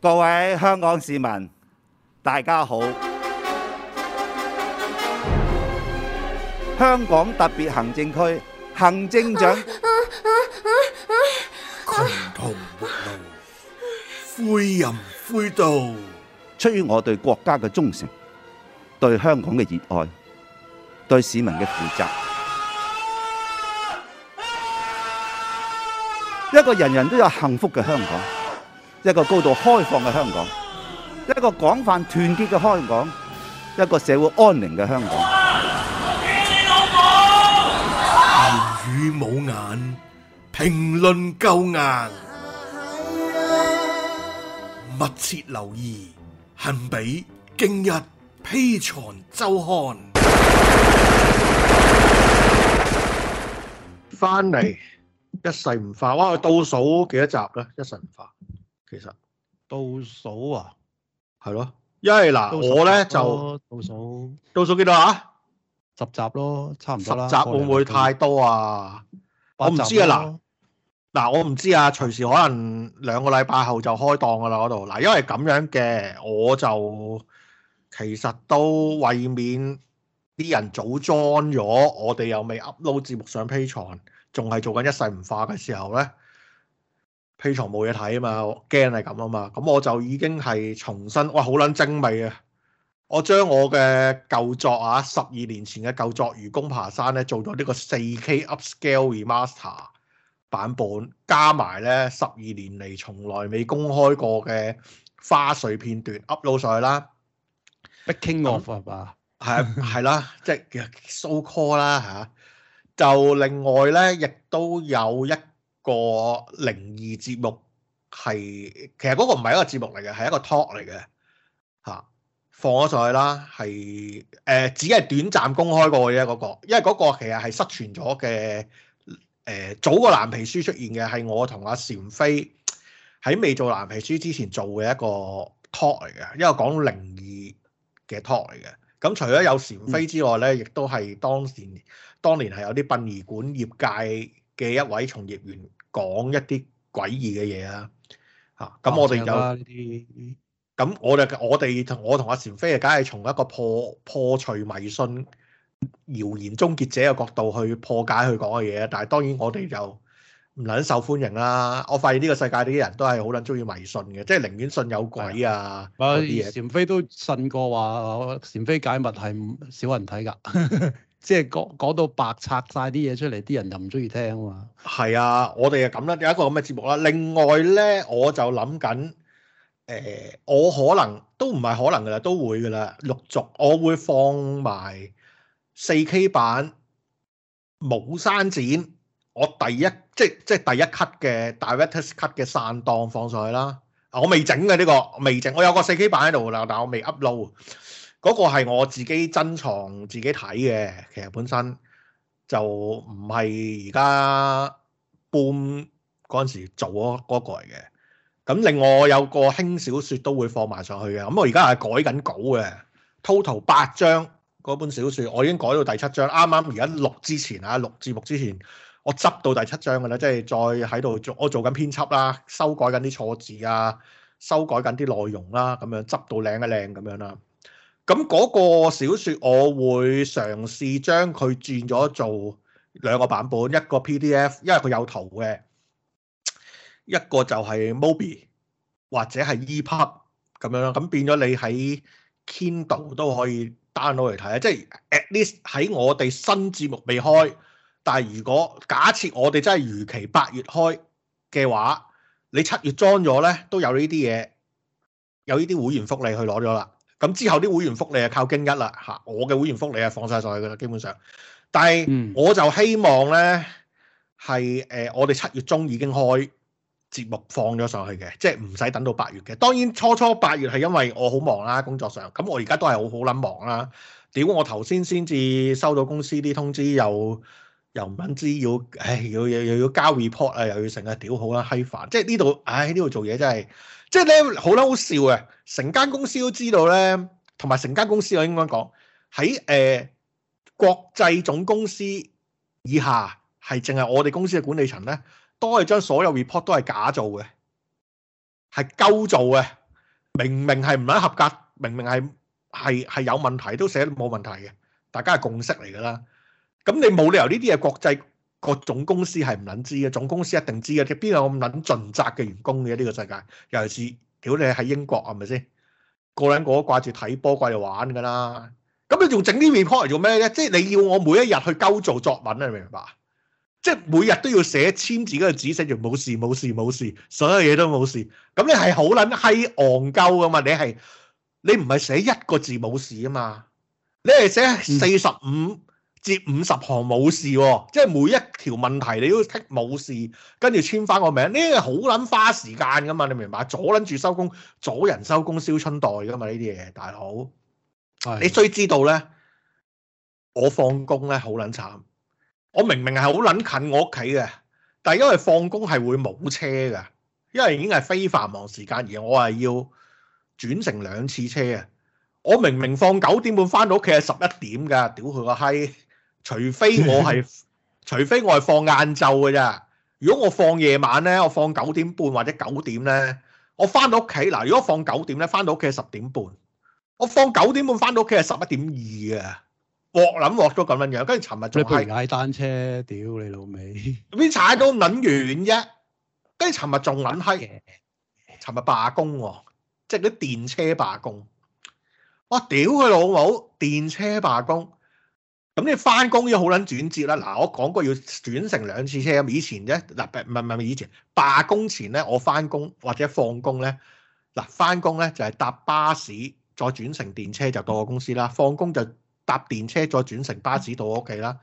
各位香港市民，大家好。香港特別行政區行政長，窮途末路，灰人灰道，啊、出於我對國家嘅忠誠，對香港嘅熱愛，對市民嘅負責，啊啊、一個人人都有幸福嘅香港。一個高度開放嘅香港，一個廣泛團結嘅香港，一個社會安寧嘅香港。言語冇眼，評論夠硬，密切留意，恆比今日披牀周刊翻嚟一世唔化，哇！倒數幾多集咧？一世唔化。其實倒數啊，係咯，因為嗱我咧就倒數，倒數幾多啊？十集咯，差唔多十集，會唔會太多啊？我唔知啊，嗱嗱我唔知啊，隨時可能兩個禮拜後就開檔噶啦度，嗱，因為咁樣嘅，我就其實都為免啲人早裝咗，我哋又未 upload 節目上 P 床，仲係做緊一世唔化嘅時候咧。披床冇嘢睇啊嘛，我驚係咁啊嘛，咁、嗯、我就已經係重新，哇好撚精美啊！我將我嘅舊作啊，十二年前嘅舊作《愚公爬山》咧，做咗呢個 4K upscale remaster 版本，加埋咧十二年嚟從來未公開過嘅花絮片段 upload 上去啦。Breaking off 啊，係係啦，即係 so call、啊、啦吓、啊，就另外咧亦都有一個靈異節目係其實嗰個唔係一個節目嚟嘅，係一個 talk 嚟嘅嚇，放咗上去啦，係誒、呃、只係短暫公開過嘅嗰個，因為嗰個其實係失傳咗嘅誒，早個藍皮書出現嘅係我同阿禪飛喺未做藍皮書之前做嘅一個 talk 嚟嘅，一個講靈異嘅 talk 嚟嘅。咁除咗有禪飛之外咧，亦都係當時當年係有啲殯儀館業界嘅一位從業員。講一啲詭異嘅嘢啦，嚇，咁我哋就咁我哋我哋我同阿禪飛啊，梗係從一個破破，破除迷信、謠、哦、言終結者嘅角度去破解佢講嘅嘢。啊、但係當然我哋就唔撚受歡迎啦。我發現呢個世界啲人都係好撚中意迷信嘅，即係寧願信有鬼啊嗰啲嘢。禪飛都信過話，禪飛解密係少人睇㗎。 即係講講到白拆晒啲嘢出嚟，啲人就唔中意聽啊嘛。係啊，我哋就咁啦，有一個咁嘅節目啦。另外咧，我就諗緊，誒、呃，我可能都唔係可能噶啦，都會噶啦，陸續我會放埋四 K 版冇刪剪，我第一即係即係第一 cut 嘅 director cut 嘅散檔放上去啦。啊，我未整嘅呢個未整，我有個四 K 版喺度啦，但係我未 upload。嗰個係我自己珍藏、自己睇嘅，其實本身就唔係而家搬嗰陣時做嗰個嚟嘅。咁另外我有個輕小說都會放埋上去嘅。咁我而家係改緊稿嘅，total 八章嗰本小說，我已經改到第七章。啱啱而家錄之前啊，錄節目之前，我執到第七章㗎喇，即係再喺度做，我做緊編輯啦，修改緊啲錯字啊，修改緊啲內容啦，咁樣執到靚一靚咁樣啦。咁嗰個小説，我會嘗試將佢轉咗做兩個版本，一個 PDF，因為佢有圖嘅；一個就係 MOBI 或者係 EPUB 咁樣咯。咁變咗你喺 Kindle 都可以 download 嚟睇啊！即係 at least 喺我哋新節目未開，但係如果假設我哋真係如期八月開嘅話，你七月裝咗咧，都有呢啲嘢，有呢啲會員福利去攞咗啦。咁之後啲會員福利啊靠京一啦嚇，我嘅會員福利啊放晒上去噶啦基本上，但係我就希望呢係誒、呃、我哋七月中已經開節目放咗上去嘅，即係唔使等到八月嘅。當然初初八月係因為我好忙啦、啊，工作上咁我而家都係好好撚忙啦、啊。屌我頭先先至收到公司啲通知又。又唔肯知要，唉、哎，要要又要交 report 啊，又要成日屌。好啦，閪煩！即係呢度，唉、哎，呢度做嘢真係，即係咧，好啦，好笑呀，成間公司都知道咧，同埋成間公司，我應該講喺誒國際總公司以下，係淨係我哋公司嘅管理層咧，都係將所有 report 都係假做嘅，係鳩做嘅，明明係唔係合格，明明係係係有問題都寫冇問題嘅，大家係共識嚟噶啦。咁你冇理由呢啲嘢國際個總公司係唔捻知嘅，總公司一定知嘅。邊有咁捻盡責嘅員工嘅呢個世界？尤其是屌你喺英國啊，係咪先？個個人個都掛住睇波，掛住玩嘅啦。咁你仲整呢 r e 嚟做咩咧？即係你要我每一日去鳩做作品啊？明唔明白？即係每日都要寫千字嗰個紙，寫住冇事冇事冇事，事，所有嘢都冇事。咁你係好撚閪戇鳩噶嘛？你係你唔係寫一個字冇事啊嘛？你係寫四十五。接五十行冇事喎，即係每一條問題你都剔冇事，跟住簽翻個名，呢啲好捻花時間噶嘛？你明唔明白？阻捻住收工，阻人收工燒春袋噶嘛？呢啲嘢，大佬，是你需知道呢，我放工呢好捻慘，我明明係好捻近我屋企嘅，但係因為放工係會冇車噶，因為已經係非繁忙時間，而我係要轉乘兩次車啊！我明明放九點半翻到屋企係十一點噶，屌佢個閪！除非我係，除非我係放晏晝嘅咋，如果我放夜晚咧，我放九點半或者九點咧，我翻到屋企嗱，如果放九點咧，翻到屋企係十點半，我放九點半翻到屋企係十一點二嘅，鑊諗鑊咗咁樣，跟住尋日仲排你推踩單車，屌你老味，邊踩到諗完啫，跟住尋日仲諗閪，尋日罷工喎、哦，即係啲電車罷工，我屌佢老母，電車罷工。咁你翻工要好撚轉折啦。嗱，我講過要轉乘兩次車咁。以前啫，嗱，唔係唔係，以前罷工前咧，我翻工或者放工咧，嗱，翻工咧就係、是、搭巴士再轉乘電車就到我公司啦。放工就搭電車再轉乘巴士到我屋企啦。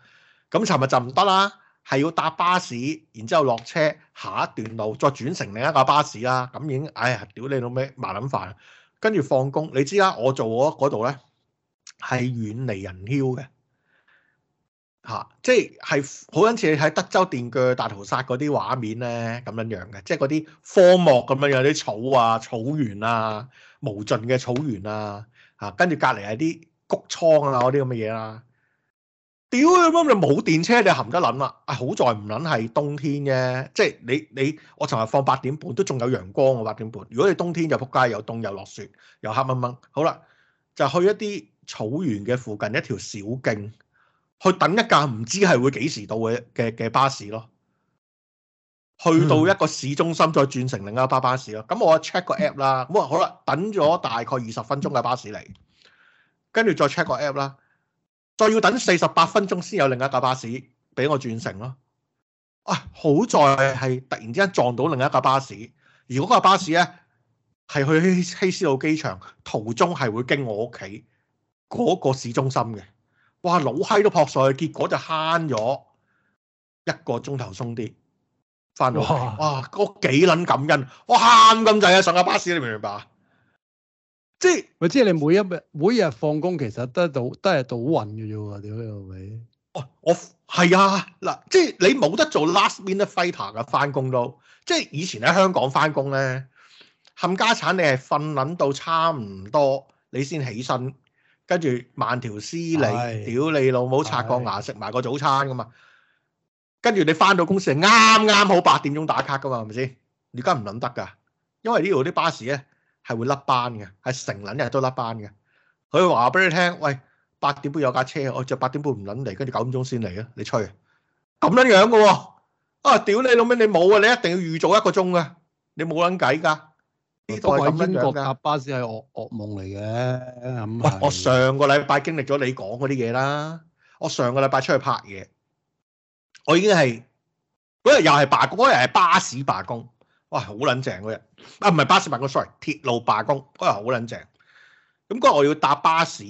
咁尋日就唔得啦，係要搭巴士，然之後落車下一段路再轉乘另一架巴士啦。咁已經哎呀，屌你老味，麻撚煩。跟住放工，你知啦，我做嗰度咧係遠離人囂嘅。嚇、啊，即係係好似喺德州電鋸大屠殺嗰啲畫面呢，咁樣樣嘅，即係嗰啲荒漠咁樣樣啲草啊，草原啊，無盡嘅草原啊，嚇、啊，跟住隔離係啲谷倉啊，嗰啲咁嘅嘢啦。屌，咁你冇電車，你含得撚啦。啊，好在唔撚係冬天啫、啊。即係你你我尋日放八點半都仲有陽光喎、啊，八點半。如果你冬天又仆街，又凍又落雪又黑掹掹，好啦，就去一啲草原嘅附近一條小徑。去等一架唔知係會幾時到嘅嘅巴士咯，去到一個市中心再轉乘另一架巴士咯。咁、嗯、我就 check 個 app 啦，哇，好啦，等咗大概二十分鐘嘅巴士嚟，跟住再 check 個 app 啦，再要等四十八分鐘先有另一架巴士俾我轉乘咯。啊，好在係突然之間撞到另一架巴士。如果架巴士咧係去希斯路機場，途中係會經我屋企嗰個市中心嘅。哇！老閪都撲碎，結果就慳咗一個鐘頭鬆啲翻到嚟。哇！嗰幾撚感恩，我慳咁滯啊！上下巴士，你明唔明白啊？即係咪即係你每一每日放工，其實都係賭，都係賭運嘅啫喎。屌你老味！哦，我係啊嗱，即係你冇得做 last minute fighter 嘅，翻工都即係以前喺香港翻工咧冚家產，你係瞓撚到差唔多，你先起身。跟住慢條斯理，哎、屌你老母刷個牙食埋、哎、個早餐噶嘛，跟住你返到公司係啱啱好八點鐘打卡噶嘛，係咪先？而家唔捻得噶，因為呢度啲巴士咧係會甩班嘅，係成撚日都甩班嘅。佢話俾你聽，喂，八點半有架車，我著八點半唔捻嚟，跟住九點鐘先嚟啊，你吹咁樣樣嘅喎，啊，屌你老味，你冇啊，你一定要預早一個鐘嘅，你冇捻計㗎。呢套咁英國嘅巴士係惡噩夢嚟嘅，我上個禮拜經歷咗你講嗰啲嘢啦。我上個禮拜出去拍嘢，我已經係嗰日又係罷工，嗰日係巴士罷工，哇，好撚正嗰日。啊，唔係巴士罷工，sorry，鐵路罷工，嗰日好撚正。咁嗰日我要搭巴士，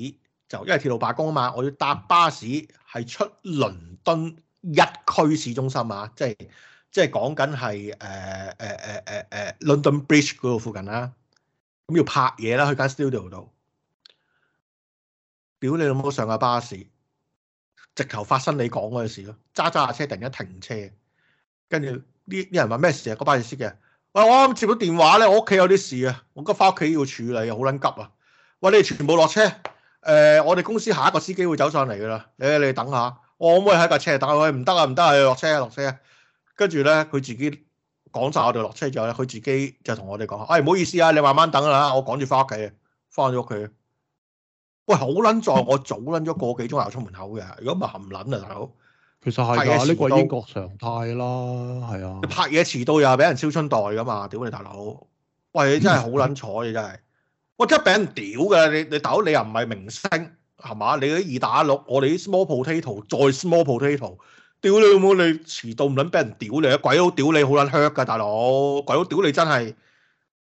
就因為鐵路罷工啊嘛，我要搭巴士係出倫敦一區市中心啊，即係。即係講緊係誒誒誒誒誒 London Bridge 嗰度附近啦，啊，咁要拍嘢啦，去間 studio 度。屌你老母上架巴士，直頭發生你講嗰件事咯！揸揸架車突然間停車，跟住啲啲人話咩事啊？個巴士司機，喂我啱接咗電話咧，我屋企有啲事啊，我急翻屋企要處理啊，好撚急啊！喂你哋全部落車，誒、呃、我哋公司下一個司機會走上嚟噶啦，誒你哋等下，我可唔可以喺架車等佢？唔得啊唔得啊，落車啊落車啊！跟住咧，佢自己講晒我哋落車之後咧，佢自己就同我哋講，誒、哎、唔好意思啊，你慢慢等啦，我趕住翻屋企啊，翻咗屋企。喂，好撚在，我早撚咗個幾鐘頭出門口嘅，如果唔係含撚啊，大佬。其實係啊，呢個係英國常態啦，係啊。你拍嘢遲到又係俾人燒春袋噶嘛？屌你大佬！喂，你真係好撚彩，你真係，喂、嗯，真係俾人屌㗎！你你大佬，你又唔係明星係嘛？你啲二打六，我哋啲 small potato，再 small potato。屌你老母！你遲到唔撚俾人屌你啊！鬼佬屌你好撚 hurt 噶，大佬！鬼佬屌你真係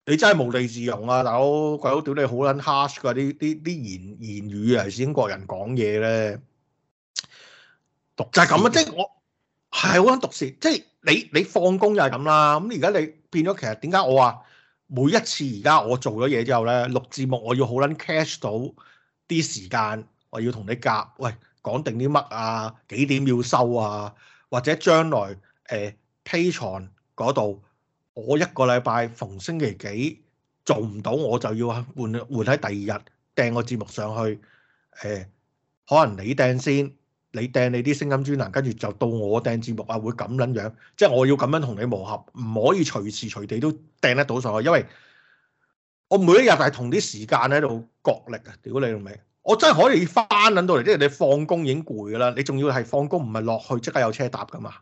你真係無地自容啊，大佬！鬼佬屌你好撚 hush 噶啲啲啲言言語啊，尤其英國人講嘢咧，毒就係咁啊！即係我係好撚毒舌，即係你你放工就係咁啦。咁而家你變咗，其實點解我話每一次而家我做咗嘢之後咧，錄字幕我，我要好撚 catch 到啲時間，我要同你夾喂。講定啲乜啊？幾點要收啊？或者將來誒 Patreon 嗰度，我一個禮拜逢星期幾做唔到，我就要換換喺第二日掟個節目上去。誒、呃，可能你掟先，你掟你啲聲音專欄，跟住就到我掟節目啊！會咁樣樣，即係我要咁樣同你磨合，唔可以隨時隨地都掟得到上去，因為我每一日係同啲時間喺度角力啊！屌你老味～我真係可以翻撚到嚟，即係你放工已經攰噶啦，你仲要係放工唔係落去即刻有車搭噶嘛？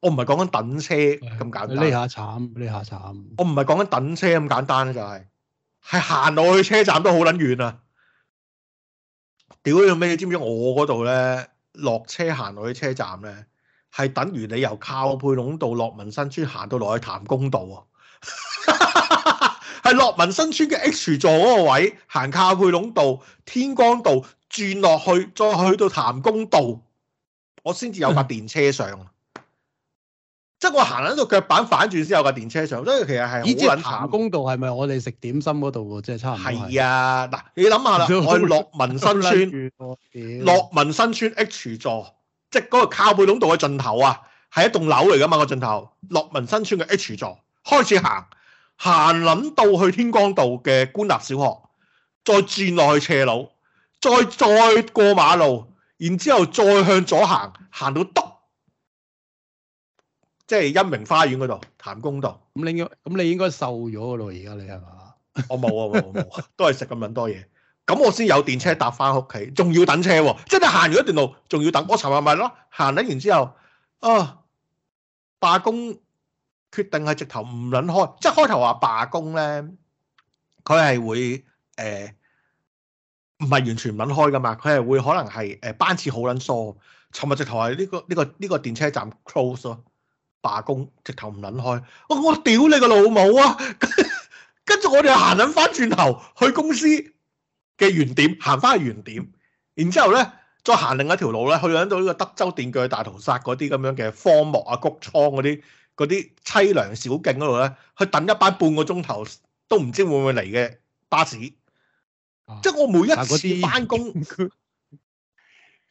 我唔係講緊等車咁簡單。呢、嗯、下慘，呢下慘！我唔係講緊等車咁簡單，就係係行落去車站都好撚遠啊！屌你咩？你知唔知我嗰度咧落車行落去車站咧，係等於你由靠背壟道落民生村行到落去譚公道啊！ 係樂民新村嘅 H 座嗰個位，行靠背壟道、天光道，轉落去再去到譚公道，我先至有， 有架電車上。即係我行喺度腳板反轉先有架電車上，所以其實係。以致譚公道係咪我哋食點心嗰度？即係差唔多？係啊，嗱，你諗下啦，去樂民新村，樂民新村 H 座，即係嗰個靠背壟道嘅盡頭啊，係一棟樓嚟噶嘛？個盡頭，樂民新村嘅 H 座開始行。 行捻到去天光道嘅官立小學，再轉落去斜路，再再過馬路，然之後再向左行，行到篤，即係欣明花園嗰度，譚公道。咁你咁你應該瘦咗嘅咯，而家你係咪啊？ 我冇啊，冇冇，都係食咁撚多嘢。咁我先有電車搭翻屋企，仲要等車喎。即係你行完一段路仲要等，我尋日咪咯，行捻完之後，啊，罷工。決定係直頭唔撚開，即係開頭話罷工咧，佢係會誒唔係完全唔撚開噶嘛，佢係會可能係誒班次好撚疏。尋日直頭係呢個呢個呢個電車站 close 咯，罷工直頭唔撚開。我我屌你個老母啊！ 跟住我哋行撚翻轉頭去公司嘅原點，行翻去原點，然之後咧再行另一條路咧，去撚到呢個德州電鋸大屠殺嗰啲咁樣嘅荒漠啊、谷倉嗰啲。嗰啲淒涼小徑嗰度咧，去等一班半個鐘頭都唔知會唔會嚟嘅巴士，即係我每一次翻工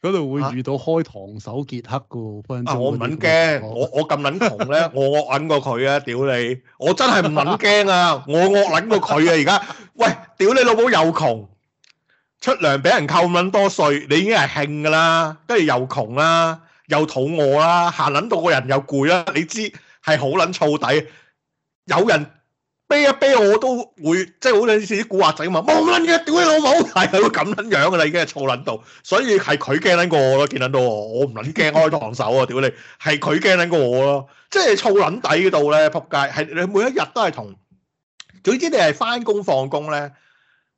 嗰度會遇到開堂手傑克噶喎。我唔捻驚，我我咁捻窮咧，我惡捻過佢啊！屌你，我真係唔捻驚啊！我惡捻過佢啊！而家喂，屌你老母又窮，出糧俾人扣捻多稅，你已經係慶噶啦，跟住又窮啦，又肚餓啦，行捻到個人又攰啦，你知？係好捻燥底，有人啤一啤我都會，即係好類似啲古惑仔咁嘛，冇捻嘅，屌你老母，係佢咁捻樣噶啦，已經係燥捻到，所以係佢驚捻過我咯，見捻到我，我唔捻驚開防守啊，屌你，係佢驚捻過我咯，即係燥捻底嗰度咧撲街，係你每一日都係同，總之你係翻工放工咧，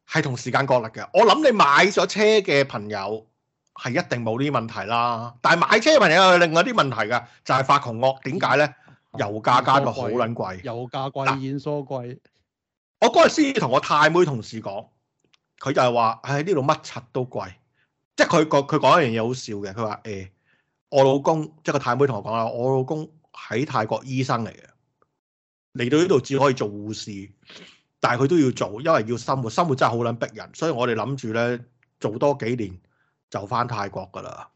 係同時間角力嘅。我諗你買咗車嘅朋友係一定冇呢啲問題啦，但係買車嘅朋友有另外啲問題噶，就係發窮惡，點解咧？油價加到好撚貴，油價貴、染、啊、梳貴。我嗰日先同我太妹同事講，佢就係話，喺呢度乜柒都貴。即係佢講，佢講一樣嘢好笑嘅。佢話，誒、欸，我老公即係個太妹同我講啊，我老公喺泰國醫生嚟嘅，嚟到呢度只可以做護士，但係佢都要做，因為要生活，生活真係好撚逼人。所以我哋諗住咧做多幾年就翻泰國噶啦。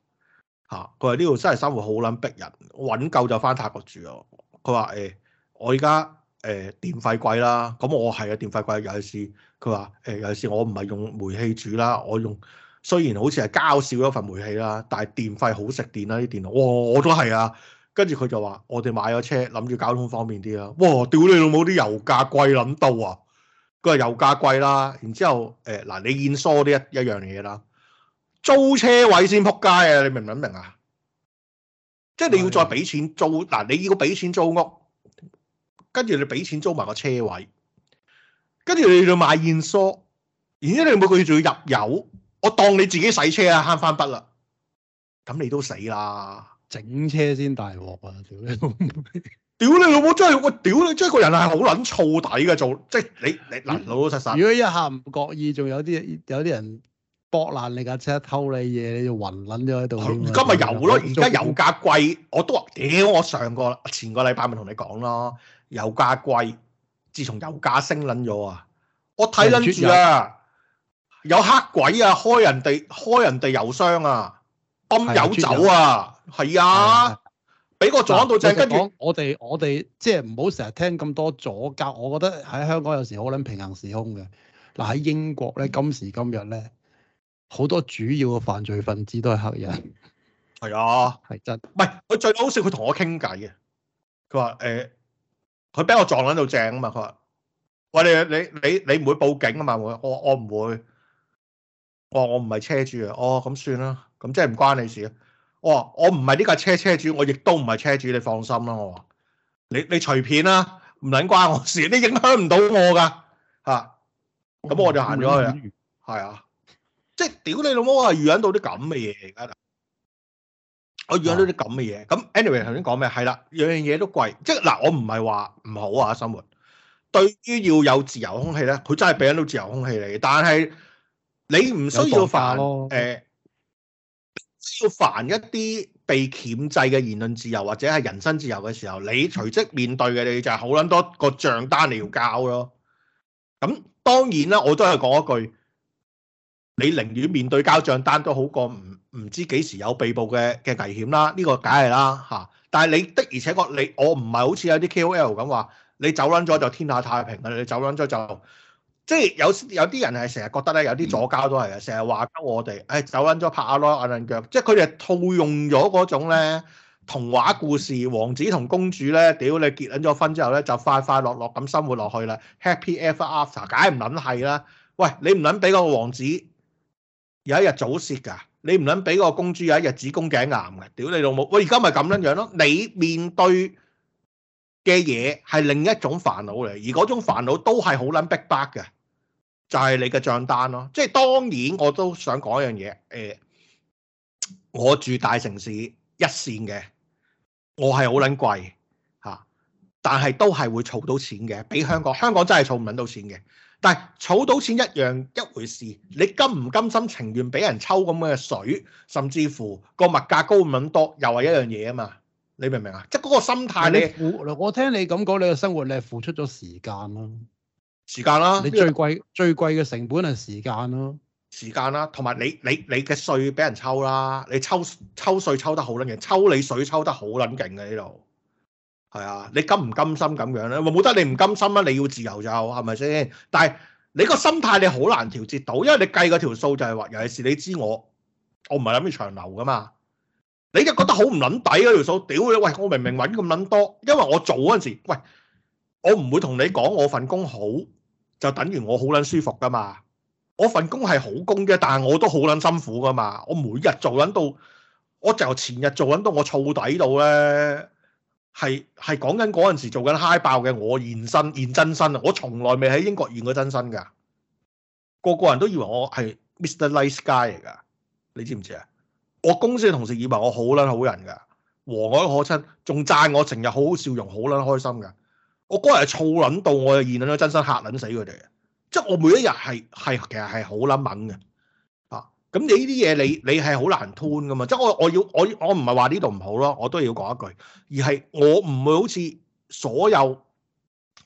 嚇、啊，佢話呢度真係生活好撚逼人，揾夠就翻泰國住啊。佢話誒，我而家誒電費貴啦，咁、嗯、我係啊電費貴，有陣時佢話誒有陣時我唔係用煤氣煮啦，我用雖然好似係交少一份煤氣啦，但係電費好食電啦啲電爐，哇我都係啊，跟住佢就話我哋買咗車，諗住交通方便啲啦，哇，屌你老母啲油價貴撚到啊！佢話油價貴啦，然之後誒嗱、欸，你見疏啲一一,一樣嘢啦，租車位先撲街啊！你明唔明啊？即係你要再俾錢租嗱，你要俾錢租屋，跟住你俾錢租埋個車位，跟住你要買燕梳，然之你每個月仲要入油，我當你自己洗車啊，慳翻筆啦，咁你都死啦！整車先大鑊啊！屌你老母 ，屌你老母真係我屌你，真係個人係好捻燥底嘅做，即係你你嗱老老實實。如果一下唔覺意，仲有啲有啲人。博爛你架車，偷你嘢，你就暈捻咗喺度。今日油咯，而家油價貴，我都話屌、欸、我上個前個禮拜咪同你講咯，油價貴，自從油價升捻咗啊，我睇捻住啊，有黑鬼啊開人哋開人哋油箱啊，泵油走啊，係啊，俾我撞到正。跟住我哋我哋即係唔好成日聽咁多阻隔，我覺得喺香港有時好捻平衡時空嘅。嗱喺英國咧今時今日咧。嗯嗯好多主要嘅犯罪分子都係黑人的，係啊，係真。唔係佢最好笑，佢同我傾偈嘅。佢話誒，佢、欸、俾我撞喺度正啊嘛。佢話喂你你你你唔會報警啊嘛？我我我唔會。哦、我我唔係車主啊。我、哦、咁算啦，咁即係唔關你事啊。我話我唔係呢架車車主，我亦都唔係車主。你放心啦，我話你你隨便啦、啊，唔撚關我事，你影響唔到我噶吓。咁我就行咗去啊，係啊、嗯。嗯嗯嗯即屌你老母啊！預揾到啲咁嘅嘢而家我預揾到啲咁嘅嘢。咁 anyway 頭先講咩？係啦，樣樣嘢都貴。即係嗱，我唔係話唔好啊生活。對於要有自由空氣咧，佢真係俾緊到自由空氣嚟。但係你唔需要煩誒、啊呃，需要煩一啲被鉗制嘅言論自由或者係人身自由嘅時候，你隨即面對嘅你就係好撚多個帳單你要交咯、啊。咁當然啦，我都係講一句。你寧願面對交賬單都好過唔唔知幾時有被捕嘅嘅危險啦，呢、呢個梗係啦嚇、啊。但係你的而且確你我唔係好似有啲 K.O.L. 咁話，你走撚咗就天下太平啦，你走撚咗就即係有有啲人係成日覺得咧，有啲左膠都係嘅，成日話我哋誒走撚咗拍下咯，眼瞓腳，即係佢哋係套用咗嗰種咧童話故事，王子同公主咧，屌你結撚咗婚之後咧就快快樂樂咁生活落去啦、嗯，happy ever after，梗係唔撚係啦。喂，你唔撚俾個王子？有一日早泄㗎，你唔撚俾個公豬有一日子宮頸癌嘅，屌你老母！我而家咪咁樣樣咯。你面對嘅嘢係另一種煩惱嚟，而嗰種煩惱都係好撚逼迫嘅，就係你嘅帳單咯。即係當然我都想講一樣嘢，誒、呃，我住大城市一線嘅，我係好撚貴嚇、啊，但係都係會儲到錢嘅，比香港香港真係儲唔撚到錢嘅。但係儲到錢一樣一回事，你甘唔甘心情願俾人抽咁嘅水，甚至乎個物價高唔咁多，又係一樣嘢啊嘛？你明唔明啊？即係嗰個心態你付，我聽你咁講，你嘅生活你係付出咗時間咯，時間啦、啊，你最貴係最貴嘅成本係時間咯、啊，時間啦、啊，同埋你你你嘅稅俾人抽啦，你抽抽稅抽得好撚勁，抽你水抽得好撚勁喺呢度。係啊，你甘唔甘心咁樣咧？冇得，你唔甘心啊！你要自由就係咪先？但係你個心態你好難調節到，因為你計嗰條數就係話，尤其是你知我，我唔係諗住長流噶嘛，你就覺得好唔捻底嗰條數，屌你喂！我明明搵咁捻多，因為我做嗰陣時，喂，我唔會同你講我份工好，就等於我好捻舒服噶嘛。我份工係好工啫，但係我都好捻辛苦噶嘛。我每日做捻到，我就前日做捻到我燥底到咧。係係講緊嗰陣時做緊 high 爆嘅，我現身現真身啊！我從來未喺英國現過真身噶，個個人都以為我係 Mr Nice Guy 嚟噶，你知唔知啊？我公司嘅同事以為我好捻好人噶，和藹可親，仲讚我成日好好笑容，好捻開心噶。我嗰日燥捻到我現捻咗真身吓捻死佢哋，即係我每一日係係其實係好捻猛嘅。咁你呢啲嘢，你你係好難吞噶嘛？即係我我要我我唔係話呢度唔好咯，我都要講一句，而係我唔會好似所有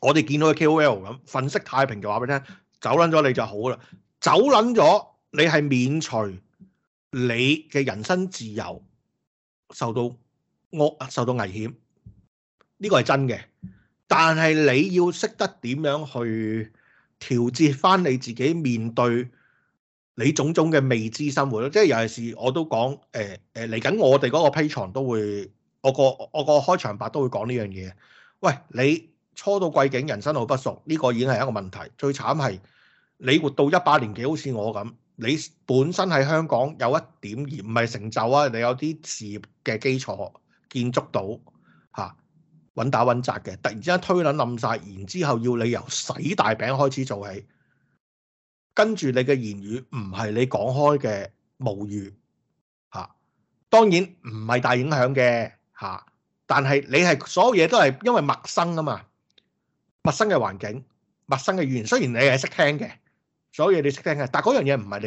我哋見到嘅 KOL 咁粉飾太平，就話俾你聽，走捻咗你就好啦，走捻咗你係免除你嘅人身自由受到惡受到危險呢個係真嘅。但係你要識得點樣去調節翻你自己面對。你種種嘅未知生活咯，即係尤其是我都講誒誒嚟緊，欸、我哋嗰個批場都會，我個我個開場白都會講呢樣嘢。喂，你初到貴境人生路不熟，呢、這個已經係一個問題。最慘係你活到一百年幾，好似我咁，你本身喺香港有一點而唔係成就啊，你有啲事業嘅基礎建築到嚇穩、啊、打穩紮嘅，突然之間推撚冧晒，然之後要你由洗大餅開始做起。跟住你嘅言語唔係你講開嘅母語嚇，啊，當然唔係大影響嘅嚇，但係你係所有嘢都係因為陌生啊嘛，陌生嘅環境、陌生嘅語言，雖然你係識聽嘅，所有嘢你識聽嘅，但係嗰樣嘢唔係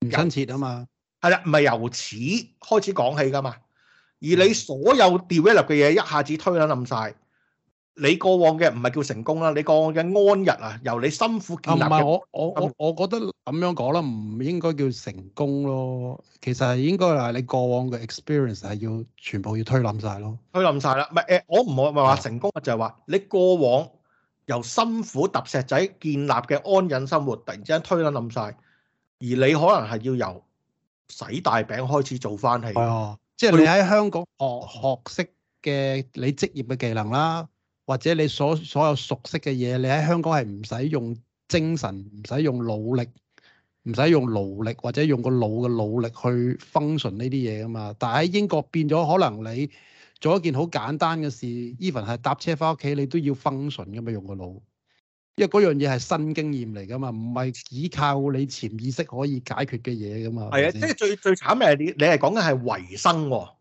你唔親切啊嘛，係啦，唔係由此開始講起噶嘛，而你所有 develop 嘅嘢一下子推撚冧晒。你過往嘅唔係叫成功啦，你過往嘅安逸啊，由你辛苦建立嘅，唔係我我我我覺得咁樣講啦，唔應該叫成功咯。其實係應該話你過往嘅 experience 係要全部要推冧曬咯。推冧曬啦，唔係誒，我唔係話成功啊，就係話你過往由辛苦揼石仔建立嘅安穩生活，突然之間推冧冧曬，而你可能係要由洗大餅開始做翻起。係啊，即係你喺香港學學識嘅你職業嘅技能啦。或者你所所有熟悉嘅嘢，你喺香港係唔使用精神，唔使用，用努力，唔使用勞力，或者用個腦嘅努力去 function 呢啲嘢噶嘛？但喺英國變咗，可能你做一件好簡單嘅事，even 係搭車翻屋企，你都要 function 噶嘛，用個腦，因為嗰樣嘢係新經驗嚟噶嘛，唔係倚靠你潛意識可以解決嘅嘢噶嘛。係啊的，即係最最慘嘅係你，你係講緊係維生喎、哦，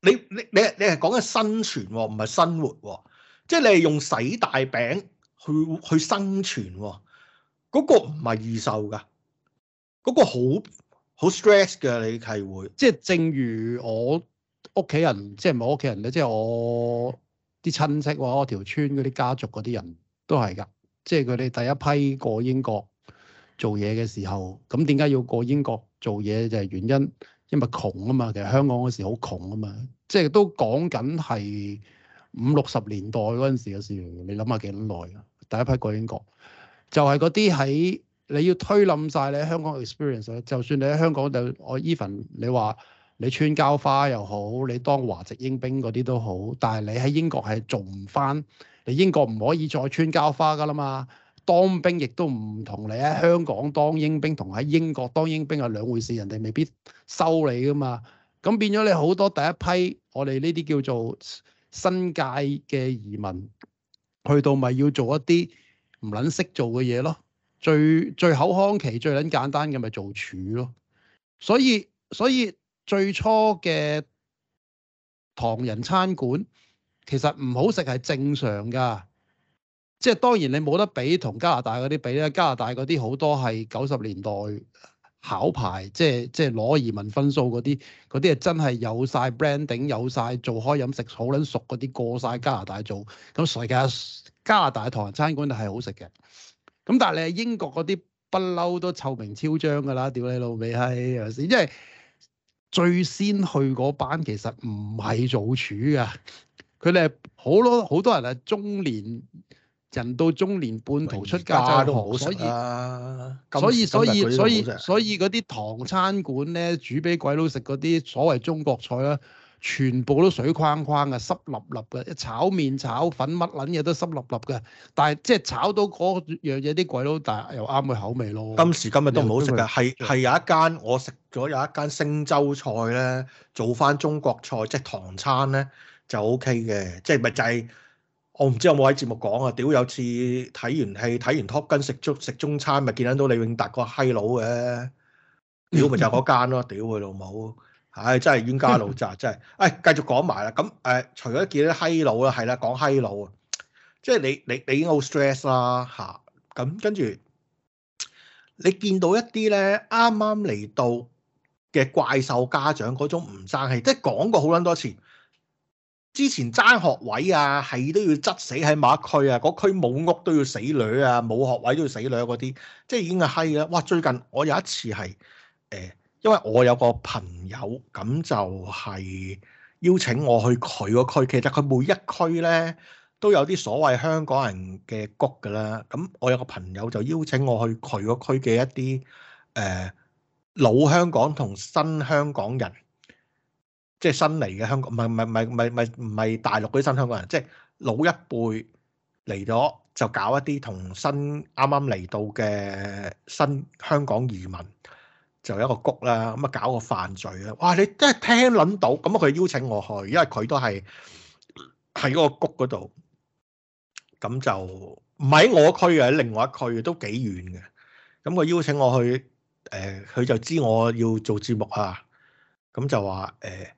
你你你你係講緊生存喎、哦，唔係生活喎、哦。即係你係用洗大餅去去生存喎、哦，嗰、那個唔係易受㗎，嗰、那個好好 stress 㗎。你啟會，即係正如我屋企人，即係唔係我屋企人咧，即係我啲親戚，或者我條村嗰啲家族嗰啲人都係㗎。即係佢哋第一批過英國做嘢嘅時候，咁點解要過英國做嘢就係、是、原因，因為窮啊嘛。其實香港嗰時好窮啊嘛，即係都講緊係。五六十年代嗰陣時嘅事你諗下幾耐啊？第一批過英國，就係嗰啲喺你要推冧晒你喺香港 experience 就算你喺香港就我 even 你話你穿膠花又好，你當華籍英兵嗰啲都好，但係你喺英國係做唔翻，你英國唔可以再穿膠花㗎啦嘛。當兵亦都唔同你喺香港當英兵同喺英國當英兵係兩回事，人哋未必收你㗎嘛。咁變咗你好多第一批，我哋呢啲叫做新界嘅移民去到咪要做一啲唔撚識做嘅嘢咯，最最口腔期最撚簡單嘅咪做廚咯，所以所以最初嘅唐人餐館其實唔好食係正常㗎，即係當然你冇得比同加拿大嗰啲比啦，加拿大嗰啲好多係九十年代。考牌即係即係攞移民分數嗰啲，嗰啲係真係有晒。branding，有晒，做開飲食好撚熟嗰啲，過晒加拿大做，咁世界啊？加拿大唐人餐館係好食嘅，咁但係你喺英國嗰啲不嬲都臭名昭彰㗎啦，屌你老味閪，有、哎、時，因為最先去嗰班其實唔係做廚㗎，佢哋係好多好多人係中年。人到中年，半途出家都唔好食啦以。所以所以所以所以所以嗰啲唐餐館咧，煮俾鬼佬食嗰啲所謂中國菜咧，全部都水框框嘅，濕立立嘅。炒麵、炒粉乜撚嘢都濕立立嘅。但係即係炒到嗰樣嘢，啲鬼佬但係又啱佢口味咯。今時今日都唔好食啦。係係有一間我食咗有一間星洲菜咧，做返中國菜即係唐餐咧就 O K 嘅，即係咪就係、OK？就是我唔知有冇喺節目講啊！屌有次睇完戲，睇完 Top 跟食粥食中餐，咪見到李永達個閪佬嘅，屌咪就係嗰間咯、啊， 屌佢老母！唉、哎，真係冤家路窄，真係！誒、哎，繼續講埋啦。咁誒、呃，除咗見啲閪佬啦，係啦，講閪佬啊，即係你你你已經好 stress 啦嚇。咁、啊、跟住你見到一啲咧啱啱嚟到嘅怪獸家長嗰種唔生氣，即係講過好撚多次。之前爭學位啊，係都要擠死喺某一區啊，嗰區冇屋都要死女啊，冇學位都要死女嗰啲，即係已經係閪啦。哇！最近我有一次係誒、呃，因為我有個朋友咁就係邀請我去佢個區，其實佢每一區呢，都有啲所謂香港人嘅谷㗎啦。咁我有個朋友就邀請我去佢個區嘅一啲誒、呃、老香港同新香港人。即係新嚟嘅香港，唔係唔係唔係唔係唔係大陸嗰啲新香港人，即係老一輩嚟咗就搞一啲同新啱啱嚟到嘅新香港移民就一個谷啦，咁啊搞個犯罪啦，哇！你真係聽諗到，咁啊佢邀請我去，因為佢都係喺嗰個谷嗰度，咁、嗯、就唔係我區嘅，喺另外一區嘅，都幾遠嘅。咁、嗯、佢邀請我去，誒、呃、佢就知我要做節目啊，咁、嗯、就話誒。呃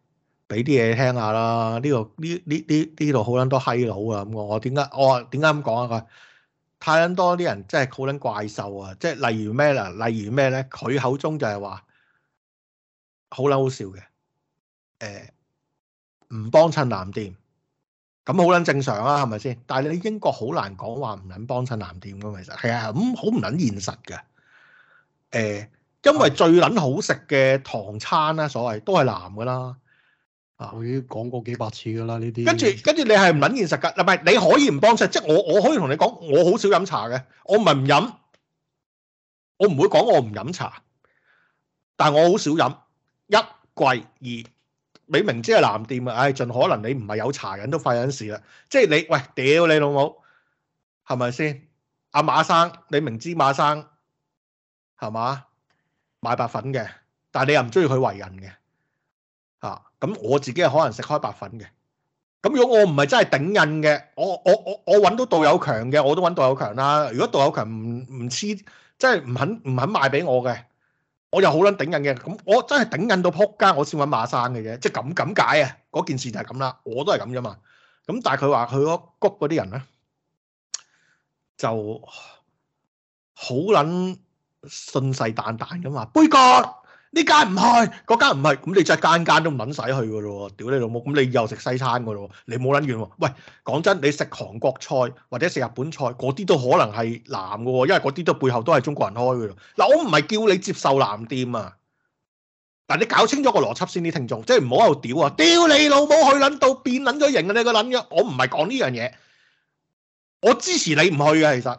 俾啲嘢聽下啦，哦、麼麼呢度呢呢呢呢度好撚多閪佬啊！咁我我點解我點解咁講啊？太撚多啲人真係好撚怪獸啊！即係例如咩啦？例如咩咧？佢口中就係話好撚好笑嘅，誒唔幫襯藍店，咁好撚正常啊？係咪先？但係你英國好難講話唔撚幫襯藍店噶嘛，其實係啊，咁好唔撚現實嘅。誒、欸，因為最撚好食嘅唐餐啦，所謂都係藍噶啦。嗱，我已講過幾百次噶啦，呢啲跟住跟住，你係唔撚現實噶，嗱係你可以唔幫手，即係我我可以同你講，我好少飲茶嘅，我唔係唔飲，我唔會講我唔飲茶，但係我好少飲，一貴二，你明知係藍店啊，唉、哎，盡可能你唔係有茶人都快緊事啦，即係你喂屌你老母，係咪、啊、先？阿馬生，你明知馬生係嘛買白粉嘅，但係你又唔中意佢為人嘅。咁我自己係可能食開白粉嘅，咁如果我唔係真係頂印嘅，我我我我揾到杜友強嘅，我都揾杜友強啦。如果杜友強唔唔黐，即係唔肯唔肯賣俾我嘅，我又好撚頂印嘅。咁我真係頂印到撲街，我先揾馬生嘅啫。即係咁咁解啊！嗰件事就係咁啦，我都係咁啫嘛。咁但係佢話佢嗰谷嗰啲人咧，就好撚信誓旦旦㗎嘛，杯葛。呢間唔去，嗰間唔去，咁你就間間都唔撚使去噶咯喎！屌你老母，咁你以後食西餐噶咯？你冇諗遠喎。喂，講真，你食韓國菜或者食日本菜，嗰啲都可能係藍噶，因為嗰啲都背後都係中國人開噶。嗱，我唔係叫你接受藍店啊。但你搞清楚個邏輯先，啲聽眾，即係唔好喺度屌啊！屌你老母去捻到變捻咗型啊！你個捻樣，我唔係講呢樣嘢，我支持你唔去啊，其實。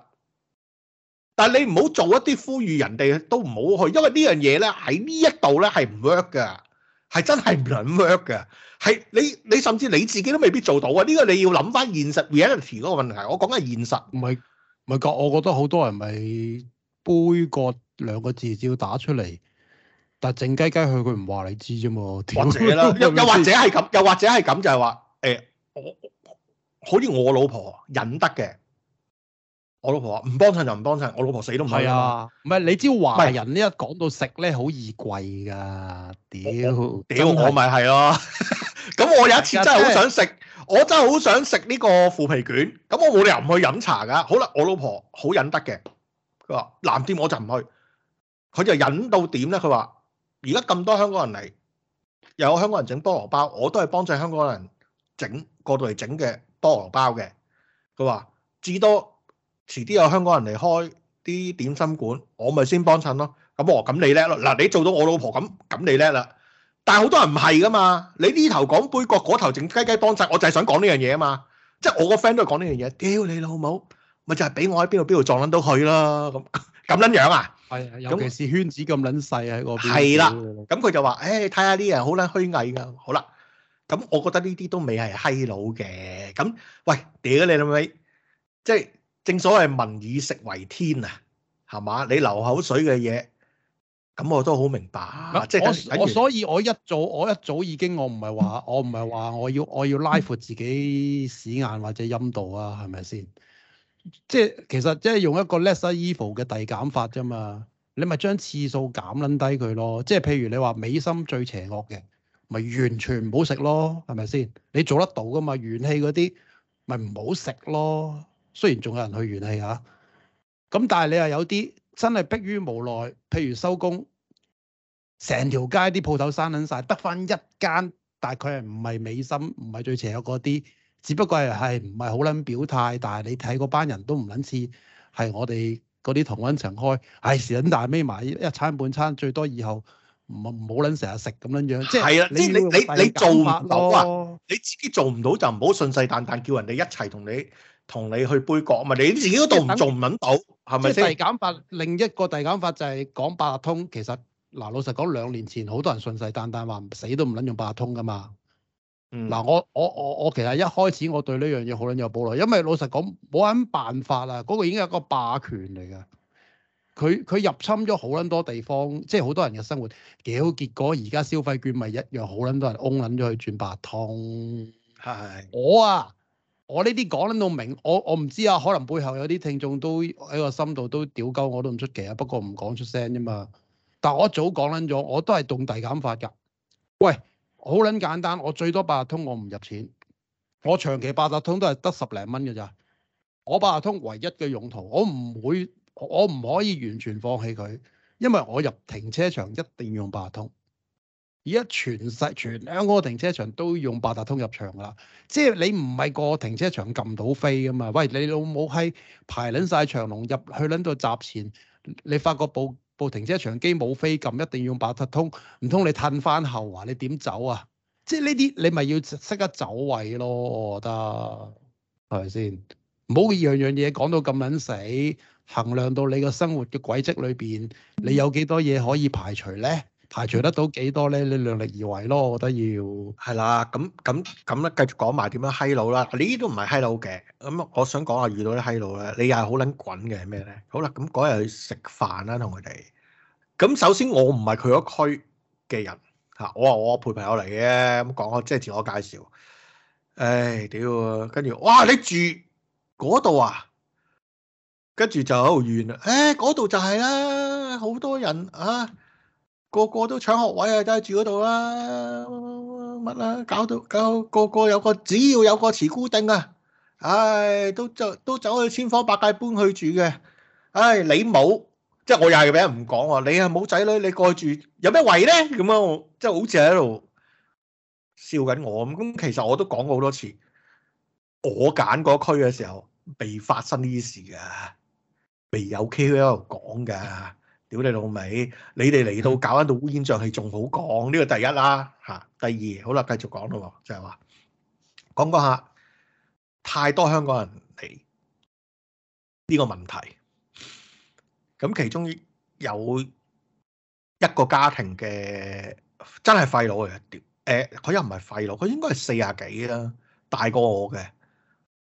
但係你唔好做一啲呼籲人哋都唔好去，因為呢樣嘢咧喺呢一度咧係唔 work 嘅，係真係唔撚 work 嘅。係你你甚至你自己都未必做到啊！呢、呢個你要諗翻現實 reality 嗰個問題。我講緊現實。唔係唔係，個我覺得好多人咪杯葛兩個字照打出嚟，但係靜雞雞佢佢唔話你知啫嘛。又 又或者係咁，又或者係咁就係話誒，我好似我老婆忍得嘅。我老婆話唔幫襯就唔幫襯，我老婆死都唔幫。係啊，唔係、嗯、你知華人呢一講到食咧，好易貴噶，屌屌是、啊、我咪係咯。咁、啊、的我， 我有一次真係好想食，啊、我真係好想食呢個腐皮卷。咁我冇理由唔去飲茶噶。好啦，我老婆好忍得嘅，佢話藍店我就唔去。佢就忍到點咧？佢話而家咁多香港人嚟，有香港人整菠蘿包，我都係幫襯香港人整過度嚟整嘅菠蘿包嘅。佢話至多。遲啲有香港人嚟開啲點心館，我咪先幫襯咯。咁我，咁你叻咯。嗱，你做到我老婆咁，咁你叻啦。但係好多人唔係噶嘛。你呢頭講杯葛，嗰頭淨雞雞幫襯。我就係想講呢樣嘢啊嘛。即係我個 friend 都係講呢樣嘢。屌你老母，咪就係俾我喺邊度邊度撞撚到佢啦。咁咁撚樣啊？係啊，尤其是圈子咁撚細喺嗰邊。係啦，咁佢就話，誒，睇下啲人好撚虛偽㗎。好啦，咁我覺得呢啲都未係閪佬嘅。咁，喂，屌你老味，即係。正所謂民以食為天啊，係嘛？你流口水嘅嘢咁，我都好明白。啊、我即係我所以，我一早我一早已經，我唔係話我唔係話我要我要拉闊自己屎眼或者陰道啊，係咪先？即係其實即係用一個 lesser evil 嘅遞減法啫嘛。你咪將次數減撚低佢咯。即係譬如你話美心最邪惡嘅，咪完全唔好食咯，係咪先？你做得到噶嘛？元氣嗰啲咪唔好食咯。雖然仲有人去元氣嚇，咁但係你又有啲真係迫於無奈，譬如收工，成條街啲鋪頭閂撚晒，得翻一間，但係佢係唔係美心，唔係最邪惡嗰啲，只不過係係唔係好撚表態。但係你睇嗰班人都唔撚似係我哋嗰啲同溫層開，唉、哎，時撚大咪埋一,一餐半餐，最多以後唔唔好撚成日食咁樣樣。即係係你、啊、你你你，你做唔到啊！你自己做唔到就唔好信誓旦，旦旦叫人哋一齊同你。同你去杯葛，咪你你自己都度唔做唔揾到，係咪先？是是即第減法，另一個遞減法就係講八達通。其實嗱，老實講，兩年前好多人信誓旦旦話死都唔撚用八達通噶嘛。嗱、嗯，我我我我其實一開始我對呢樣嘢好撚有保留，因為老實講冇撚辦法啊。嗰、那個已經係一個霸權嚟㗎，佢佢入侵咗好撚多地方，即係好多人嘅生活幾好。結果而家消費券咪一樣好撚多人 o 蝦撚咗去轉八達通。係是我啊！我呢啲講得到明，我我唔知啊，可能背後有啲聽眾都喺個心度都屌鳩，我都唔出奇啊。不過唔講出聲啫嘛。但我早講捻咗，我都係動地減法噶。喂，好捻簡單，我最多八達通我唔入錢，我長期八達通都係得十零蚊嘅咋。我八達通唯一嘅用途，我唔會，我唔可以完全放棄佢，因為我入停車場一定要用八達通。而家全世全兩個停車場都用八達通入場㗎啦，即係你唔係個停車場撳到飛㗎嘛？喂，你老母係排撚晒長龍入去撚到閘前，你發覺部部停車場機冇飛撳，一定要用八達通，唔通你褪翻後啊？你點走啊？即係呢啲你咪要識得走位咯，我覺得係咪先？唔好樣樣嘢講到咁撚死，衡量到你個生活嘅軌跡裏邊，你有幾多嘢可以排除咧？排除得到幾多咧？你量力而為咯，我覺得要係啦。咁咁咁咧，繼續講埋點樣閪佬啦。呢都唔係閪佬嘅。咁、嗯、我想講下遇到啲閪佬咧，你又係好撚滾嘅係咩咧？好啦，咁嗰日去食飯啦，同佢哋。咁首先我唔係佢嗰區嘅人嚇，我話我陪朋友嚟嘅。咁講即係自我介紹。唉，屌、啊！跟住哇，你住嗰度啊？跟住就好遠啦。誒，嗰、哎、度就係啦，好多人啊！個個都搶學位啊，都係住嗰度啦，乜啦，啊，搞到搞個個有個只要有個瓷固定啊，唉、哎，都就都走去千方百計搬去住嘅，唉、哎，你冇，即係我又係俾人唔講喎，你係冇仔女，你過去住有咩為咧？咁樣，即係好似喺度笑緊我咁，咁其實我都講過好多次，我揀嗰區嘅時候，未發生呢啲事噶，未有 KOL 喺度講噶。屌你老味！你哋嚟到搞到烏煙瘴氣，仲好講呢個第一啦嚇。第二，好啦，繼續講咯喎，就係話講講下太多香港人嚟呢個問題。咁其中有一個家庭嘅真係廢老嚟嘅，屌，誒，佢又唔係廢老，佢應該係四廿幾啦，大過我嘅，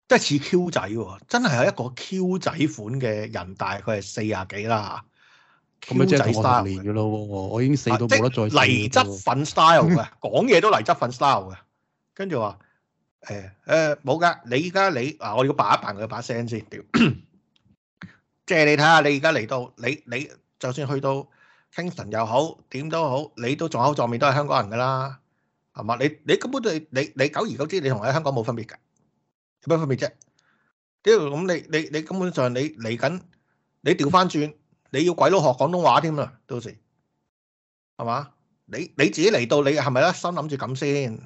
即係似 Q 仔喎，真係有一個 Q 仔款嘅人大概係四廿幾啦咁咪即係我十年嘅咯喎，我已經死到冇得再死咯喎。即泥質粉 style 嘅，講嘢都泥質粉 style 嘅。跟住話誒誒，冇噶，你依家你啊，我要扮一扮佢把聲先，屌！即係你睇下，你而家嚟到你你，就算去到 Kingston 又好，點都好，你都撞口撞面都係香港人噶啦，係嘛？你你根本都係你你久而久之，你同我喺香港冇分別㗎，有咩分別啫？因為咁你你你根本上你嚟緊，你調翻轉。你要鬼佬學廣東話添啦，到時係嘛？你你自己嚟到，你係咪啦？心諗住咁先，你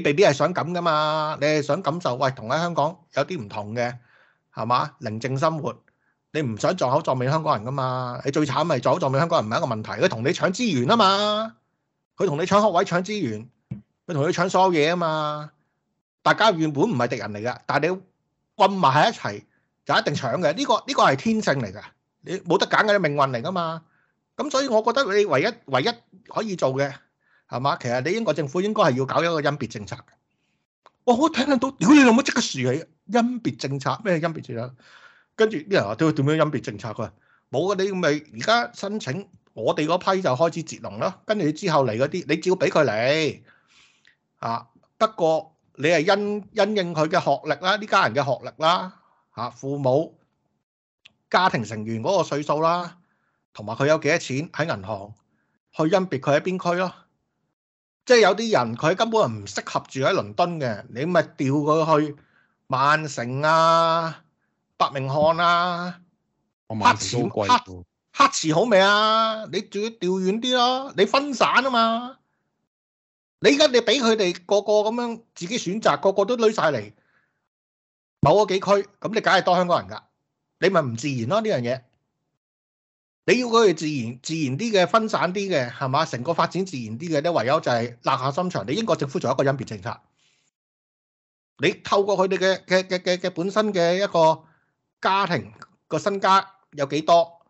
未必係想咁噶嘛？你係想感受，喂，同喺香港有啲唔同嘅係嘛？寧靜生活，你唔想撞口撞面香港人噶嘛？你最慘咪撞口撞面香港人，唔係一個問題，佢同你搶資源啊嘛，佢同你搶學位、搶資源，佢同你搶所有嘢啊嘛。大家原本唔係敵人嚟噶，但係你混埋喺一齊就一定搶嘅。呢個呢個係天性嚟㗎。你冇得揀嘅，命運嚟㗎嘛？咁所以我覺得你唯一唯一可以做嘅係嘛？其實你英國政府應該係要搞一個甄別政策。我好聽得到，屌你老母即刻豎起甄別政策咩甄別政策？跟住啲人話對佢點樣甄別政策㗎？冇啊！你咪而家申請我哋嗰批就開始截籠啦。跟住之後嚟嗰啲，你只要俾佢嚟啊。不過你係因因應佢嘅學歷啦，呢家人嘅學歷啦，嚇父母。家庭成員嗰個歲數啦，同埋佢有幾多錢喺銀行，去甄別佢喺邊區咯。即係有啲人佢根本唔適合住喺倫敦嘅，你咪調佢去曼城啊、伯明翰啊、黑池黑黑池好未啊？你仲要調遠啲咯，你分散啊嘛。你而家你俾佢哋個個咁樣自己選擇，個個都攏晒嚟某嗰幾區，咁你梗係多香港人噶。你咪唔自然咯呢樣嘢，你要佢哋自然自然啲嘅分散啲嘅係嘛？成個發展自然啲嘅咧，唯有就係立下心長。你英國政府做一個甄別政策，你透過佢哋嘅嘅嘅嘅嘅本身嘅一個家庭個身家有幾多，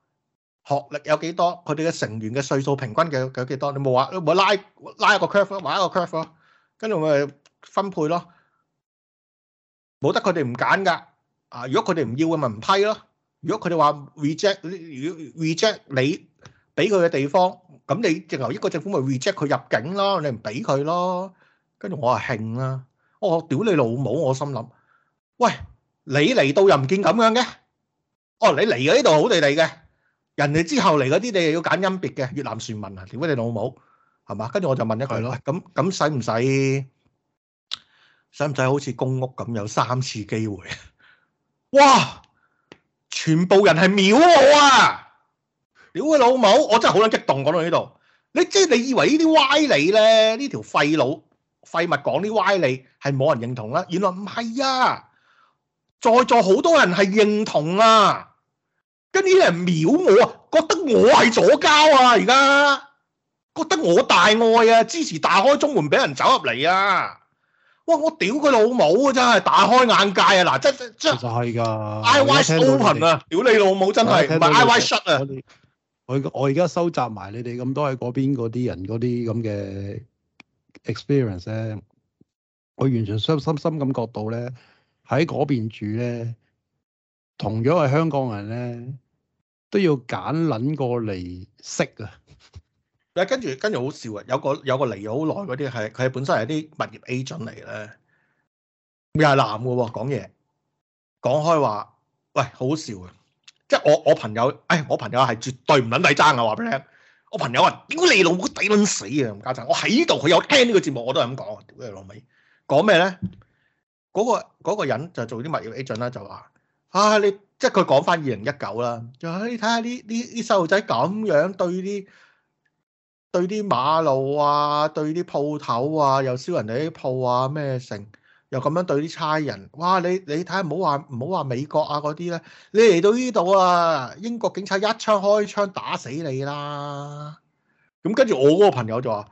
學歷有幾多，佢哋嘅成員嘅歲數平均嘅有幾多，你冇話，你咪拉拉一個 curve 咯，畫一個 curve 咯，跟住我咪分配咯，冇得佢哋唔揀噶。啊！如果佢哋唔要嘅咪唔批咯。如果佢哋話 reject 嗰啲，如果 reject 你俾佢嘅地方，咁你淨留一個政府咪 reject 佢入境咯？你唔俾佢咯？跟住我話興啦！哦，屌你老母！我心諗，喂，你嚟到又唔見咁樣嘅。哦，你嚟咗呢度好地地嘅，人哋之後嚟嗰啲你又要揀甄別嘅越南船民啊？屌你老母，係嘛？跟住我就問一句咯。咁咁使唔使使唔使好似公屋咁有三次機會？哇！全部人係秒我啊！屌佢老母，我真係好撚激動，講到呢度，你即係你以為呢啲歪理咧，呢條廢佬廢物講啲歪理係冇人認同啦，原來唔係啊，在座好多人係認同啊，跟呢啲人秒我啊，覺得我係左膠啊，而家覺得我大愛啊，支持大開中門俾人走入嚟啊！哇！我屌佢老母啊，真係大開眼界啊！嗱，真真真，其實係噶。IY open 啊，屌你老母真係，唔係 IY shut 啊。我我而家收集埋你哋咁多喺嗰邊嗰啲人嗰啲咁嘅 experience 咧，我完全深深深感覺到咧，喺嗰邊住咧，同樣係香港人咧，都要揀撚過嚟識啊！跟住跟住好笑啊！有個有個嚟咗好耐嗰啲係佢本身係啲物業 agent 嚟咧，又係男嘅喎，講嘢講開話，喂，好好笑啊！即係我我朋友，哎，我朋友係絕對唔撚抵爭啊！話俾你聽，我朋友啊，屌你老母抵撚死啊！咁家陣，我喺呢度，佢有聽呢個節目，我都係咁講啊！屌你老味，講咩咧？嗰個嗰個人就做啲物業 agent 啦，就話啊，你即係佢講翻二零一九啦，就、哎、你睇下呢呢啲細路仔咁樣對啲。對啲馬路啊，對啲鋪頭啊，又燒人哋啲鋪啊，咩成，又咁樣對啲差人，哇！你你睇下，唔好話唔好話美國啊嗰啲咧，你嚟到呢度啊，英國警察一槍開槍打死你啦！咁跟住我嗰個朋友就話，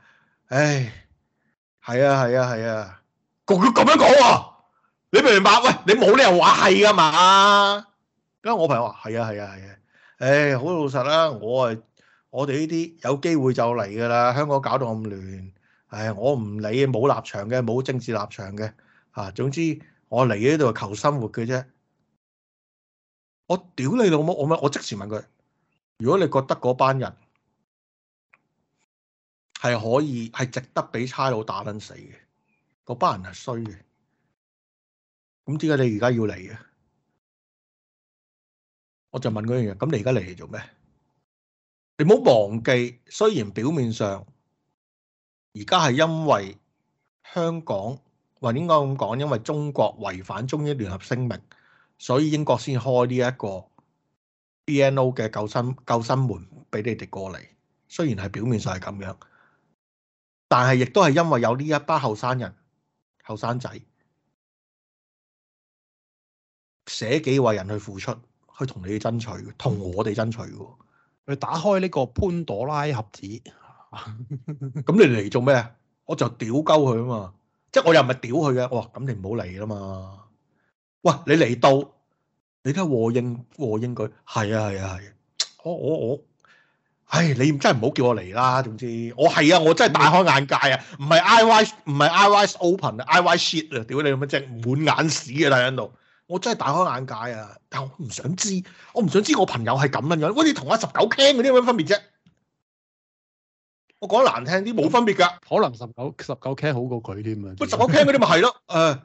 唉，係啊係啊係啊，佢要咁樣講啊。」你明唔明白？喂，你冇理由話係㗎嘛？咁我朋友話，係啊係啊係啊，誒，好老實啦，我係。我哋呢啲有機會就嚟㗎啦！香港搞到咁亂，唉，我唔理，冇立場嘅，冇政治立場嘅，嚇、啊，總之我嚟呢度求生活嘅啫。我屌你老母！我問，我即時問佢：如果你覺得嗰班人係可以，係值得俾差佬打撚死嘅，嗰班人係衰嘅，咁點解你而家要嚟嘅？我就問佢嘢，咁你而家嚟嚟做咩？你唔好忘記，雖然表面上而家係因為香港或，應該咁講，因為中國違反中英聯合聲明，所以英國先開呢一個 BNO 嘅救生救生門俾你哋過嚟。雖然係表面上係咁樣，但係亦都係因為有呢一班後生人、後生仔捨己為人，去付出，去同你哋爭取，同我哋爭取。佢打開呢個潘朵拉盒子，咁 你嚟做咩？我就屌鳩佢啊嘛！即係我又唔係屌佢嘅，哇！咁你唔好嚟啊嘛！喂，你嚟到，你睇下和應和應佢，係啊係啊係啊！我我我，唉！你真係唔好叫我嚟啦！總之我係啊，我真係大開眼界啊！唔係 IY 唔係 IY Open 啊，IY shit 啊！屌你咁樣，即係滿眼屎啊！大家喺度。我真係大開眼界啊！但我唔想知，我唔想知我朋友係咁樣樣，喂，你同阿十九 K 嗰啲有乜分別啫？我講得難聽啲，冇分別㗎。可能十九十九 K 好過佢添啊！喂、 啊，十九 K 嗰啲咪係咯，誒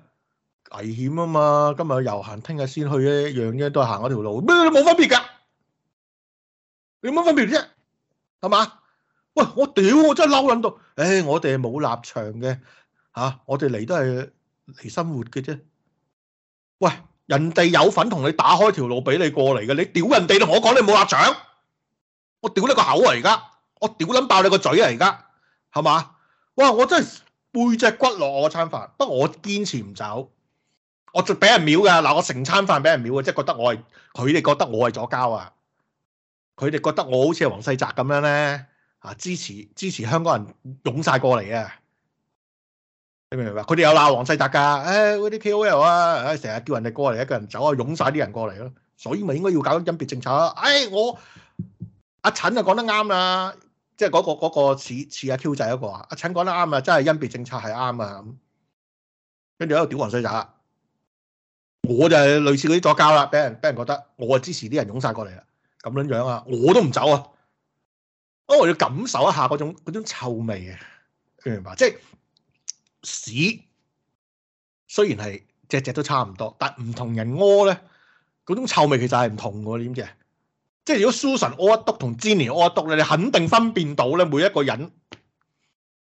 危險啊嘛！今日遊行，聽日先去樣一樣啫，都係行嗰條路，咩都冇分別㗎，有乜分別啫？係嘛？喂，我屌，我真係嬲撚到！誒、欸，我哋冇立場嘅吓、啊，我哋嚟都係嚟生活嘅啫。喂！人哋有份同你打開條路俾你過嚟嘅，你屌人哋咯！同我講你冇拿獎，我屌你個口啊！而家我屌撚爆你個嘴啊！而家係嘛？哇！我真係背脊骨落我餐飯，不過我堅持唔走，我就俾人秒噶嗱！我成餐飯俾人秒嘅，即係覺得我係佢哋覺得我係左膠啊！佢哋覺得我好似係黃世澤咁樣咧嚇、啊，支持支持香港人湧晒過嚟啊！你明唔明白？佢哋有鬧黃世達噶，誒嗰啲 K O L 啊，誒成日叫人哋過嚟，一個人走啊，湧晒啲人過嚟咯，所以咪應該要搞甄別政策咯、啊。誒、哎，我阿陳就講得啱啦、啊，即係嗰、嗰個、嗰個似似阿 Q 仔嗰、嗰個啊，阿陳講得啱啊，真係甄別政策係啱啊。跟住喺度屌黃世達，我就係類似嗰啲作家啦，俾人俾人覺得我支持啲人湧晒過嚟啦，咁樣樣啊，我都唔走啊，我我要感受一下嗰種嗰種臭味啊，明唔明白？即係。屎，雖然係隻隻都差唔多，但唔同人屙咧，嗰種臭味其實係唔同嘅，你知唔知啊？即係如果 Susan 屙一篤同 Jenny 屙一篤咧，你肯定分辨到咧，每一個人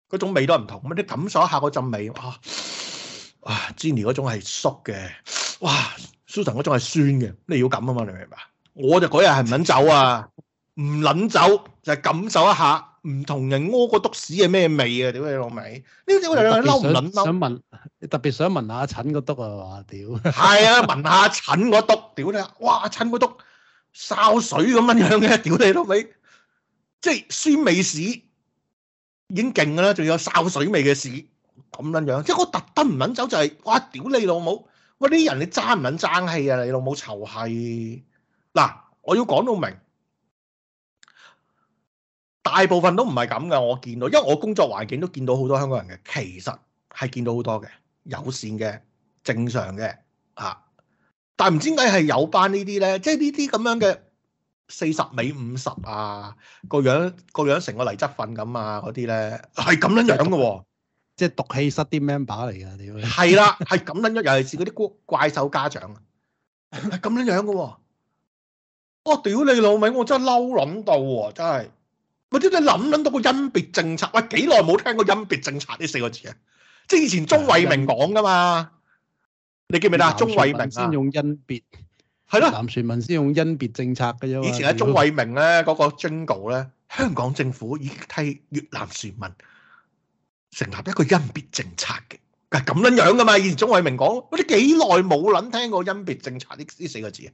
嗰種味道都唔同。咁你感受一下嗰陣味，哇哇，Jenny 嗰種係濕嘅，哇、啊，Susan 嗰種係酸嘅，你要噉啊嘛，你明唔明啊？我就嗰日係唔捻走啊，唔捻走就係、感受一下。唔同人屙個篤屎係咩味啊？屌你老味！呢啲我哋兩係嬲唔撚嬲。想問，特別想問下陳個篤 啊！話屌。係啊，問下陳個篤，屌你啊！哇，陳個篤，潲水咁樣樣嘅，屌你老味！即係酸味屎已經勁㗎啦，仲有潲水味嘅屎咁樣樣。即係我特登唔撚走就係、是，哇！屌你老母！喂，啲人你爭唔撚爭，爭氣啊！你老母臭係。嗱，我要講到明。大部分都唔係咁嘅。我見到，因為我工作環境都見到好多香港人嘅，其實係見到好多嘅友善嘅、正常嘅啊。但唔知點解係有班呢啲咧，即係呢啲咁樣嘅四十尾五十啊個樣個樣成個泥質瞓咁啊嗰啲咧，係咁樣、啊你你啊、樣噶，即係毒氣室啲 member 嚟噶，屌！係啦，係咁樣樣，尤其是嗰啲怪怪獸家長，咁樣樣噶、啊，我、哦、屌你老味，我真係嬲諗到喎，真係。我即係諗諗到個甄別政策，喂，幾耐冇聽過甄別政策呢四個字啊？即係以前鍾偉明講噶嘛？你記唔記得啊？鍾偉明先用甄別，係咯？南船民先用甄別政策嘅、啊，因的以前喺鍾偉明咧嗰個 Jingle 咧，香港政府已經替越南船民成立一個甄別政策嘅，係咁樣樣噶嘛？以前鍾偉明講，喂，你幾耐冇諗聽過甄別政策呢呢四個字啊？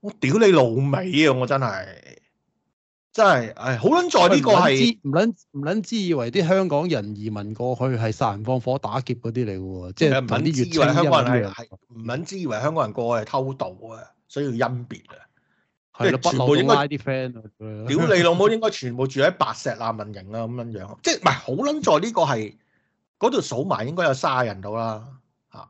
我屌你老味啊！我真係～真係，唉、哎，好撚在呢個係唔撚唔撚知，知以為啲香港人移民過去係殺人放火打劫嗰啲嚟嘅喎，即係同啲越遷香港人係唔撚知，以為香港人過去係偷渡啊，所以要甄別啊，即係的全部應該屌你、啊、老母，應該全部住喺白石難民營啊咁樣樣，即係唔係好撚在呢個係嗰度數埋應該有卅人度啦，嚇、啊，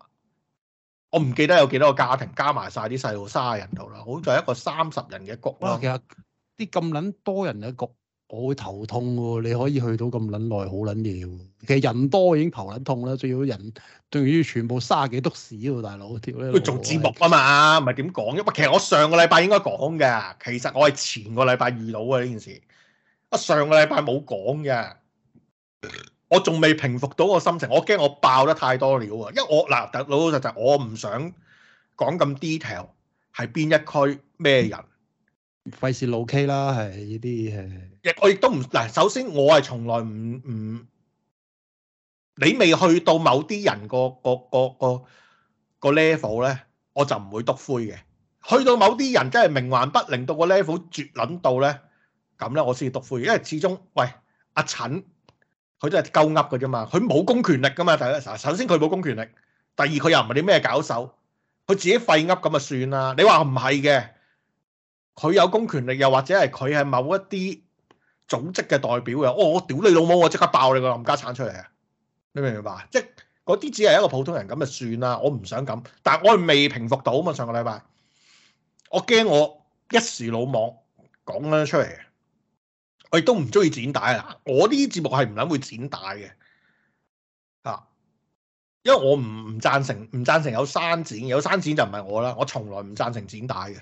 我唔記得有幾多個家庭加埋晒啲細路卅人度啦，好在一個三十人嘅局。啦、啊。啊啊啊啲咁撚多人嘅局，我會頭痛喎。你可以去到咁撚耐，好撚嘢喎。其實人多已經頭撚痛啦，仲要人，仲要全部卅幾篤屎喎，大佬條咧。佢做節目啊嘛，唔係點講？不過其實我上個禮拜應該講嘅，其實我係前個禮拜遇到嘅呢件事。啊，上個禮拜冇講嘅，我仲未平復到個心情，我驚我爆得太多了啊！因為我嗱，老老實實，我唔想講咁 detail，係邊一區咩人。嗯。費事老 K 啦，係呢啲誒，亦我亦都唔嗱，首先我係從來唔唔，你未去到某啲人個個個個 level 咧，我就唔會督灰嘅。去到某啲人真係冥頑不靈到個 level 絕諗到咧，咁咧我先督灰。因為始終喂阿陳，佢都係夠噏嘅啫嘛，佢冇公權力噶嘛。第一，首先佢冇公權力；第二，佢又唔係你咩搞手，佢自己廢噏咁啊算啦。你話唔係嘅？佢有公權力，又或者係佢係某一啲組織嘅代表嘅，我、哦、我屌你老母，我即刻爆你個冚家鏟出嚟啊！你明唔明白？即係嗰啲只係一個普通人咁就算啦，我唔想咁，但係我未平復到嘛。上個禮拜我驚我一時魯莽講咗出嚟嘅，我亦都唔中意剪帶啊！我啲節目係唔諗會剪帶嘅嚇，因為我唔唔贊成，唔贊成有刪剪，有刪剪就唔係我啦，我從來唔贊成剪帶嘅。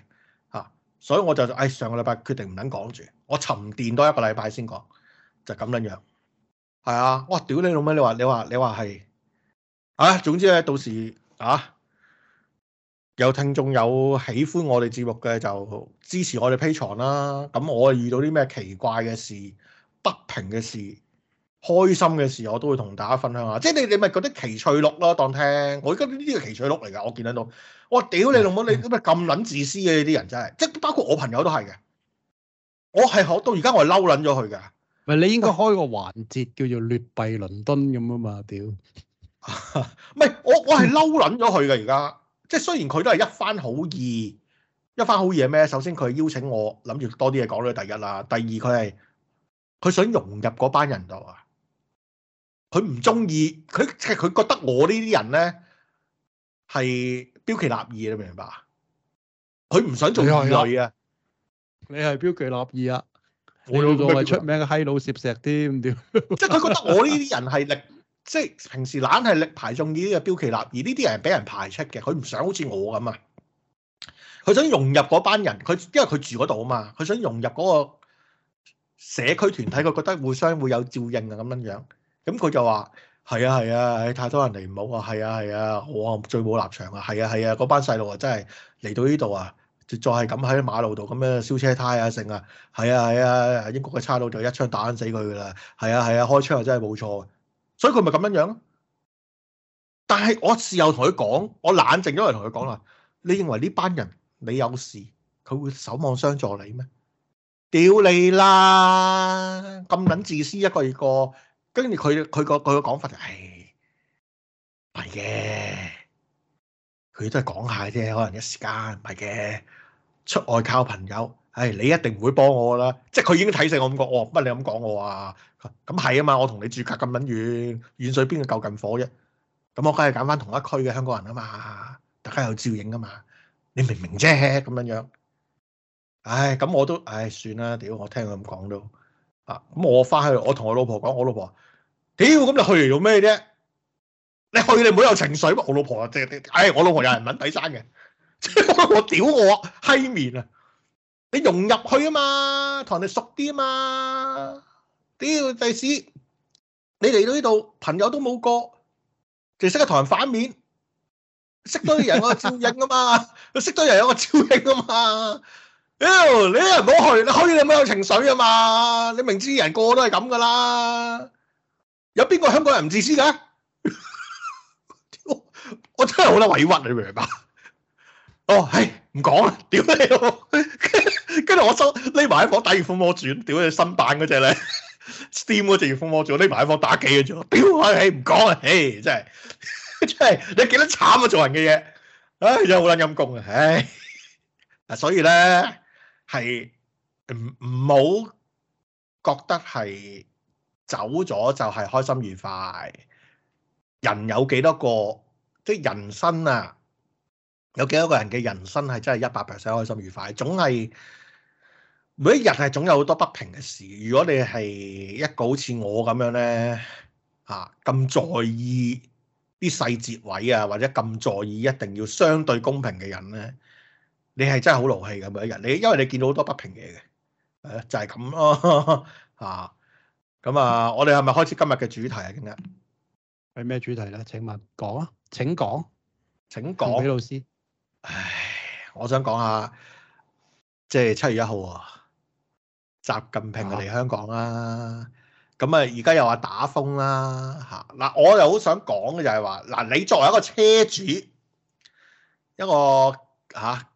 所以我就唉、哎，上個禮拜決定唔撚講住，我沉澱多一個禮拜先講，就咁、是、樣樣，係啊，我屌你老味，你話你話你話係啊，總之咧到時啊，有聽眾有喜歡我哋節目嘅就支持我哋 Patreon 啦，咁、嗯、我遇到啲咩奇怪嘅事、不平嘅事。開心嘅事我都會同大家分享下，即係你你咪覺得奇趣錄咯當聽，我而家呢啲係奇趣錄嚟㗎，我見得到。我屌你老母，你咁咪咁撚自私嘅，呢啲人真係，即係包括我朋友都係嘅。我係學到而家我係嬲撚咗佢嘅。唔係你應該開個環節、嗯、叫做劣幣倫敦咁啊嘛？屌，唔係 我我係嬲撚咗佢嘅而家，即係雖然佢都係一番好意，一番好意係咩？首先佢邀請我諗住多啲嘢講咗第一啦，第二佢係佢想融入嗰班人度啊。佢唔中意，佢佢覺得我呢啲人咧係標旗立異你明唔明白？佢唔想做異類啊！你係標旗立異啊！我老豆仲係出名嘅閪佬攝石添，即係佢覺得我呢啲人係力，即係平時懶係力排眾議呢個標旗立異，呢啲人係俾人排斥嘅。佢唔想好似我咁啊！佢想融入嗰班人，佢因為佢住嗰度啊嘛，佢想融入嗰個社區團體，佢覺得互相會有照應啊，咁樣樣。咁佢就話：係啊係啊，太多人嚟唔好啊！係啊係啊，我最冇立場啊！係啊係啊，嗰班細路啊，真係嚟到呢度啊，就再係咁喺啲馬路度咁樣燒車胎啊，啊，剩啊，係啊係啊，英國嘅差佬就一槍打撚死佢噶啦，係啊係啊，開槍又真係冇錯、啊，所以佢咪咁樣樣、啊。但係我事後同佢講，我冷靜咗嚟同佢講啦，你認為呢班人你有事，佢會守望相助你咩？屌你啦！咁撚自私一個二個。跟住佢佢個佢個講法就係係嘅，佢都係講下啫，可能一時間唔係嘅。出外靠朋友，係、哎、你一定唔會幫我噶啦。即係佢已經睇死我咁講，我、哦、乜你咁講我啊？咁係啊嘛，我同你住隔咁撚遠，遠水邊嘅夠近火啫。咁我梗係揀返同一區嘅香港人啊嘛，大家有照應啊嘛。你明唔明啫？咁樣樣，唉、哎，咁我都唉、哎、算啦，屌我聽佢咁講都。咁我翻去，我同我老婆講，我老婆屌咁、哎、你去嚟做咩啫？你去你唔好有情緒乜？我老婆啊，即係，唉，我老婆有人品底生嘅，我屌我閪面啊！你融入去啊嘛，同人哋熟啲啊嘛。屌第時你嚟到呢度，朋友都冇個，淨係識得同人反面，多識多啲人我照應啊嘛， 多識多人有個照應啊嘛。屌你啲人唔好去，去你可以你冇有情緒啊嘛！你明知人個個都係咁㗎啦，有邊個香港人唔自私嘅？ 我真係好得委屈，你明唔明白？哦，係唔講啦，屌你！跟住 我收匿埋喺房打完服務《炫風魔傳》，屌你新版嗰隻咧，Steam 嗰隻《炫風魔傳》，匿埋喺房打機嘅啫。屌，唉，唔講啦，唉真係真係你幾得慘啊！做人嘅嘢，唉真係好撚陰功啊，唉嗱、哎，所以咧。係唔好覺得係走咗就係開心愉快。人有幾多個，即係人生啊，有幾多個人嘅人生係真係一百 percent 開心愉快總，總係每一日係總有好多不平嘅事。如果你係一個好似我咁樣呢，啊咁在意啲細節位啊，或者咁在意一定要相對公平嘅人呢，你係真係好勞氣咁每一日，你因為你見到好多不平嘢嘅，就係咁咯吓。咁啊，啊，我哋係咪開始今日嘅主題啊？今日係咩主題咧？請問講啊，請講，請講俾老師。唉，我想講下，即係七月一號啊，習近平嚟香港啦。咁啊，而家、啊啊、又話打風啦、啊、吓。嗱、啊，我又好想講嘅就係、是、話，嗱、啊，你作為一個車主，一個吓。啊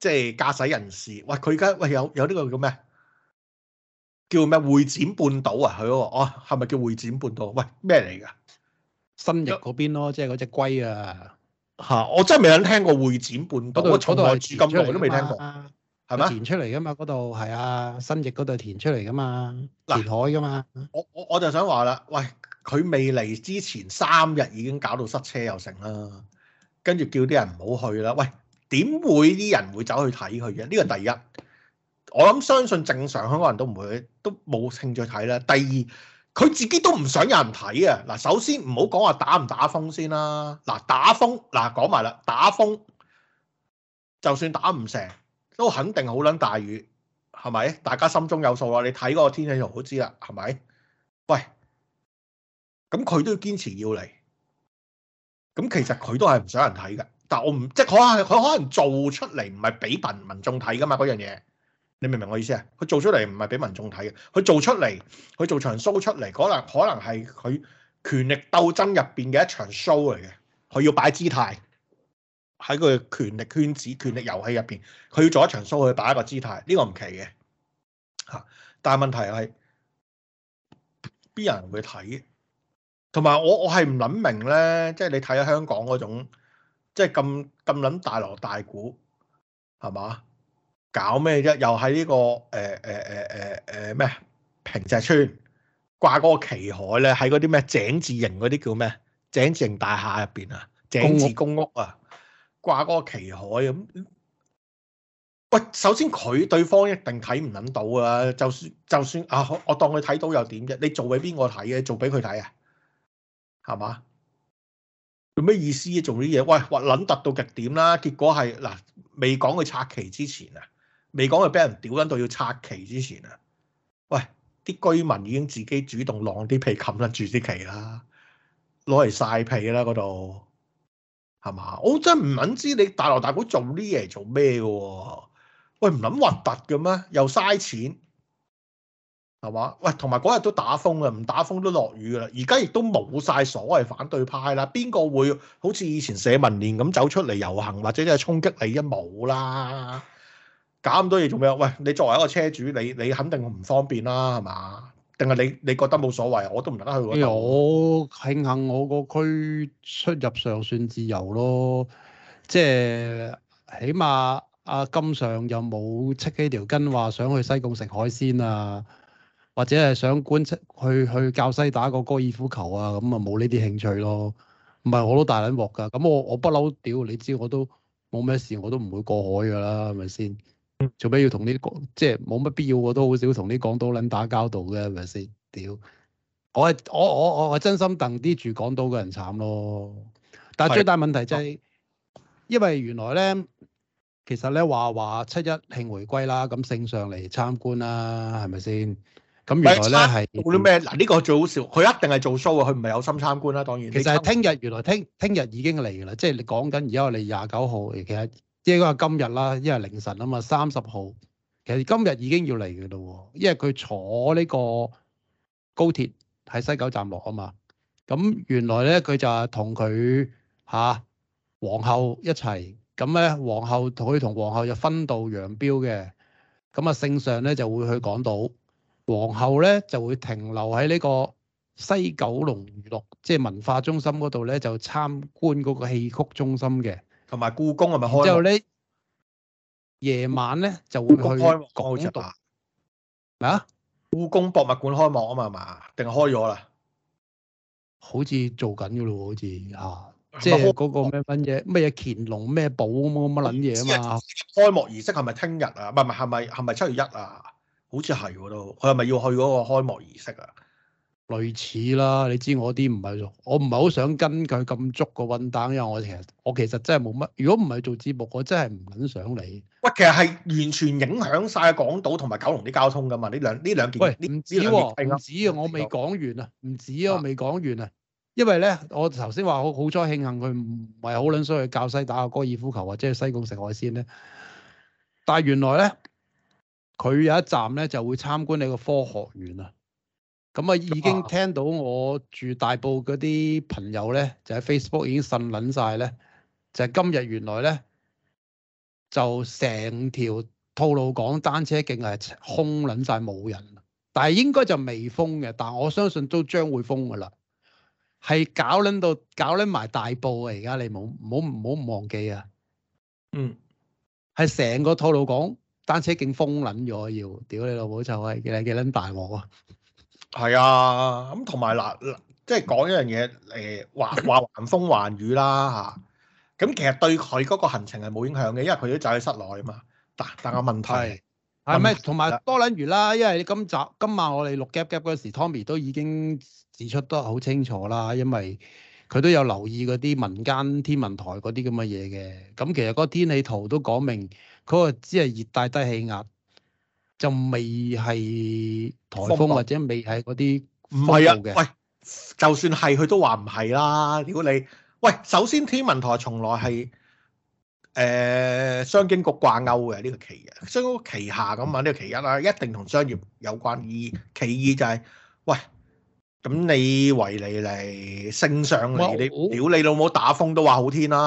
即係駕駛人士，喂，佢而家喂有有呢個叫咩？叫咩？會展半島啊，佢話哦，係咪叫會展半島？喂，咩嚟㗎？新翼嗰邊咯，即係嗰隻龜啊！嚇、啊，我真係未聽過會展半島，裡從我住到咁耐都未聽過，係咪？填出嚟㗎嘛，嗰度係啊，新翼嗰度填出嚟㗎嘛，填海㗎嘛。我我我就想話啦，喂，佢未嚟之前三日已經搞到塞車又成啦，跟住叫啲人唔好去啦，喂。喂點會啲人會走去睇佢嘅？呢個第一，我諗相信正常香港人都唔會，都冇興趣睇啦。第二，佢自己都唔想有人睇啊！嗱，首先唔好講話打唔打風先啦。嗱，打風嗱講埋啦，打風就算打唔成，都肯定好撚大雨，係咪？大家心中有數啦，你睇嗰個天氣就好知啦，係咪？喂，咁佢都要堅持要嚟，咁其實佢都係唔想人睇嘅。但我唔即係佢，係佢可能做出嚟唔係俾民民眾睇㗎嘛。嗰樣嘢你明唔明我意思啊？佢做出嚟唔係俾民眾睇嘅，佢做出嚟佢做場 show 出嚟，可能可能係佢權力鬥爭入邊嘅一場 show 嚟嘅。佢要擺姿態喺佢權力圈子、權力遊戲入邊，佢要做一場 show 去擺一個姿態，呢個唔奇嘅嚇。但係問題係邊有人會睇？同埋我我係唔諗明咧，即係你睇香港嗰種。即係咁咁撚大鑼大鼓，係嘛？搞咩啫？又喺呢個誒誒誒誒誒咩平石村掛嗰個旗海咧？喺嗰啲咩井字形嗰啲叫咩？井字形大廈入邊啊？井字公屋啊？掛嗰個旗海咁，嗯，喂？首先佢對方一定睇唔撚到啊。就算就算啊，我當佢睇到又點啫？你做俾邊個睇嘅？做俾佢睇啊？係嘛？做咩意思做啲嘢？喂，核卵突到極點啦！結果係嗱，未講佢拆旗之前啊，未講佢俾人屌卵到要拆旗之前啊，喂！啲居民已經自己主動晾啲被冚撚住啲旗啦，攞嚟曬被啦嗰度，係嘛？我真係唔撚知你大鑼大鼓做啲嘢做咩嘅，啊？喂，唔撚核突嘅咩？又嘥錢！係嘛？喂，同埋嗰日都打風啊，唔打風都落雨噶啦。而家亦都冇晒所謂反對派啦。邊個會好似以前社民連咁走出嚟遊行或者即係衝擊你？一冇啦，搞咁多嘢做咩？喂，你作為一個車主，你你肯定唔方便啦，係嘛？定係你你覺得冇所謂？我都唔得去嗰度、哎、我慶幸我個區出入上算自由咯，即係起碼阿金上有冇戚起條筋話想去西貢食海鮮啊。或者係想廣西去去教西打個高爾夫球啊，咁啊冇呢啲興趣咯。唔係我都大撚鑊㗎，咁我我不嬲屌你知我都冇咩事，我都唔會過海㗎啦，係咪先？嗯、做咩要同呢啲即係冇乜必要？我都好少同啲港島撚打交道嘅，係咪先？屌，我係我我我係真心戥啲住港島嘅人慘咯。但係最大問題就係、是、的因為原來咧，其實咧話話七一慶回歸啦，咁聖上嚟參觀啦，係咪先？咁原來咧係做啲咩？嗱呢個最好笑，佢一定係做 show 啊！佢唔係有心參觀啦，當然。其實聽日原來聽聽日已經嚟噶啦，即係你講緊而家我哋廿九號。其實即係今日啦，因為凌晨啊嘛，三十號其實今日已經要嚟嘅啦喎，因為佢坐呢個高鐵喺西九站落啊嘛。咁原來咧佢就係同佢吓皇后一齊，咁咧皇后佢同皇后就分道揚鑣嘅，咁啊聖上咧就會去港島。皇后咧就會停留喺呢個西九龍娛樂即係文化中心嗰度咧，就參觀嗰個戲曲中心嘅，同埋故宮係咪開？之後咧夜晚咧就會去。開幕啊！故宮博物館開幕啊嘛，係嘛？定係開咗啦？好似做緊㗎咯，好似啊！即係嗰個咩乜嘢咩嘢乾隆咩寶乜乜撚嘢啊嘛？開幕儀式係咪聽日啊？唔係唔係係咪七月一啊？好似係喎都，佢係咪要去嗰個開幕儀式啊？類似啦，你知我啲唔係，我唔係好想跟佢咁足個韻檔，因為我其實我其實真係冇乜。如果唔係做節目，我真係唔撚想你。喂，其實係完全影響晒港島同埋九龍啲交通噶嘛？呢兩呢兩件。喂，唔止喎、啊，唔、啊、止啊！我未講完啊，唔止啊，啊我未講完啊。因為咧，我頭先話好好彩，慶幸佢唔係好撚想去教西打個高爾夫球或者係西貢食海鮮咧。但係原來咧。佢有一站咧，就會參觀你個科學園啊！咁啊，已經聽到我住大埔嗰啲朋友咧，就喺 Facebook 已經呻撚晒咧，就係今日原來咧，就成條吐露港單車徑係空撚晒冇人，但係應該就未封嘅，但我相信都將會封噶啦，係搞撚到搞撚埋大埔啊！而家你冇唔好唔好忘記啊？嗯，係成個吐露港。單車勁風撚咗，要屌你老母臭閪，幾幾撚大鑊啊！係 啊，咁同埋嗱即係講一樣嘢，誒、呃，話話橫風橫雨啦嚇，咁、啊、其實對佢嗰個行程係冇影響嘅，因為佢都走喺室內啊嘛。但但個問題係咩？同埋多撚餘啦，因為今集今晚我哋錄 gap gap 嗰時，Tommy 都已經指出得好清楚啦，因為佢都有留意嗰啲民間天文台嗰啲咁嘅嘢嘅。咁其實嗰個天氣圖都講明。佢話只係熱帶低氣壓，就未係颱風，風浪或者未係嗰啲唔係啊！喂，就算係佢都話唔係啦。如果你喂，首先天文台從來係誒、呃、商經局掛鈎嘅呢個旗，一，商經局旗下咁嘛呢、這個旗，一啦、啊，一定同商業有關。二其二就係、是、喂，咁你為你嚟升上嚟，喂你屌你我老母打風都話好天啦、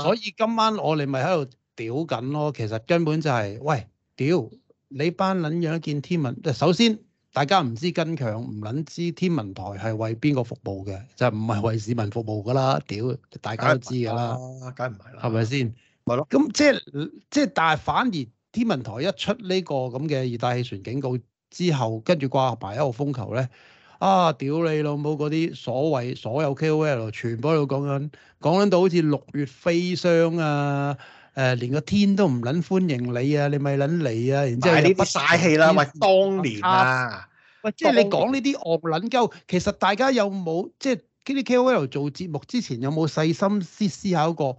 啊。所以今晚我哋咪喺度。屌緊咯，其實根本就係、是、喂，屌你班撚樣見天文，就首先大家唔知跟強唔撚知天文台係為邊個服務嘅？就唔、是、係為市民服務噶啦，屌大家都知噶啦，梗唔係啦，係咪先？係咯吧，咁即係即係，但係反而天文台一出呢個咁嘅熱帶氣旋警告之後，跟住掛牌、一個風球咧，啊屌你老母嗰啲所謂所有 KOL 全部喺度講緊，講緊到好似六月飛霜啊！誒、呃、連個天都唔撚歡迎你啊，你咪撚你啊！然之後不曬氣啦，咪喂當年啊，喂，即係你講呢啲惡撚鳩，其實大家有冇即係呢啲 KOL 做節目之前有冇細心思思考過？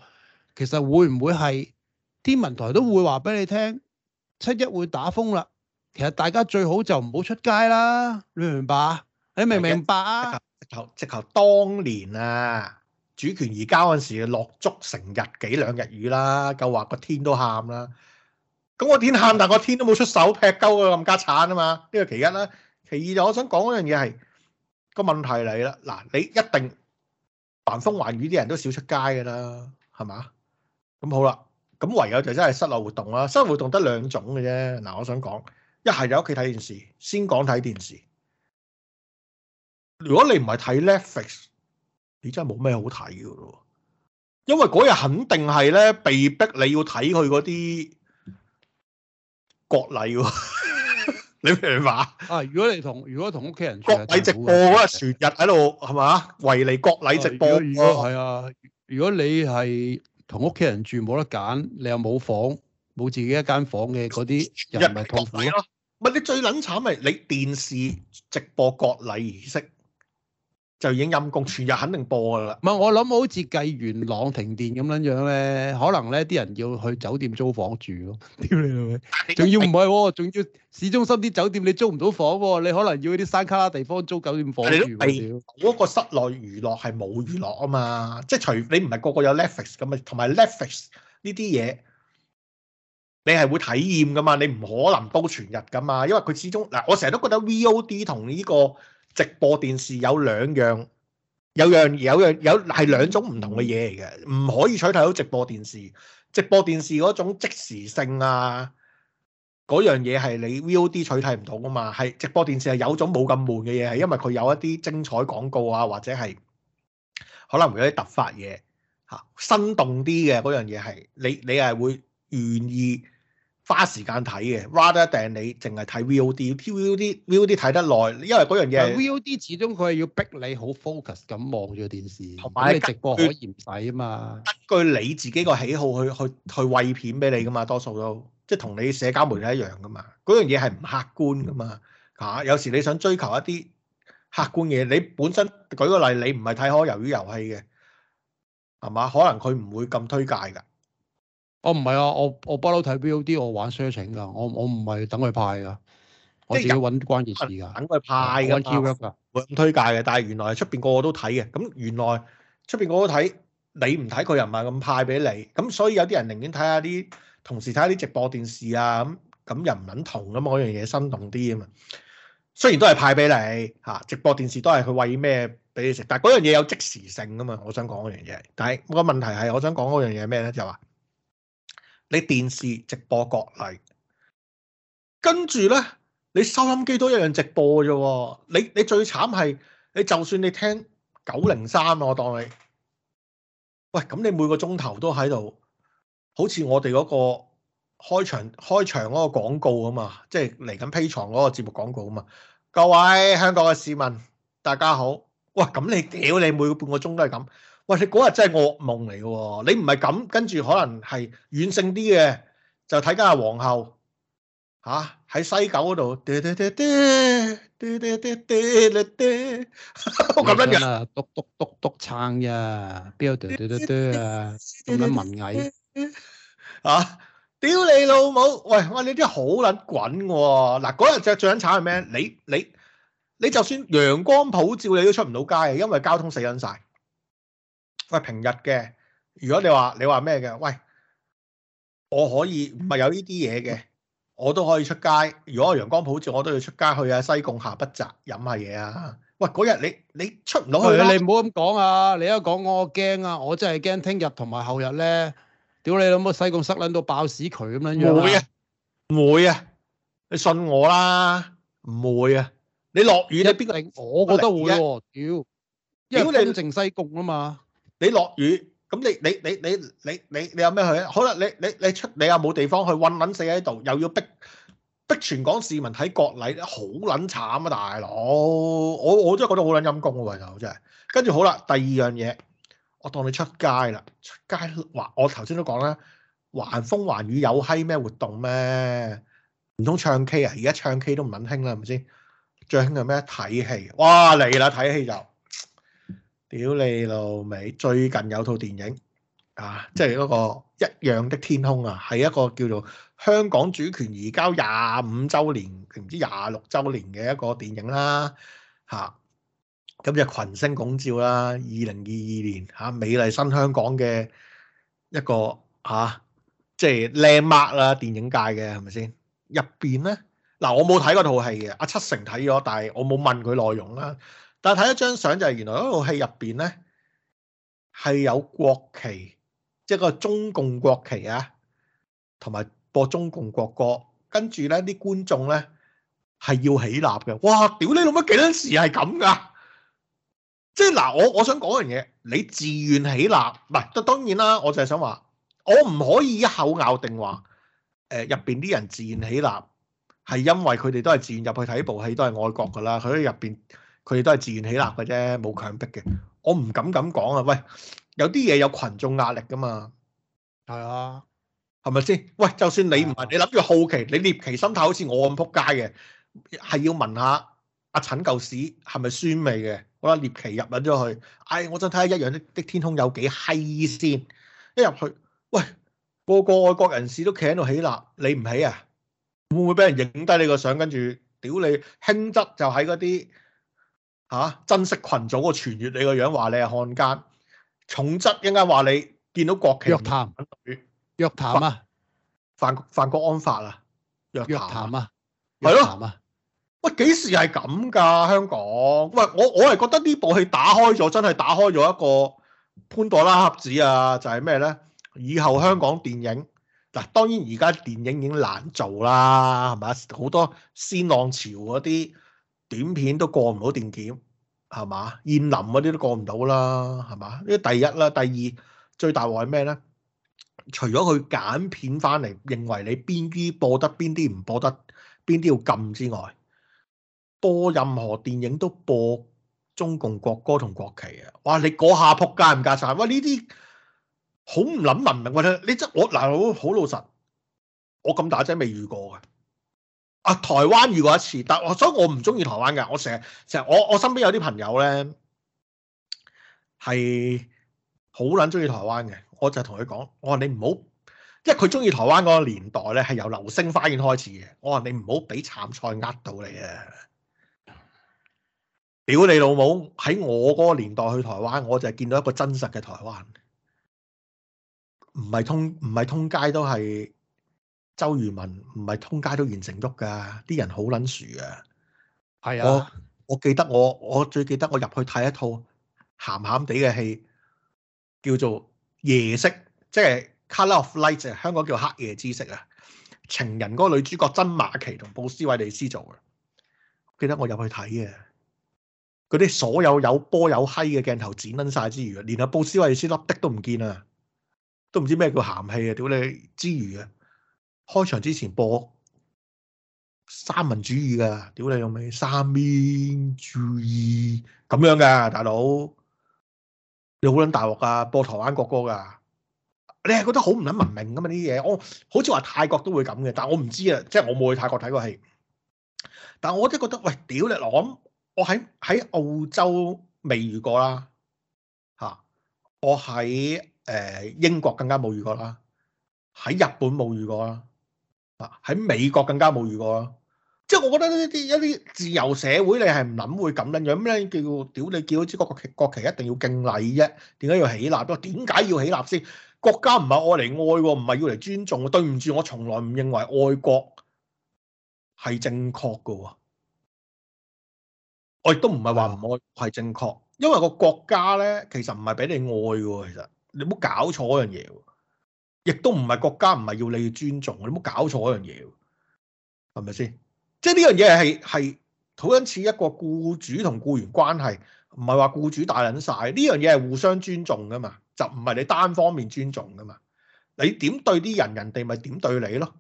其實會唔會係天文台都會話俾你聽，七一會打風啦。其實大家最好就唔好出街啦，你明唔明白？你明唔明白啊？直頭即係直頭當年啊！主權移交嗰時落足成日幾兩日雨啦，夠話個天都喊啦。咁我點喊，但個天都冇出手劈鳩啊，咁家產啊嘛。呢個其一啦，其二就我想講一樣嘢係個問題嚟啦。嗱，你一定橫風橫雨啲人都少出街嘅啦，係嘛？咁好啦，咁唯有就真係室內活動啦。室內活動得兩種嘅啫。嗱，我想講一係就喺屋企睇電視，先講睇電視。如果你唔係睇 Netflix。你真係冇咩好睇噶咯，因為嗰日肯定係咧，被逼你要睇佢嗰啲國禮喎。你明唔明話？啊，如果你同如果同屋企人國禮直播嗰日全日喺度係嘛，為你國禮直播。如果係啊，如果，如果，啊，如果你係同屋企人住冇得揀，你又冇房，冇自己一間房嘅嗰啲人咪痛苦。乜全日，啊，你最撚慘咪？你電視直播國禮儀式？就已經陰功，全日肯定播噶啦。唔係我諗，好似計元朗停電咁樣樣咧，可能咧啲人要去酒店租房住咯。屌你老味，仲要唔係喎？仲要市中心啲酒店你租唔到房喎。哦，你可能要去啲山卡拉地方租酒店房住。係，嗰、嗰個室內娛樂係冇娛樂啊嘛，嗯、即係除你唔係個個有 Netflix 咁啊，同埋 Netflix 呢啲嘢，你係會睇厭噶嘛？你唔可能都全日噶嘛？因為佢始終嗱，我成日都覺得 VOD 同呢、呢個。直播電視有兩樣，有樣有樣有係兩種唔同嘅嘢嚟嘅，唔可以取代到直播電視。直播電視嗰種即時性啊，嗰樣嘢係你 VOD 取代唔到㗎嘛，係直播電視係有種冇咁悶嘅嘢，係因為佢有一啲精彩廣告啊，或者係可能會有啲突發嘢嚇、啊，生動啲嘅嗰樣嘢係你你係會願意。花時間睇嘅，rather than 你淨係睇 VOD，PVD，VOD 睇得耐，因為嗰樣嘢。VOD 始終佢係要逼你好 focus 咁望住電視，同埋有你直播可以唔使啊嘛。根據你自己個喜好去去去喂片俾你噶嘛，多數都即係同你社交媒體一樣噶嘛。嗰樣嘢係唔客觀噶嘛嚇，有時你想追求一啲客觀嘢，你本身舉個例，你唔係睇開《魷魚遊戲》嘅係嘛，可能佢唔會咁推介㗎。我唔係啊，我我，OD，我，我，我不嬲睇 VOD，我玩 searching 噶，我我唔係等佢派噶，我自己搵關鍵詞噶，等佢派噶，噶，搵、啊、推介嘅。但係原來出邊個個都睇嘅，咁、嗯、原來出邊個都睇，你唔睇佢又唔係咁派俾你，咁、嗯、所以有啲人寧願睇下啲，同時睇下啲直播電視啊，咁咁又唔肯同咁嗰樣嘢生動啲啊嘛。雖然都係派俾你吓、啊，直播電視都係佢喂咩俾你食，但係嗰樣嘢有即時性啊嘛。我想講嗰樣嘢，但係、嗰個問題係我想講嗰樣嘢咩咧，就話。你電視直播國禮，跟住呢，你收音機都一樣直播啫、哦。你你最慘係，你就算你聽九零三，我當你，喂咁你每個鐘頭都喺度，好似我哋嗰個開場開場嗰個廣告啊嘛，即係嚟緊披床嗰個節目廣告啊嘛。各位香港嘅市民，大家好。喂，咁你屌你每個半個鐘都係咁。喂，你嗰日真係噩夢嚟嘅喎！你唔係咁，跟住可能係遠勝啲嘅，就睇緊阿皇后吓，喺西九嗰度。我咁樣嘅，嘟嘟嘟嘟撐嘟嘟準，做乜文藝啊？屌你老母！喂，你啲好撚滾喎！嗱，嗰日最最慘係咩？你你你就算陽光普照，你都出唔到街嘅，因為交通死緊晒。喂，平日嘅，如果你話你話咩嘅，喂，我可以咪有呢啲嘢嘅，我都可以出街。如果個陽光普照，我都要出街去啊西貢下北澤飲下嘢啊。喂，嗰日你你出唔到去啊？你唔好咁講啊！你一講我驚啊！我真係驚聽日同埋後日咧，屌你老母西貢塞撚到爆屎渠咁樣樣、啊。唔會啊，唔會啊，你信我啦，唔會啊。你落雨喺邊個必定我覺得會喎、啊。屌，屌你東靖西貢啊嘛。你落雨咁你你你你你你你有咩去咧？好啦，你你你出你又冇地方去，困撚死喺度，又要逼逼全港市民睇國禮，好撚慘啊！大佬，我我真係覺得、啊、好撚陰公喎，其實真係。跟住好啦，第二樣嘢，我當你出街啦，出街話我頭先都講啦，橫風橫雨有閪咩活動咩？唔通唱 K 啊？而家唱 K 都唔撚興啦，係咪先？最興係咩？睇戲，哇嚟啦！睇戲就～屌你老味！最近有套電影啊，即係嗰、那個《一樣的天空》啊，係一個叫做香港主權移交廿五週年唔知廿六週年嘅一個電影啦，嚇、啊。咁、啊、就群星拱照啦，二零二二年嚇、啊、美麗新香港嘅一個嚇、啊，即係 Landmark 啦電影界嘅，係咪先？入邊呢，嗱、啊，我冇睇嗰套戲嘅，阿、啊、七成睇咗，但係我冇問佢內容啦。但睇一張相就係原來嗰部戲入邊咧係有國旗，即係個中共國旗啊，同埋播中共國歌，跟住咧啲觀眾咧係要起立嘅。哇！屌你老咩幾多時係咁噶？即係嗱，我我想講一樣嘢，你自願起立，唔係，當然啦，我就係想話，我唔可以一口咬定話，誒入邊啲人自願起立係因為佢哋都係自願入去睇部戲，都係愛國噶啦，佢喺入邊。佢哋都係自願起立嘅啫，冇強迫嘅。我唔敢咁講啊！喂，有啲嘢有群眾壓力噶嘛？係啊，係咪先？喂，就算你唔係，啊、你諗住好奇，你獵奇心態好似我咁撲街嘅，係要聞下阿陳舊屎係咪酸味嘅？我得獵奇入緊咗去，唉、哎，我想睇下一樣的天空有幾閪先。一入去，喂，個個外國人士都企喺度起立，你唔起啊？會唔會俾人影低你個相，跟住屌你，輕則就喺嗰啲。吓、啊！珍惜群組個傳閱你個樣，話你係漢奸，重則一陣間話你見到國旗。約談？約談啊！犯犯，犯國安法啊！約，約談啊！約談啊！係咯、啊？喂，幾時係咁噶？香港喂，我我係覺得呢部戲打開咗，真係打開咗一個潘多拉盒子啊！就係咩咧？以後香港電影嗱，當然而家電影已經難做啦，係咪？好多先浪潮嗰啲。短片都過唔到電檢，係嘛？燕林嗰啲都過唔到啦，係嘛？呢第一啦，啊，第二最大鑊係咩咧？除咗佢揀片翻嚟，認為你邊啲播得，邊啲唔播得，邊啲要禁之外，播任何電影都播中共國歌同國旗啊！哇，你嗰下撲街唔加晒，哇呢啲好唔諗文明，我你真我嗱，我好老實，我咁大隻未遇過噶。啊！台灣遇過一次，但係所以我唔中意台灣嘅。我成日成日，我我身邊有啲朋友咧係好撚中意台灣嘅。我就同佢講：我話你唔好，因為佢中意台灣嗰個年代咧係由流星花園開始嘅。我話你唔好俾杉菜呃到你啊！屌你老母！喺我嗰個年代去台灣，我就係見到一個真實嘅台灣，唔係通唔係通街都係。周瑜文唔係通街都完成喐噶，啲人好撚薯啊！係啊，我我記得我我最記得我入去睇一套鹹鹹地嘅戲，叫做夜色，即係《Color of Light》，香港叫《黑夜之色》啊。情人嗰個女主角真馬奇同布斯維利斯做嘅，記得我入去睇嘅，嗰啲所有有波有閪嘅鏡頭剪撚晒之餘，連阿布斯維利斯的粒的都唔見啊，都唔知咩叫鹹戲啊！屌你之餘啊！開場之前播三民主義噶，屌你用咩三民主義咁樣嘅，大佬你好撚大鑊啊！播台灣國歌噶，你係覺得好唔撚文明噶嘛？啲嘢我好似話泰國都會咁嘅，但我唔知啊，即係我冇去泰國睇過戲。但係我都係覺得喂，屌你，我我喺喺澳洲未遇過啦，吓、呃，我喺誒英國更加冇遇過啦，喺日本冇遇過啦。喺美國更加冇遇過，即係我覺得呢啲一啲自由社會，你會，你係唔諗會咁樣樣咩叫屌你叫？好似嗰個旗國旗一定要敬禮啫？點解要起立？點解要起立先？國家唔係愛嚟愛，唔係要嚟尊重。對唔住，我從來唔認為愛國係正確噶。我亦都唔係話唔愛係正確，因為個國家咧，其實唔係俾你愛噶。其實你冇搞錯嗰樣嘢。亦都唔係國家，唔係要你尊重，你冇搞錯一樣嘢，係咪先？即係呢樣嘢係係好似一個僱主同僱員關係，唔係話僱主大緊晒呢樣嘢係互相尊重噶嘛，就唔係你單方面尊重噶嘛。你點對啲人，人哋咪點對你咯，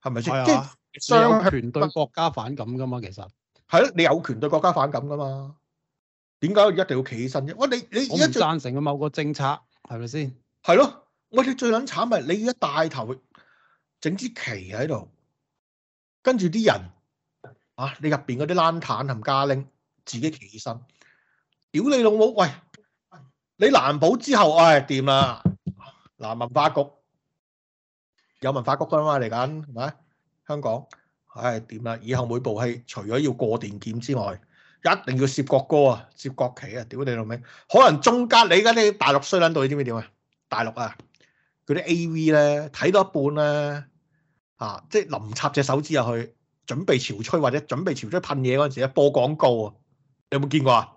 係咪先？哎、呀即係是有權對國家反感噶嘛？其實係咯，你有權對國家反感噶嘛？點解一定要起身啫？喂你你我你你家贊成嘅某個政策，係咪先？係咯。我哋最撚慘咪，你而家帶頭整支旗喺度，跟住啲人啊，你入邊嗰啲攬毯同家拎自己企起身，屌你老母！喂，你難保之後，唉、哎，掂啦？嗱，文化局有文化局㗎嘛嚟緊，係咪？香港，唉、哎，掂啦、啊？以後每部戲除咗要過電檢之外，一定要攝國歌啊，攝國旗啊！屌你老味，可能中間你而家啲大陸衰撚到，你知唔知點啊？大陸啊！嗰啲 A.V. 咧睇到一半咧，啊，即係臨插隻手指入去，準備潮吹或者準備潮吹噴嘢嗰陣時咧，播廣告啊！你有冇見過啊？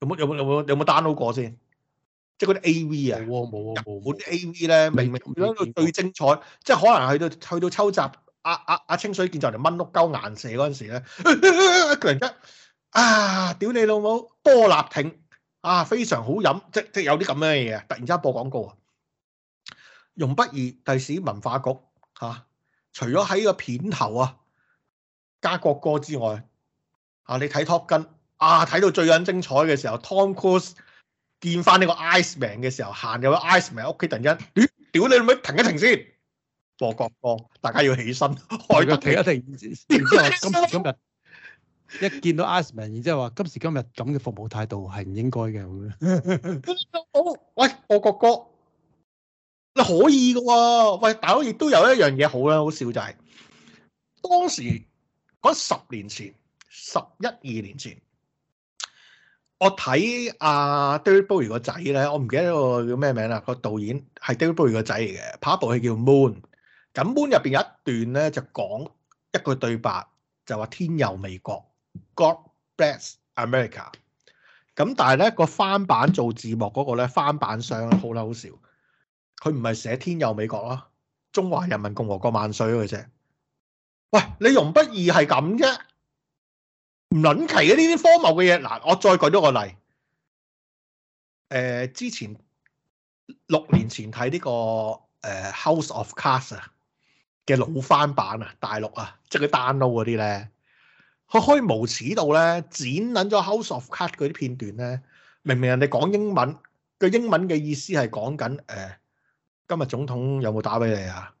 有冇有冇有冇有冇 download 過先？即係嗰啲 A.V. 啊！冇冇冇！嗰啲 A.V. 咧，明明睇到最精彩，即係可能去到去到抽集阿阿阿清水健就嚟掹碌鳩顏射嗰陣時咧，突然間啊，屌你老母，波拿挺，啊，非常好飲，即即係有啲咁樣嘅嘢啊！突然之間播廣告啊！用不二第時文化局嚇、啊，除咗喺個片頭啊加國歌之外，啊你睇 top 根啊，睇到最撚精彩嘅時候，Tom Cruise 見翻呢個 Iceman 嘅時候，行入去 Iceman 屋企，突然間屌屌你咪停一停先播、哦、國歌，大家要起身開個停一停。然之後今今日一見到 Iceman，然之後話今時今日咁嘅 服務態度係唔應該嘅咁。嗯、 喂播國歌。你可以嘅喎，喂，但係我亦都有一樣嘢好啦，好笑就係、是，當時嗰十年前，十一二年前，我睇，阿、啊、David Bowie 個仔咧，我唔記得個叫咩名啦，個導演係 David Bowie 個仔嚟嘅，拍一部戲叫 Moon，咁 Moon 入邊有一段咧就講一個對白，就話天佑美國，God bless America，咁但係咧個翻版，做字幕嗰個咧翻版商好啦，好笑。好笑佢唔係寫天佑美國咯，中華人民共和國萬歲嗰個啫。喂，你容不易係咁啫？唔撚奇嘅呢啲荒謬嘅嘢嗱，我再舉咗個例。誒、呃，之前六年前睇呢、這個誒、呃、House of Cards 嘅、啊、老翻版啊，大陸啊，即係佢 download 嗰啲咧，佢可以無恥到咧剪撚咗 House of Cards 嗰啲片段咧，明明人哋講英文嘅英文嘅意思係講緊誒，呃今日總統有冇打俾你啊？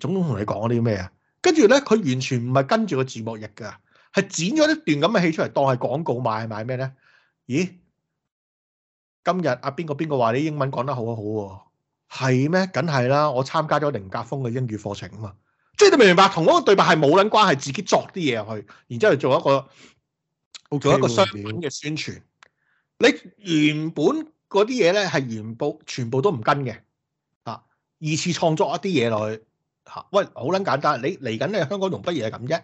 總統同你講啲咩啊？跟住咧，佢完全唔係跟住個字幕譯㗎，係剪咗一段咁嘅戲出嚟當係廣告賣賣咩咧？咦？今日阿、啊、邊個邊個話你英文講得好好喎、啊？係咩？梗係啦，我參加咗凌格風嘅英語課程啊嘛。即係你明唔明白？同嗰個對白係冇撚關係，自己作啲嘢去，然之後做一個 Okay 做一個商業嘅宣傳。哦、你原本嗰啲嘢咧係原部全部都唔跟嘅。二次創作一啲嘢落去嚇，喂，好撚簡單。你嚟緊你香港容不易係咁啫？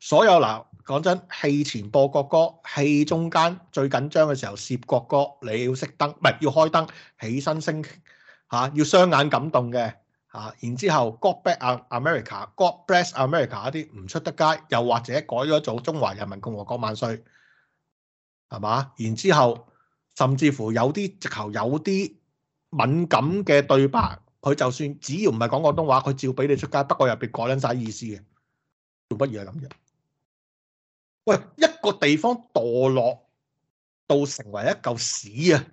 所有嗱，講真，戲前播國歌，戲中間最緊張嘅時候攝國歌，你要熄燈，唔係要開燈，起身升嚇、啊，要雙眼感動嘅嚇、啊。然之後 God bless America，God bless America，一啲唔出得街，又或者改咗做中華人民共和國萬歲，係嘛？然之後甚至乎有啲直頭有啲敏感嘅對白。佢就算只要唔係講廣東話，佢照俾你出街，不過入邊改撚晒意思嘅，做不如係咁嘅。喂，一個地方墮落到成為一嚿屎啊，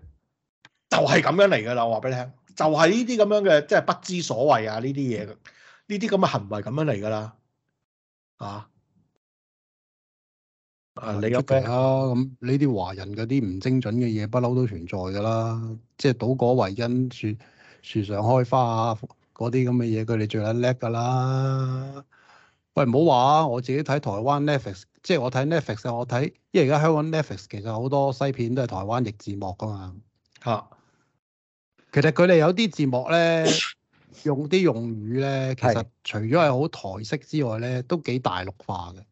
就係、係、咁樣嚟噶啦！我話俾你聽，就係呢啲咁樣嘅，即係不知所謂啊！呢啲嘢，呢啲咁嘅行為咁樣嚟噶啦，嚇。啊，你有計啦！咁呢啲華人嗰啲唔精準嘅嘢，不嬲都存在噶啦，即係倒果為因算。樹上開花啊！嗰啲咁嘅嘢，佢哋最撚叻㗎啦。喂，唔好話啊！我自己睇台灣 Netflix，即係我睇 Netflix，我睇，因為而家香港 Netflix 其實好多西片都係台灣譯字幕㗎嘛。嚇、啊！其實佢哋有啲字幕咧， 用啲用語咧，其實除咗係好台式之外咧，都幾大陸化嘅。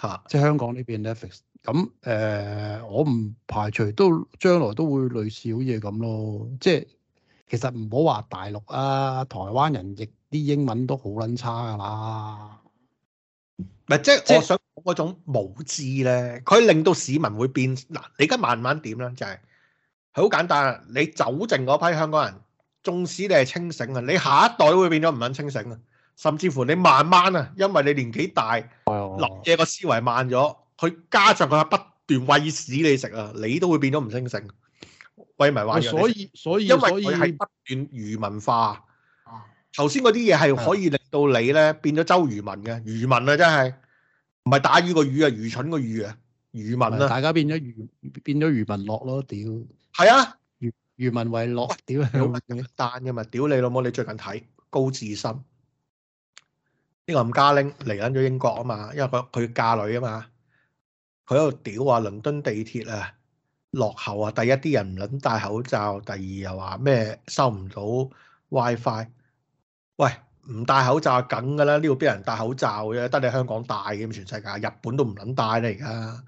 嚇、啊！即係香港呢邊 Netflix。咁誒、呃，我唔排除都將來都會類似好嘢咁咯。即係其實唔好話大陸啊，台灣人亦啲英文都好撚差㗎啦。唔即係即我想嗰種無知咧，佢令到市民會變嗱、啊。你而家慢慢點咧，就係係好簡單。你走剩嗰批香港人，縱使你係清醒嘅，你下一代會變咗唔撚清醒啊。甚至乎你慢慢啊，因為你年紀大，諗嘢個思維慢咗。哎佢加上佢係不斷餵屎你食啊，你都會變咗唔清醒，餵埋壞，所以所以因為係不斷愚民化。頭先嗰啲嘢係可以令到你咧變咗周愚民嘅愚民啊，真係唔係打魚個魚啊，愚蠢個魚啊，愚民啊，大家變咗愚變咗漁民樂咯，屌！係啊，愚民為樂，屌，簡單嘅嘛，屌你老母？你最近睇高志森呢個林嘉玲嚟緊咗英國啊嘛，因為佢佢嫁女啊嘛。佢喺度屌話倫敦地鐵啊落後啊，第一啲人唔撚戴口罩，第二又話咩收唔到 WiFi。喂，唔戴口罩梗噶啦，呢度邊有人戴口罩嘅，得你香港戴嘅，全世界日本都唔撚戴啦而家。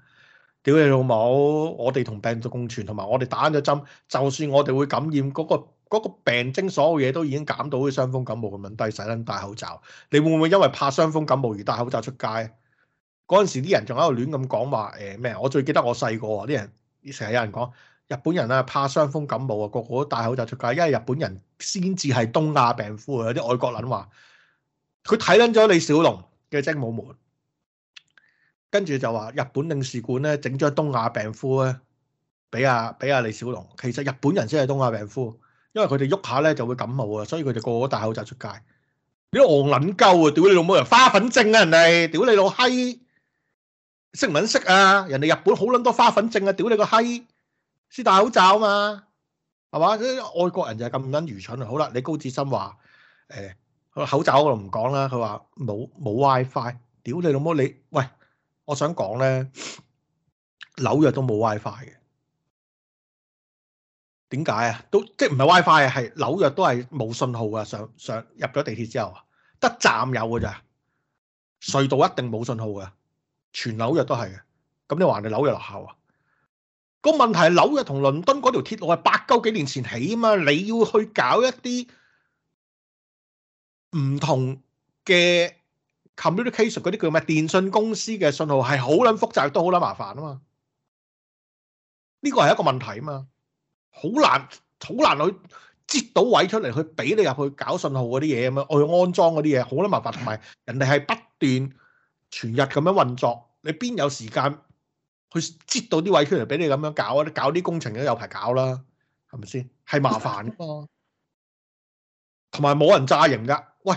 屌你老母，我哋同病毒共存同埋我哋打咗針，就算我哋會感染嗰個、嗰個病徵，所有嘢都已經減到啲傷風感冒嘅問題，使撚戴口罩。你會唔會因為怕傷風感冒而戴口罩出街？嗰陣時啲人仲喺度亂咁講話誒咩？我最記得我細個啲人成日有人講日本人啊怕傷風感冒啊，個個都戴口罩出街，因為日本人先至係東亞病夫啊！有啲外國人話佢睇撚咗李小龍嘅精武門，跟住就話日本領事館咧整咗東亞病夫咧，俾阿俾阿李小龍。其實日本人先係東亞病夫，因為佢哋喐下咧就會感冒啊，所以佢哋個個戴口罩出街。你都戇撚鳩啊！屌你老母，人花粉症啊人哋、啊，屌你老閪！識唔識啊？人哋日本好撚多花粉症啊！屌你個閪，先戴口罩嘛，係嘛？啲外國人就係咁撚愚蠢啊！好啦，你高志森話誒口罩我就唔講啦。佢話冇冇 WiFi，屌你老母你！喂，我想講咧，紐約都冇 WiFi 嘅，點解啊？都即係唔係 WiFi 係紐約都係冇信號嘅，上上入咗地鐵之後啊，得站有㗎咋，隧道一定冇信號嘅。全紐約都係嘅，咁你話你紐約落後啊？個問題係紐約同倫敦嗰條鐵路係八九幾年前起啊嘛，你要去搞一啲唔同嘅 communication 嗰啲叫咩？電信公司嘅信號係好撚複雜，都好撚麻煩啊嘛。呢個係一個問題啊嘛，好難好難去截到位出嚟去俾你入去搞信號嗰啲嘢咁樣，去安裝嗰啲嘢好撚麻煩，同埋人哋係不斷全日咁樣運作。你邊有時間去擠到啲位，出嚟俾你咁樣搞啊？你搞啲工程都有排搞啦，啊，係咪先？係麻煩，同埋冇人贊營㗎。喂，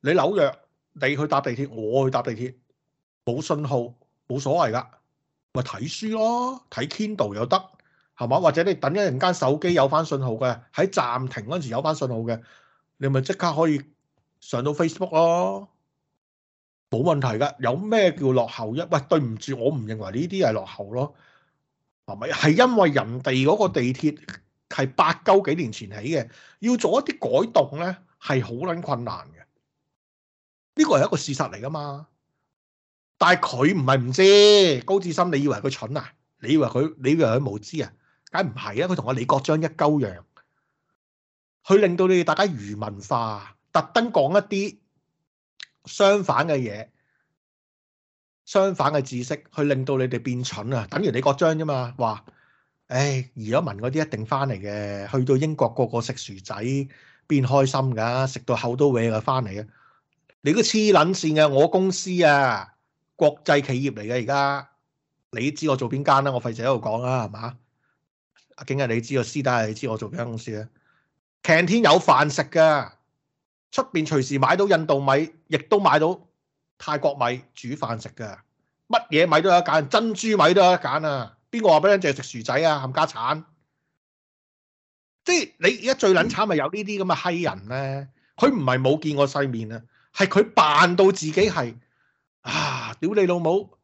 你紐約你去搭地鐵，我去搭地鐵，冇信號冇所謂㗎，咪睇書咯，睇 Kindle 又得，係嘛？或者你等一陣間手機有翻信號嘅，喺暫停嗰陣時有翻信號嘅，你咪即刻可以上到 Facebook 咯。冇問題噶，有咩叫落後一？喂，對唔住，我唔認為呢啲係落後咯。係咪係因為人哋嗰個地鐵係八九幾年前起嘅，要做一啲改動呢，係好撚困難嘅。呢個係一個事實嚟噶嘛。但係佢唔係唔知，高志森你以為佢蠢啊？你以為佢，你以為佢無知啊？梗唔係啊！佢同阿李國章一鳩樣，佢令到你哋大家愚民化，特登講一啲。相反嘅嘢，相反嘅知識，去令到你哋變蠢啊！等如李國章啫嘛，話，唉、哎，移咗民嗰啲一定翻嚟嘅，去到英國個個食薯仔，變開心㗎，食到口都歪啊，翻嚟啊！你都黐撚線嘅，我公司啊，國際企業嚟嘅而家，你知我做邊間啦？我費事喺度講啦，係嘛？阿景啊，你知我師弟你知我做邊間公司咧？Can 天有飯食㗎。出面隨時買到印度米，亦都買到泰國米煮飯食㗎，乜嘢米都有得揀，珍珠米都有得揀啊！邊個話俾你淨係食薯仔啊？冚家鏟，即係你而家最撚慘咪有呢啲咁嘅閪人咧、啊，佢唔係冇見過世面啊，係佢扮到自己係啊，屌你老母！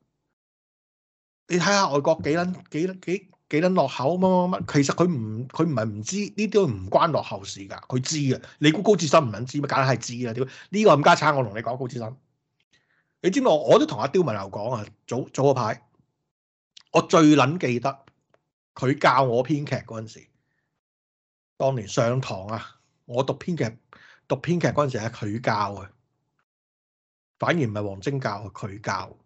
你睇下外國幾撚幾幾？幾撚落後乜乜乜？其實佢唔佢唔係唔知呢啲唔關落後事噶，佢知嘅。你估高志森唔撚知咩？梗係知啦。屌呢個冚家鏟！我同你講，高志森，你知唔知我我都同阿刁文牛講啊，早早嗰排，我最撚記得佢教我編劇嗰陣時，當年上堂啊，我讀編劇讀編劇嗰陣時係佢教嘅，反而唔係王晶教，佢教。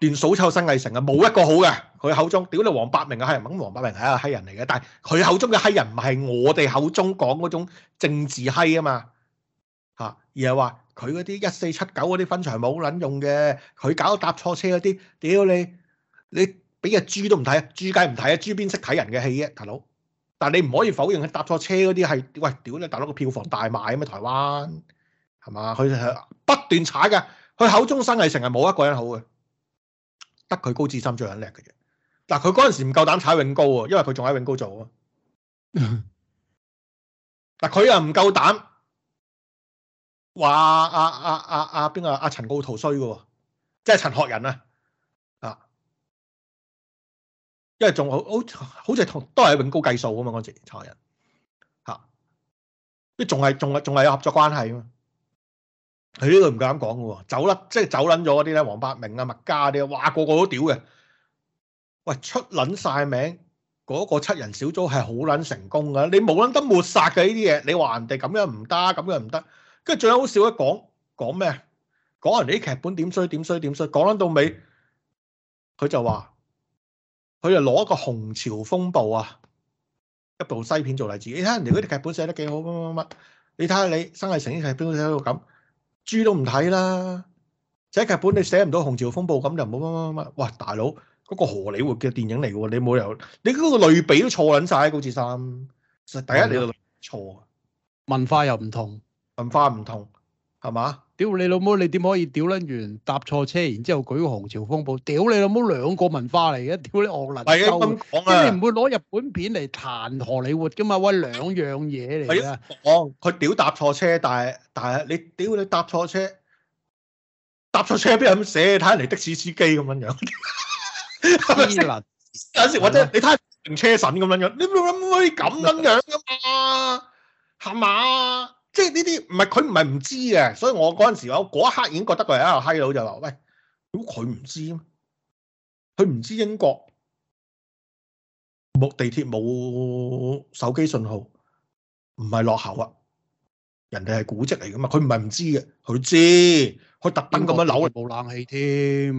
段數臭新藝城啊，冇一個好嘅。佢口中屌你黃百鳴啊，黑人。咁黃百鳴係一個黑人嚟嘅，但係佢口中嘅黑人唔係我哋口中講嗰種政治黑啊嘛，嚇、啊，而係話佢嗰啲一四七九嗰啲分場冇捻用嘅，佢搞搭錯車嗰啲，屌你，你俾隻豬都唔睇啊，豬雞唔睇啊，豬邊識睇人嘅戲啫，大佬。但係你唔可以否認佢搭錯車嗰啲係喂，屌你大佬，個票房大賣啊嘛，台灣係嘛，佢係不斷踩嘅。佢口中新藝城係冇一個人好嘅。得佢高智深最肯叻嘅啫，嗱佢嗰陣時唔夠膽踩永高啊，因為佢仲喺永高做啊。嗱佢又唔夠膽話阿阿阿阿邊個阿陳高陶衰嘅，即係陳學仁啊，啊，因為仲好好好似同都係喺永高計數啊嘛嗰陣時，陳學仁。吓，即仲係仲係仲係有合作關係嘛。佢呢度唔夠膽講嘅喎，走甩即係走捻咗嗰啲咧，黃百鳴啊、麥嘉啲，哇個個都屌嘅，喂出捻晒名，嗰個七人小組係好捻成功嘅，你冇捻得抹殺嘅呢啲嘢，你話人哋咁樣唔得，咁樣唔得，跟住最又好笑一講講咩，講人哋啲劇本點衰點衰點衰，講捻到尾，佢就話，佢就攞一個《紅潮風暴》啊，一部西片做例子，你睇人哋嗰啲劇本寫得幾好乜乜乜，你睇下你新藝城係點寫到咁。豬都唔睇啦！寫劇本你寫唔到《紅潮風暴》咁就唔好乜乜乜。哇，大佬嗰個荷里活嘅電影嚟嘅喎，你冇理由。你嗰個類比都錯撚晒，高志森。實第一你錯啊，文化又唔同，文化唔同，係嘛？屌你老母！你點可以屌撚完搭錯車，然之後舉《紅潮風暴》？屌你老母，兩個文化嚟嘅！屌你惡泥溝，啊、你唔會攞日本片嚟彈荷里活噶嘛？喂、哎，兩樣嘢嚟嘅。講佢屌搭錯車，但係但係你屌你搭錯車，搭錯車邊人咁寫？睇嚟的士司機咁樣樣。智有陣時或者的你睇下成車神咁樣樣，你唔可以咁樣樣噶嘛？係嘛？即係呢啲唔係佢唔係唔知嘅，所以我嗰陣時我嗰一刻已經覺得佢係一個閪佬，就話喂，咁佢唔知，佢唔知英國冇地鐵冇手機信號，唔係落後啊！人哋係古蹟嚟㗎嘛，佢唔係唔知嘅，佢知佢特登咁樣扭嚟冇冷氣添，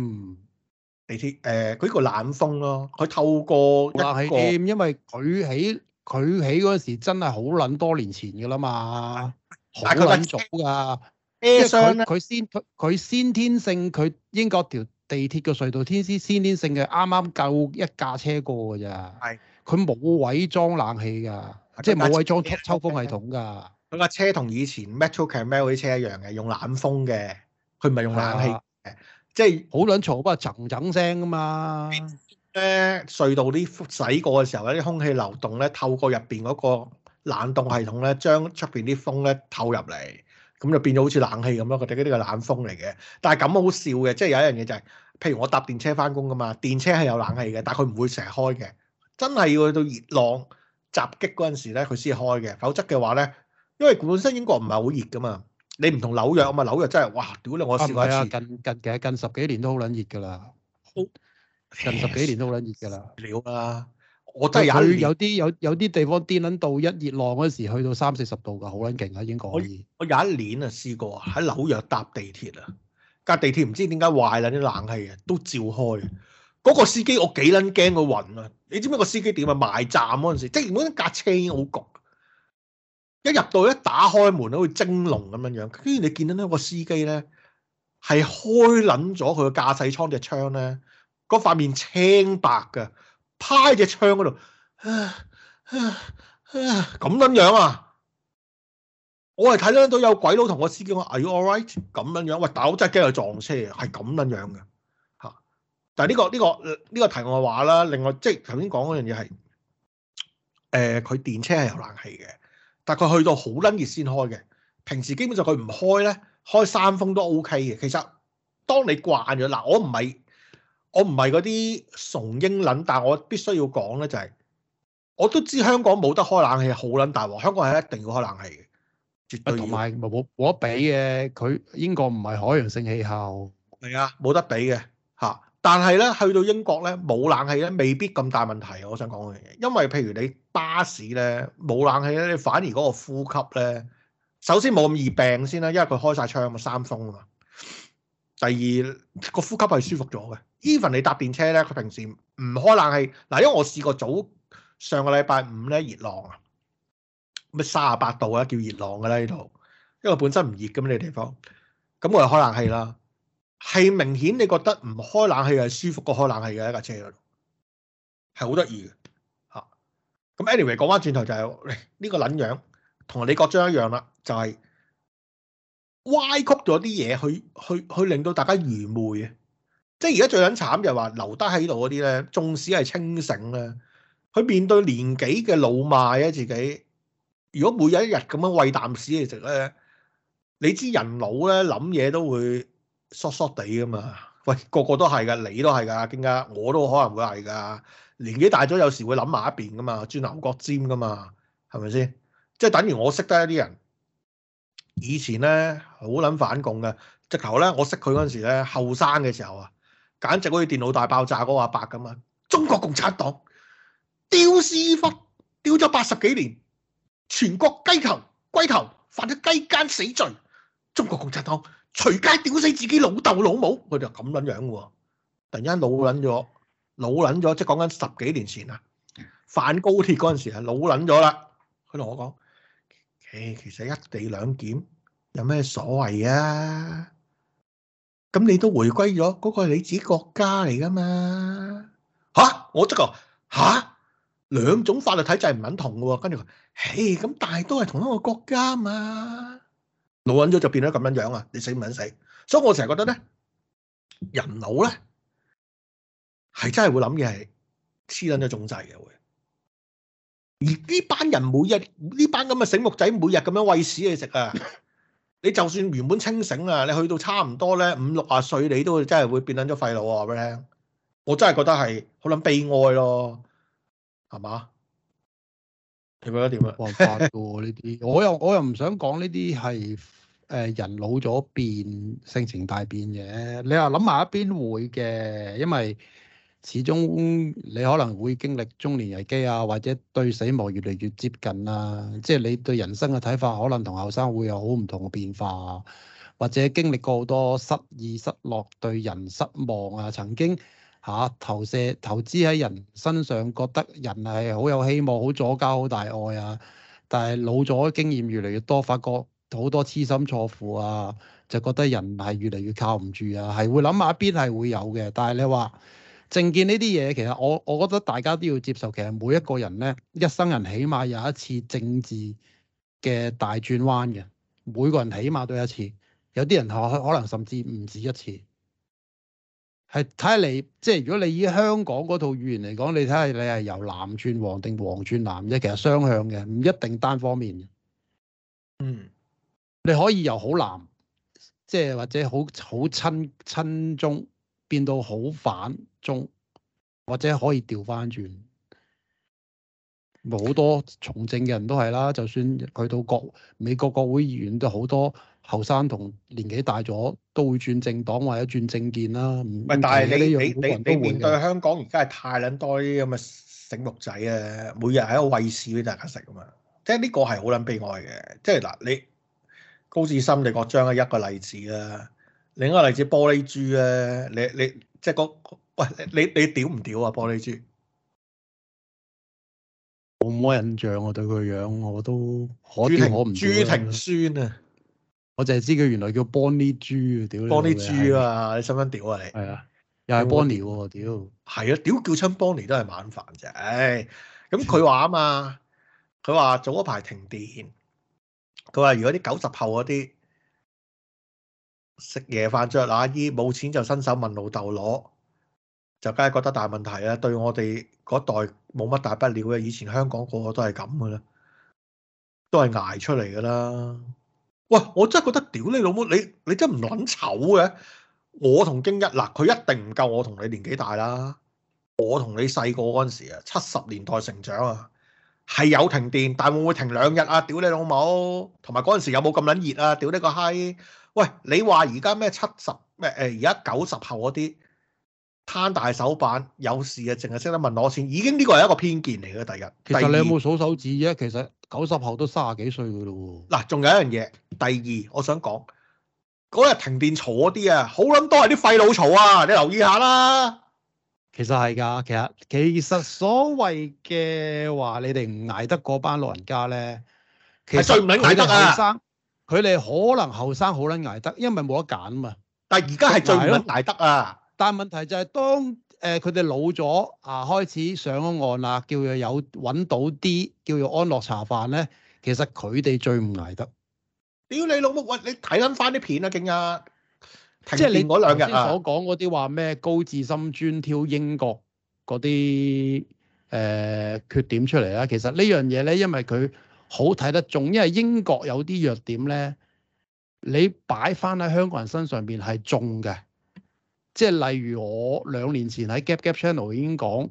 地鐵誒佢呢個冷風咯，佢透過冷氣添，因為佢喺。佢起嗰陣時真係好撚多年前㗎啦嘛，好撚早㗎，即係佢先佢先天性佢英國條地鐵嘅隧道天先先天性嘅啱啱夠一架車過㗎咋，係佢冇位裝冷氣㗎，的即係冇位裝抽風系統㗎。佢架的車同以前 Metro Cammell 啲車一樣嘅，用冷風嘅，佢唔係用冷氣，即係好撚嘈，不過噌噌聲㗎嘛。咧隧道啲風洗過嘅時候咧，啲空氣流動咧，透過入邊嗰個冷凍系統咧，將出邊啲風咧透入嚟，咁就變咗好似冷氣咁咯。佢哋嗰啲叫冷風嚟嘅。但係咁好笑嘅，即係有一樣嘢就係、是，譬如我搭電車翻工噶嘛，電車係有冷氣嘅，但係佢唔會成日開嘅，真係要去到熱浪襲擊嗰陣時咧，佢先開嘅。否則嘅話咧，因為本身英國唔係好熱噶嘛，你唔同紐約嘛，紐約真係哇，屌你我。試過一次，啊啊、近近嘅近十幾年都好撚熱噶啦。近十幾年都好捻熱噶啦，了啦、啊，我真係有啲有有啲地方癲捻到一熱浪嗰時去到三四十度噶，好捻勁啊！英國已，我我有一年啊試過喺紐約搭地鐵啊，架地鐵唔知點解壞啦啲冷氣啊，都照開。嗰、那個司機我幾捻驚個暈啊！你知唔知個司機點啊？埋站嗰陣時，即係原本嗰架車已經好焗，一入到一打開門，好似蒸籠咁樣樣。居然你見到呢個司機咧，係開捻咗佢個駕駛艙隻窗咧。嗰塊面青白嘅，趴喺隻窗嗰度，咁撚樣啊！我係睇得到有鬼佬同我司機講：Are you alright？l 咁撚樣，喂！但我真係驚佢撞車啊，係咁撚樣嘅嚇。但係、呢、呢個呢、呢個呢、呢個題外話啦。另外，即係頭先講嗰樣嘢係，誒、呃、佢電車係有冷氣嘅，但係佢去到好撚熱先開嘅。平時基本上佢唔開咧，開三風都 OK 嘅。其實當你慣咗，嗱、啊，我唔係。我唔係嗰啲崇英撚，但係我必須要講咧、就係，就係我都知香港冇得開冷氣，好撚大鑊。香港係一定要開冷氣嘅，絕對。同埋冇冇得比嘅，佢英國唔係海洋性氣候，係啊，冇得比嘅嚇。但係咧，去到英國咧冇冷氣咧，未必咁大問題。我想講嘅嘢，因為譬如你巴士咧冇冷氣咧，你反而嗰個呼吸咧，首先冇咁易病先啦，因為佢開晒窗，咪三風啊嘛。第二個呼吸係舒服咗嘅。Even 你搭電車咧，佢平時唔開冷氣。嗱，因為我試過早上個禮拜五咧熱浪啊，咪三啊八度啊，叫熱浪噶啦呢度。因為本身唔熱咁嘅地方，咁我開冷氣啦，係明顯你覺得唔開冷氣係舒服過開冷氣嘅一架車嗰度，係好得意嘅嚇。咁、啊、anyway 講翻轉頭就係、係、呢、呢個撚樣同李國章一樣啦，就係、係。歪曲咗啲嘢，去去去令到大家愚昧啊！即係而家最捻慘就係話留得喺度嗰啲咧，縱使係清醒咧，佢面對年紀嘅老邁啊自己，如果每一日咁樣喂啖屎嚟食咧，你知人老咧諗嘢都會索索地噶嘛？喂，個個都係噶，你都係噶，點解我都可能會係噶？年紀大咗有時會諗埋一邊噶嘛，鑽牛角尖噶嘛，係咪先？即係等於我識得一啲人。以前咧好捻反共嘅，直頭咧我識佢嗰陣時咧後生嘅時候啊，簡直好似電腦大爆炸嗰個阿伯咁啊！中國共產黨丟屎忽，丟咗八十幾年，全國雞頭龜頭犯咗雞奸死罪，中國共產黨隨街屌死自己老豆老母，佢就咁樣樣喎。突然間老撚咗，老撚咗，即係講緊十幾年前啊。反高鐵嗰陣時係老撚咗啦。佢同我講。誒，hey, 其實一地兩檢有咩所謂啊？咁你都回歸咗嗰個你自己國家嚟噶嘛？嚇，我即係吓？嚇，兩種法律體制唔肯同嘅喎。跟住話，嘿，咁但都係同一個國家嘛？老撚咗就變咗咁樣樣啊！你死唔肯死，所以我成日覺得咧，人腦咧係真係會諗嘅係黐撚咗種制嘅會。而呢班人每日，呢班咁嘅醒目仔每日咁樣餵屎你食啊！ 你就算原本清醒啊，你去到差唔多咧五六啊歲，你都真係會變捻咗廢腦啊！我真係覺得係好捻悲哀咯，係嘛？你覺得點樣辦法噶？呢、嗯、啲、嗯嗯、 我又我又唔想講呢啲係誒人老咗變性情大變嘅，你又諗埋一邊會嘅，因為。始終你可能會經歷中年危機啊，或者對死亡越嚟越接近啊，即係你對人生嘅睇法可能同後生會有好唔同嘅變化啊。或者經歷過好多失意、失落、對人失望啊，曾經吓、啊、投射投資喺人身上，覺得人係好有希望、好助交、好大愛啊，但係老咗經驗越嚟越多，發覺好多痴心錯付啊，就覺得人係越嚟越靠唔住啊，係會諗下一邊係會有嘅，但係你話。政見呢啲嘢，其實我我覺得大家都要接受。其實每一個人呢，一生人起碼有一次政治嘅大轉彎嘅，每個人起碼都有一次。有啲人可能甚至唔止一次。係睇下你，即係如果你以香港嗰套語言嚟講，你睇下你係由藍轉黃定黃轉藍啫，其實雙向嘅，唔一定單方面嘅。嗯，你可以由好藍，即係或者好好親親中。變到好反中，或者可以調翻轉，好多從政嘅人都係啦。就算去到國美國國會議員，都好多後生同年紀大咗都會轉政黨或者轉政見啦。唔，但係你你你你面對香港而家係太撚多啲咁嘅醒目仔啊！每日喺度餵屎俾大家食啊嘛，即係呢個係好撚悲哀嘅。即係嗱，你高志森，你嗰張一個例子啦、啊。另一個例子玻璃珠咧、啊，你你即係、那個喂，你你屌唔屌啊玻璃珠？冇乜印象我、啊、對佢個樣我都可記可唔、啊？朱庭酸啊！我就係知佢原來叫 Bunny 珠啊！屌，Bunny 珠啊！你使唔使屌啊你！係啊，又係 Bunny 喎屌！係啊，屌、啊、叫親 Bunny 都係晚飯啫！唉、哎，咁佢話啊嘛，佢話早一排停電，佢話如果啲九十後嗰啲。食夜飯着哪衣，冇錢就伸手問老豆攞，就梗係覺得大問題啦。對我哋嗰代冇乜大不了嘅，以前香港個個都係咁嘅啦，都係捱出嚟噶啦。喂，我真係覺得屌你老母，你你真唔撚醜嘅。我同經一嗱，佢一定唔夠我同你年紀大啦。我同你細個嗰陣時啊，七十年代成長啊，係有停電，但會唔會停兩日啊？屌你老母，同埋嗰陣時有冇咁撚熱啊？屌你個閪！喂，你話而家咩七十咩誒？而家九十後嗰啲攤大手板，有事就淨係識得問我先，已經呢個係一個偏見嚟嘅。第一，其實你有冇數手指啫？其實九十後都三十幾歲嘅咯喎。嗱，仲有一樣嘢，第二，我想講嗰日停電嘈嗰啲啊，好撚多係啲廢老嘈啊！你留意下啦。其實係㗎，其實其實所謂嘅話，你哋捱得嗰班老人家咧，其實睡唔肯捱得啊。佢哋可能後生好撚捱得，因為冇得揀啊嘛。但係而家係最唔捱得啊！但係問題就係當誒佢哋老咗啊，開始上咗岸啦、啊，叫做有揾到啲叫做安樂茶飯咧，其實佢哋最唔捱得。屌你老母喂！你睇緊翻啲片啊，勁啊！即係你頭先所講嗰啲話咩高志森專挑英國嗰啲誒缺點出嚟啦，其實呢樣嘢咧，因為佢。好睇得中，因為英國有啲弱點咧，你擺翻喺香港人身上邊係中嘅，即係例如我兩年前喺 Gap Gap Channel 已經講，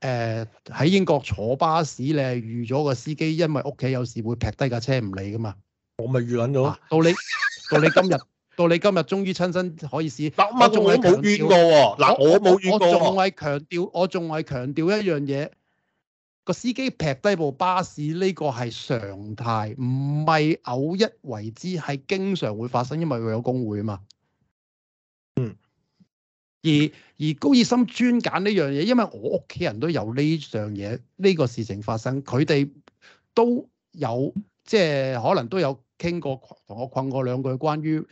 誒喺英國坐巴士咧預咗個司機，因為屋企有事會劈低架車唔理噶嘛，我咪預諗咗、啊，到你到你今日 到你今日終於親身可以試， 乜仲都冇預過喎，嗱我冇預過，我仲係強調，我仲係強調一樣嘢。 個司機劈低部巴士呢個係常態，唔係偶一為之，係經常會發生，因為佢有工會啊嘛。嗯。而而高爾森專揀呢樣嘢，因為我屋企人都有呢樣嘢，呢、這個事情發生，佢哋都有即係、就是、可能都有傾過，同我困過兩句關於誒、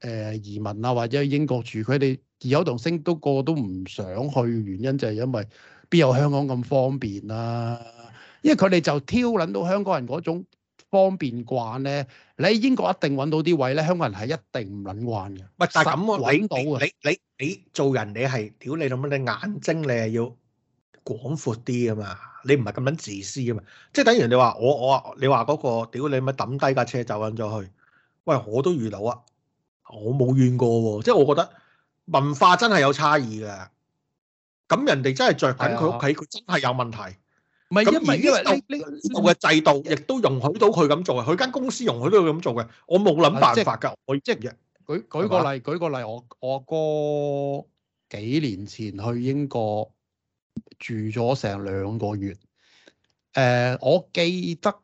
呃、移民啊，或者英國住，佢哋異口同聲都個個都唔想去，原因就係因為，邊有香港咁方便啊？因為佢哋就挑撚到香港人嗰種方便慣咧。你喺英國一定揾到啲位咧，香港人係一定唔撚慣嘅。喂，但係咁我揾到啊！你你你，你做人你係屌你咁樣，你眼睛你係要廣闊啲啊嘛！你唔係咁樣自私啊嘛！即係等於人哋話我我你話嗰個屌你咪抌低架車走緊咗去。喂，我都遇到啊，我冇怨過喎。即係我覺得文化真係有差異嘅。咁人哋真係着緊佢屋企，佢的真係有問題。唔係是，因為呢呢度嘅制度亦都容許到佢咁做嘅，佢間的公司容許到佢咁做嘅。我冇諗辦法噶。我即日舉舉個例，舉個例，我我哥幾年前去英國住咗成兩個月。誒、呃，我記得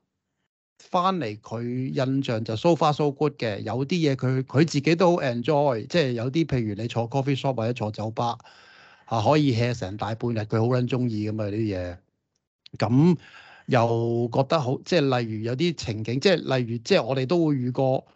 翻嚟佢印象就 so far so good 嘅，有啲嘢佢佢自己都好 enjoy，即係有啲譬如你坐 coffee shop 或者坐酒吧。啊！可以吃成大半日，佢好撚中意咁嘛呢啲嘢咁又覺得好，即係例如有啲情景，即係例如即係我哋都會遇過，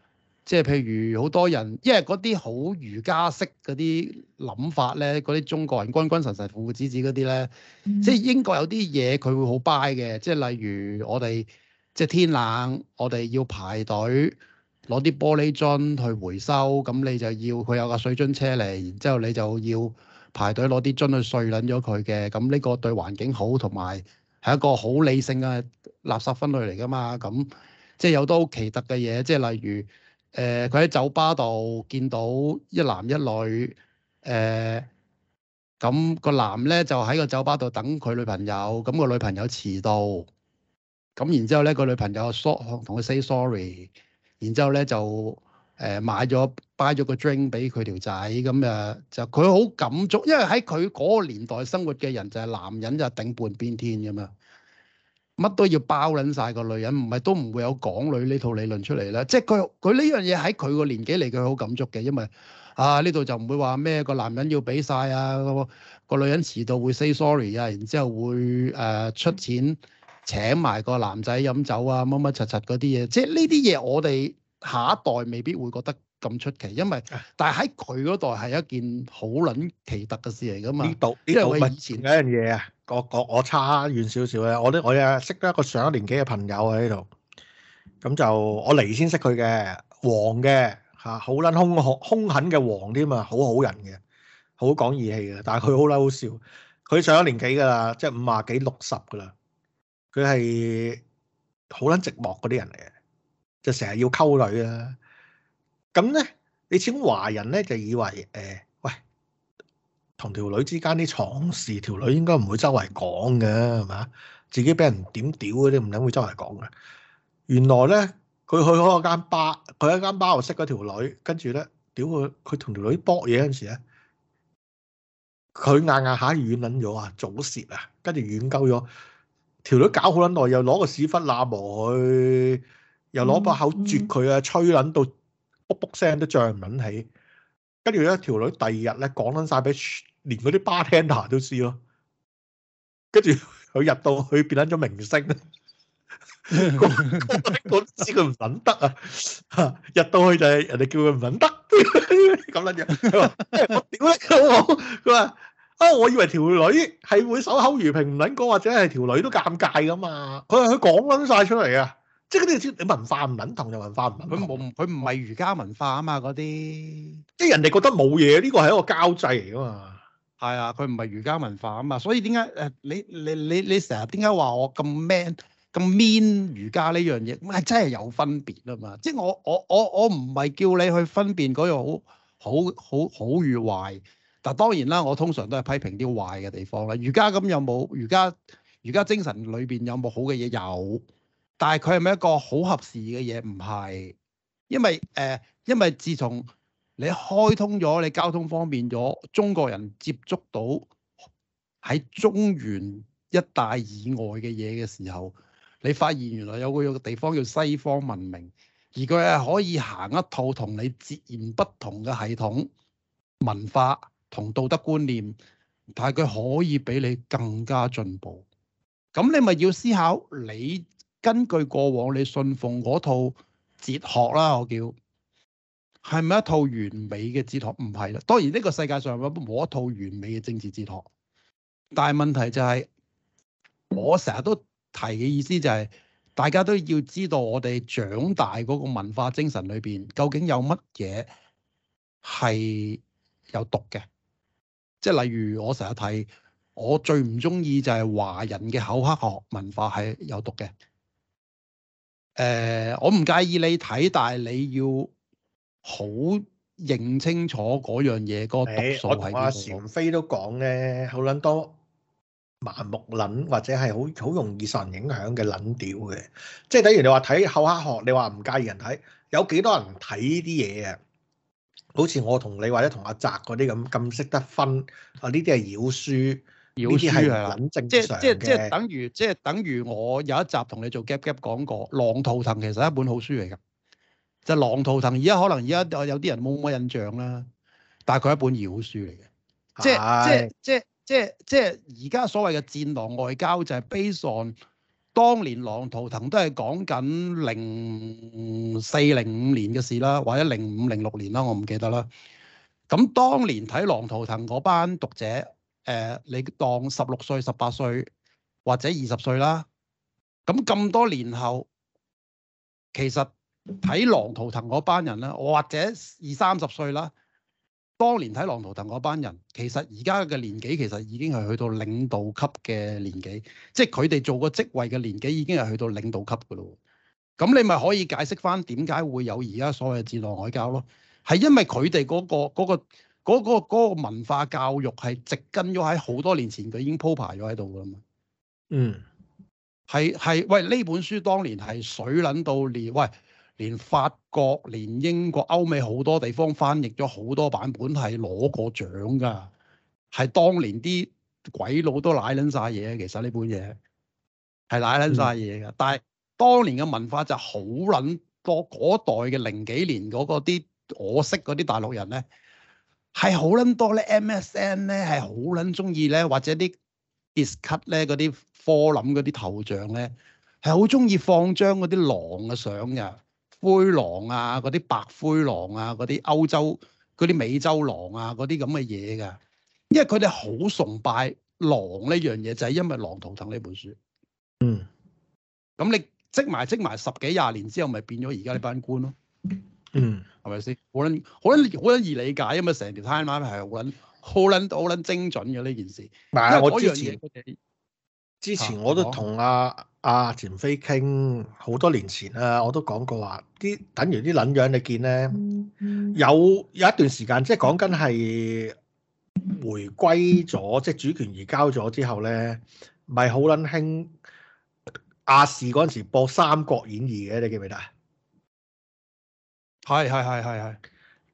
即係譬如好多人，因為嗰啲好儒家式嗰啲諗法咧，嗰啲中國人君君臣臣、父父子子嗰啲咧，嗯、即係英國有啲嘢佢會好 buy 嘅，即係例如我哋即係天冷，我哋要排隊攞啲玻璃樽去回收，咁你就要佢有個水樽車嚟，然之後你就要。排隊攞啲樽去碎撚咗佢嘅，咁呢個對環境好，同埋係一個好理性嘅垃圾分類嚟㗎嘛。咁即係有都好奇特嘅嘢，即係例如誒佢喺酒吧度見到一男一女，誒、呃、咁個男咧就喺個酒吧度等佢女朋友，咁個女朋友遲到，咁然之後咧個女朋友疏同佢 say sorry，然之後咧就。誒買咗 buy 咗個 drink 俾佢條仔咁誒，就佢好感觸，因為喺佢嗰個年代生活嘅人就係男人就係頂半邊天咁樣，乜都要包撚晒個女人，唔係都唔會有港女呢套理論出嚟啦。即係佢佢呢樣嘢喺佢個年紀嚟，佢好感觸嘅，因為啊呢度就唔會話咩個男人要俾晒啊個，個女人遲到會 say sorry 啊，然之後會誒出錢請埋個男仔飲酒啊乜乜柒柒嗰啲嘢，即係呢啲嘢我哋。下一代未必會覺得咁出奇，因為但係喺佢嗰代係一件好撚奇特嘅事嚟噶嘛。呢度呢度問。以前有一樣嘢啊，我我我差遠少少咧，我咧我有識得一個上一年紀嘅朋友喺呢度，咁就我嚟先識佢嘅，黃嘅嚇，好撚兇兇狠嘅黃添啊，好好人嘅，好講義氣嘅，但係佢好嬲好笑，佢上一年紀噶啦，即係五廿幾六十噶啦，佢係好撚寂寞嗰啲人嚟嘅。就成日要溝女啊！咁咧，你請華人咧就以為誒，喂，同條女之間啲牀事，條女應該唔會周圍講嘅，係嘛？自己俾人點屌嗰啲，唔撚會周圍講嘅。原來咧，佢去嗰個間巴，佢喺間巴度識咗條女，跟住咧，屌佢，佢同條女搏嘢嗰陣時咧，佢硬硬下軟撚咗啊，早泄啊，跟住軟鳩咗。條女搞好撚耐，又攞個屎忽揦磨佢。又攞把口啜佢啊！吹撚到卜卜聲都漲唔撚起，跟住咧，條女第二日咧，講撚晒俾，連嗰啲 bartender 都知咯。跟住佢入到去變撚咗明星，我 知佢唔撚得啊！入到去就係人哋叫佢唔撚得咁撚 樣、就是。佢話：我屌你！佢話：啊，我以為條女係會守口如瓶唔撚講，或者係條女都尷尬噶嘛。佢，佢講撚晒出嚟啊！即係啲你文化唔認同就文化唔認同佢冇，佢唔係儒家文化啊嘛，嗰啲。即係人哋覺得冇嘢，呢個係一個交際嚟噶嘛。係啊，佢唔係儒家文化啊嘛。所以點解誒，你你你你成日點解話我咁 man 咁 mean 儒家呢樣嘢？唔係真係有分別啊嘛。即係我我我我唔係叫你去分辨嗰樣好好好好與壞。但當然啦，我通常都係批評啲壞嘅地方啦。儒家，咁有冇儒家儒家精神裏邊有冇好嘅嘢有？但係佢係咪一個好合時嘅嘢？唔係，因為誒、呃，因為自從你開通咗，你交通方便咗，中國人接觸到喺中原一帶以外嘅嘢嘅時候，你發現原來有個有個地方叫西方文明，而佢係可以行一套同你截然不同嘅系統文化同道德觀念，但係佢可以畀你更加進步。咁你咪要思考你？根據過往，你信奉嗰套哲學啦，我叫係咪一套完美嘅哲學？唔係啦，當然呢個世界上冇一套完美嘅政治哲學。但係問題就係、是、我成日都提嘅意思就係、是，大家都要知道我哋長大嗰個文化精神裏邊究竟有乜嘢係有毒嘅。即係例如我成日提，我最唔中意就係華人嘅厚黑學文化係有毒嘅。誒、呃，我唔介意你睇，但係你要好認清楚嗰樣嘢，嗰個、欸、毒素係邊個。我同阿禪飛都講咧，好捻多盲目捻或者係好好容易受人影響嘅捻屌嘅。即係等於你話睇后黑學，你話唔介意人睇，有幾多人睇啲嘢啊？好似我同你或者同阿澤嗰啲咁咁識得分啊，呢啲係妖書。呢啲係正常嘅。即即即等於即等於我有一集同你做 gap gap 講過《狼圖騰》，其實係一本好書嚟嘅。就係《狼圖騰》，而家可能而家有啲人冇乜印象啦，但係佢係一本妖書嚟嘅是。即即即即即而家所謂嘅戰狼外交就係 based on 當年《狼圖騰》，都係講緊零四零五年嘅事啦，或者零五零六年啦，我唔記得啦。咁當年睇《狼圖騰》嗰班讀者。誒、呃，你當十六歲、十八歲或者二十歲啦，咁咁多年後，其實睇狼圖騰嗰班人啦，或者二三十歲啦，當年睇狼圖騰嗰班人，其實而家嘅年紀其實已經係去到領導級嘅年紀，即係佢哋做個職位嘅年紀已經係去到領導級噶咯。咁你咪可以解釋翻點解會有而家所謂嘅戰狼外交咯？係因為佢哋嗰個嗰個，那個嗰、嗰個嗰個文化教育係植根咗喺好多年前，佢已經鋪排咗喺度㗎嘛。嗯，係係，喂，呢本書當年係水撚到連喂，連法國、連英國、歐美好多地方翻譯咗好多版本，係攞過獎㗎。係、嗯、當年啲鬼佬都舐撚晒嘢，其實呢本嘢係舐撚晒嘢㗎。嗯、但係當年嘅文化就好撚多，嗰代嘅零幾年嗰個啲我識嗰啲大陸人咧。係好撚多咧，MSN 咧係好撚中意咧，或者啲 Disc 咧嗰啲科林嗰啲頭像咧，係好中意放張嗰啲狼嘅相㗎，灰狼啊，嗰啲白灰狼啊，嗰啲歐洲嗰啲美洲狼啊，嗰啲咁嘅嘢㗎，因為佢哋好崇拜狼呢樣嘢，就係因為《狼圖騰》呢本書。嗯。咁你積埋積埋十幾廿年之後，咪變咗而家呢班官咯。嗯。係咪先？好撚好撚好撚易理解，因為成條 timeline 係好撚好撚好撚精準嘅呢件事。唔係，我之前之前我都同阿阿田飛傾好多年前啦、啊，我都講過話、啊、啲等於啲撚樣你呢，你見咧有有一段時間，即係講緊係回歸咗，即係主權移交咗之後咧，咪好撚興亞視嗰陣時播《三國演義》嘅，你記唔記得啊？係係係係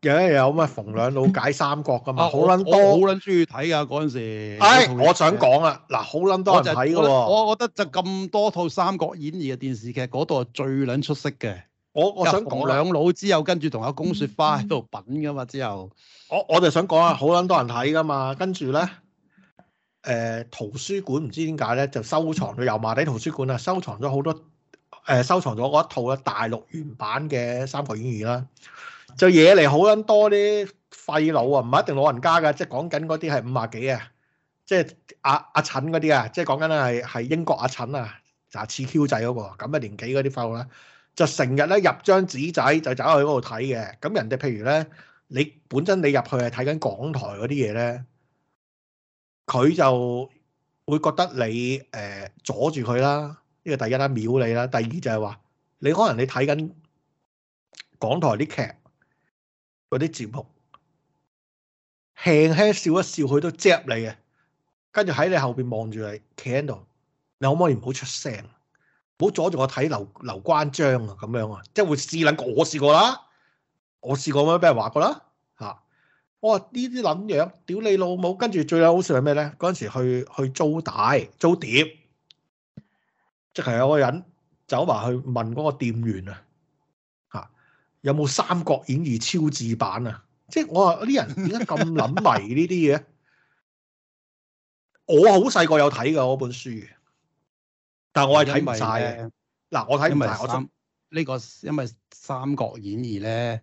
係，有有咩逢兩老解三國噶嘛？好撚 我多，好撚中意睇啊！嗰陣時，係唉我想講啊，嗱看，好撚多人睇噶、就是。我我覺得就咁多套三國演義嘅電視劇，嗰度係最撚出色嘅。我我想逢兩老之後，跟住同阿公雪花喺度品噶嘛之後。嗯、我我哋想講啊，好撚多人睇噶嘛，跟住咧，誒、呃，圖書館唔知點解咧，就收藏咗，油麻地圖書館啊，收藏咗好多。誒收藏咗嗰一套嘅大陸原版嘅《三國演義》啦，就惹嚟好撚多啲廢佬啊！唔係一定老人家㗎，即係講緊嗰啲係五廿幾啊，即係阿阿陳嗰啲啊，即係講緊啦係係英國阿陳啊，就似 Q 仔嗰個咁嘅年紀嗰啲廢佬啦，就成日咧入張紙仔就走去嗰度睇嘅。咁人哋譬如咧，你本身你入去係睇緊港台嗰啲嘢咧，佢就會覺得你誒阻住佢啦。呢個第一啦，秒你啦；第二就係話，你可能你睇緊港台啲劇嗰啲節目，輕輕笑一笑，佢都你接你嘅。跟住喺你後邊望住你，企喺度，你可唔可以唔好出聲，唔好阻住我睇劉劉關張啊？咁樣啊，即係會試諗過我試過啦，我試過咩？俾人話過啦嚇。我話呢啲諗樣，屌你老母！跟住最嬲好笑係咩咧？嗰陣時去去租帶租碟。即係有個人走埋去問嗰個店員啊，吓、啊、有冇《三國演義》超字版啊？即係我話啲人點解咁諗迷呢啲嘢？ 我好細個有睇㗎嗰本書，但係我係睇唔晒嘅。嗱，我睇唔晒。我呢個因為《三國演義》咧，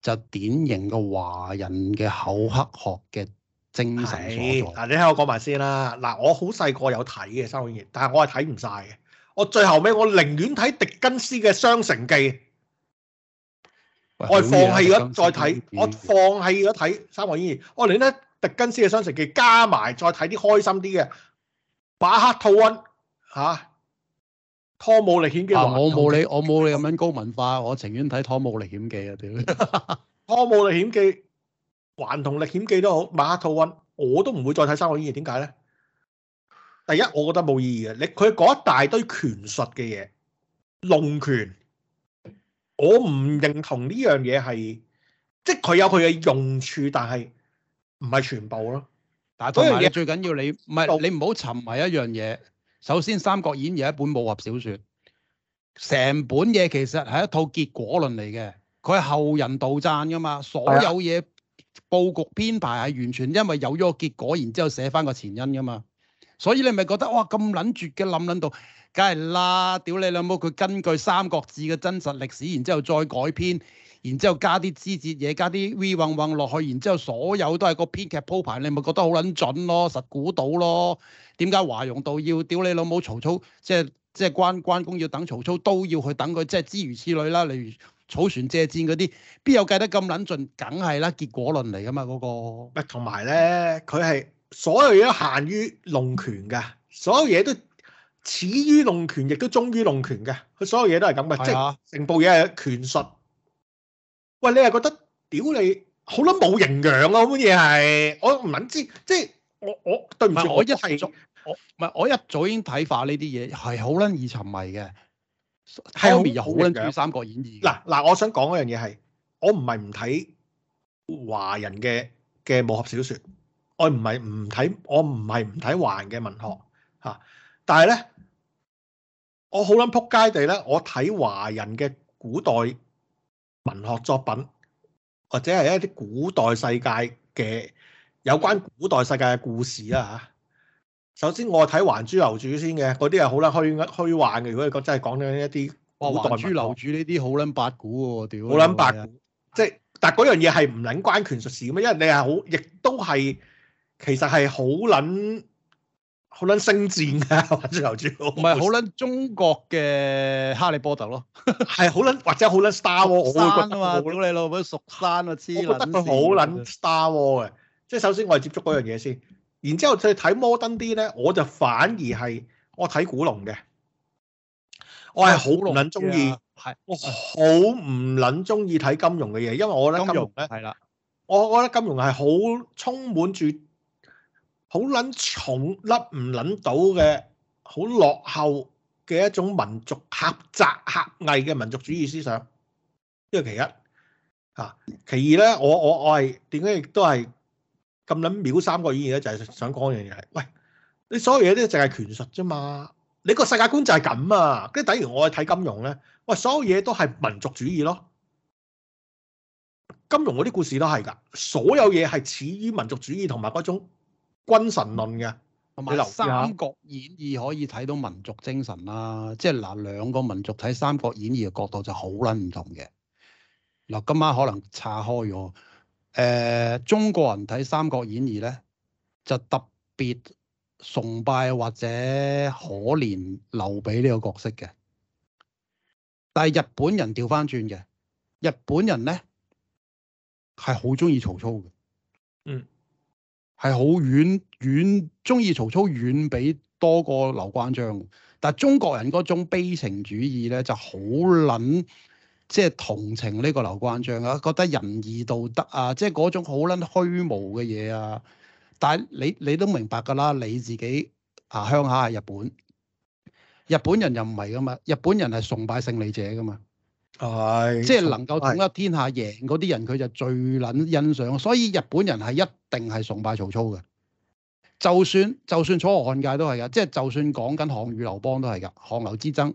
就典型嘅華人嘅厚黑學嘅正神啊！你聽我講埋先啦。嗱，我好細個有睇嘅《三國演義》，但係我係睇唔晒嘅。我最後屘，我寧願睇狄更斯嘅《雙城記》啊啊，我放棄咗再睇，我放棄咗睇《三國演義》，我寧願狄更斯嘅《雙城記》，加埋再睇啲開心啲嘅《馬克吐溫》吓，《湯姆歷險記》。嗱，我冇你，我冇你咁樣高文化，我情願睇《湯姆歷險記》啊！屌，《湯姆歷險記》。《環同歷險記》都好，馬克吐溫我都唔會再睇《三國演義》，點解咧？第一，我覺得冇意義嘅。你佢講一大堆拳術嘅嘢，龍拳，我唔認同呢樣嘢係，即係佢有佢嘅用處，但係唔係全部咯。但係同嘢，最緊要你唔係你唔好沉迷一樣嘢。首先，《三國演義》係一本武俠小說，成本嘢其實係一套結果論嚟嘅。佢係後人杜撰噶嘛，所有嘢。佈局編排係完全因為有咗個結果，然之後寫翻個前因噶嘛，所以你咪覺得哇咁撚絕嘅諗諗到，梗係啦，屌你老母佢根據《三國志》嘅真實歷史，然之後再改編，然之後加啲枝節嘢，加啲 v 混混落去，然之後所有都係一個編劇鋪排，你咪覺得好撚準咯，實估到咯，點解華容道要屌你老母曹操，即係即係關關公要等曹操都要去等佢，即係諸如此類啦，例如。草船借箭嗰啲，邊有計得咁撚盡？梗係啦，結果論嚟噶嘛嗰、嗰個。同埋咧，佢係所有嘢都限於弄權嘅，所有嘢都始於弄權，亦都終於弄權嘅。佢所有嘢都係咁嘅，啊、即成部嘢係權術。喂，你係覺得屌你好撚冇營養啊？本嘢係我唔撚知，即係我我對唔住我一係我唔係我一早已經睇化呢啲嘢係好撚易沉迷嘅。Harry 係好，好捻煮《三國演義》。嗱嗱，我想講一樣嘢係，我唔係唔睇華人嘅嘅武俠小說，我唔係唔睇，我唔係唔睇華人嘅文學吓、啊。但係咧，我好捻撲街地咧，我睇華人嘅古代文學作品，或者係一啲古代世界嘅有關古代世界嘅故事啊。啊首先我睇還珠樓主先嘅，嗰啲係好撚虛虛幻嘅。如果你講真係講緊一啲，還珠樓主呢啲好撚八股喎，屌！好撚八股，即係但係嗰樣嘢係唔撚關權術事嘅咩？因為你係好，亦都係其實係好撚好撚星戰嘅還珠樓主，唔係好撚中國嘅哈利波特咯，係好撚或者好撚 Star 喎， 啊、我會覺得啊嘛，你老母熟山啊知，撚好撚 Star 喎嘅，即係、啊、 首先我係接觸嗰樣嘢先。 然之後再睇摩登啲咧，我就反而係我睇古龍嘅，我係好唔撚中意，係、啊、我好唔撚中意睇金庸嘅嘢，因為我覺得金庸咧係啦，我覺得金庸係好充滿住好撚重粒唔撚到嘅好落後嘅一種民族狹窄狹隘嘅民族主義思想。呢個其一啊，其二咧，我我我係點解亦都係？咁撚秒《三國演義》咧，就係想講一樣嘢，係，喂，你所有嘢都淨係權術啫嘛？你個世界觀就係咁啊！跟住，例如我睇金融咧，喂，所有嘢都係民族主義咯。金融嗰啲故事都係㗎，所有嘢係始於民族主義同埋嗰種君臣論嘅。你留意《三國演義》可以睇到民族精神啦，即係嗱兩個民族睇《三國演義》嘅角度就好撚唔同嘅。嗱，今晚可能岔開咗。誒、呃，中國人睇《三國演義》咧，就特別崇拜或者可憐劉備呢個角色嘅。但係日本人調翻轉嘅，日本人咧係好中意曹操嘅，嗯，係好遠遠中意曹操遠比多過劉關張。但係中國人嗰種悲情主義咧，就好撚。即係同情呢個劉關張啊，覺得仁義道德啊，即係嗰種好撚虛無嘅嘢啊。但係你你都明白㗎啦，你自己啊鄉下係日本，日本人又唔係㗎嘛，日本人係崇拜勝利者㗎嘛，係是即係能夠統一天下贏嗰啲人，佢就最撚欣象欣賞。所以日本人係一定係崇拜曹操嘅，就算就算楚河漢界都係㗎，即係就算講緊項羽劉邦都係㗎，項劉之爭。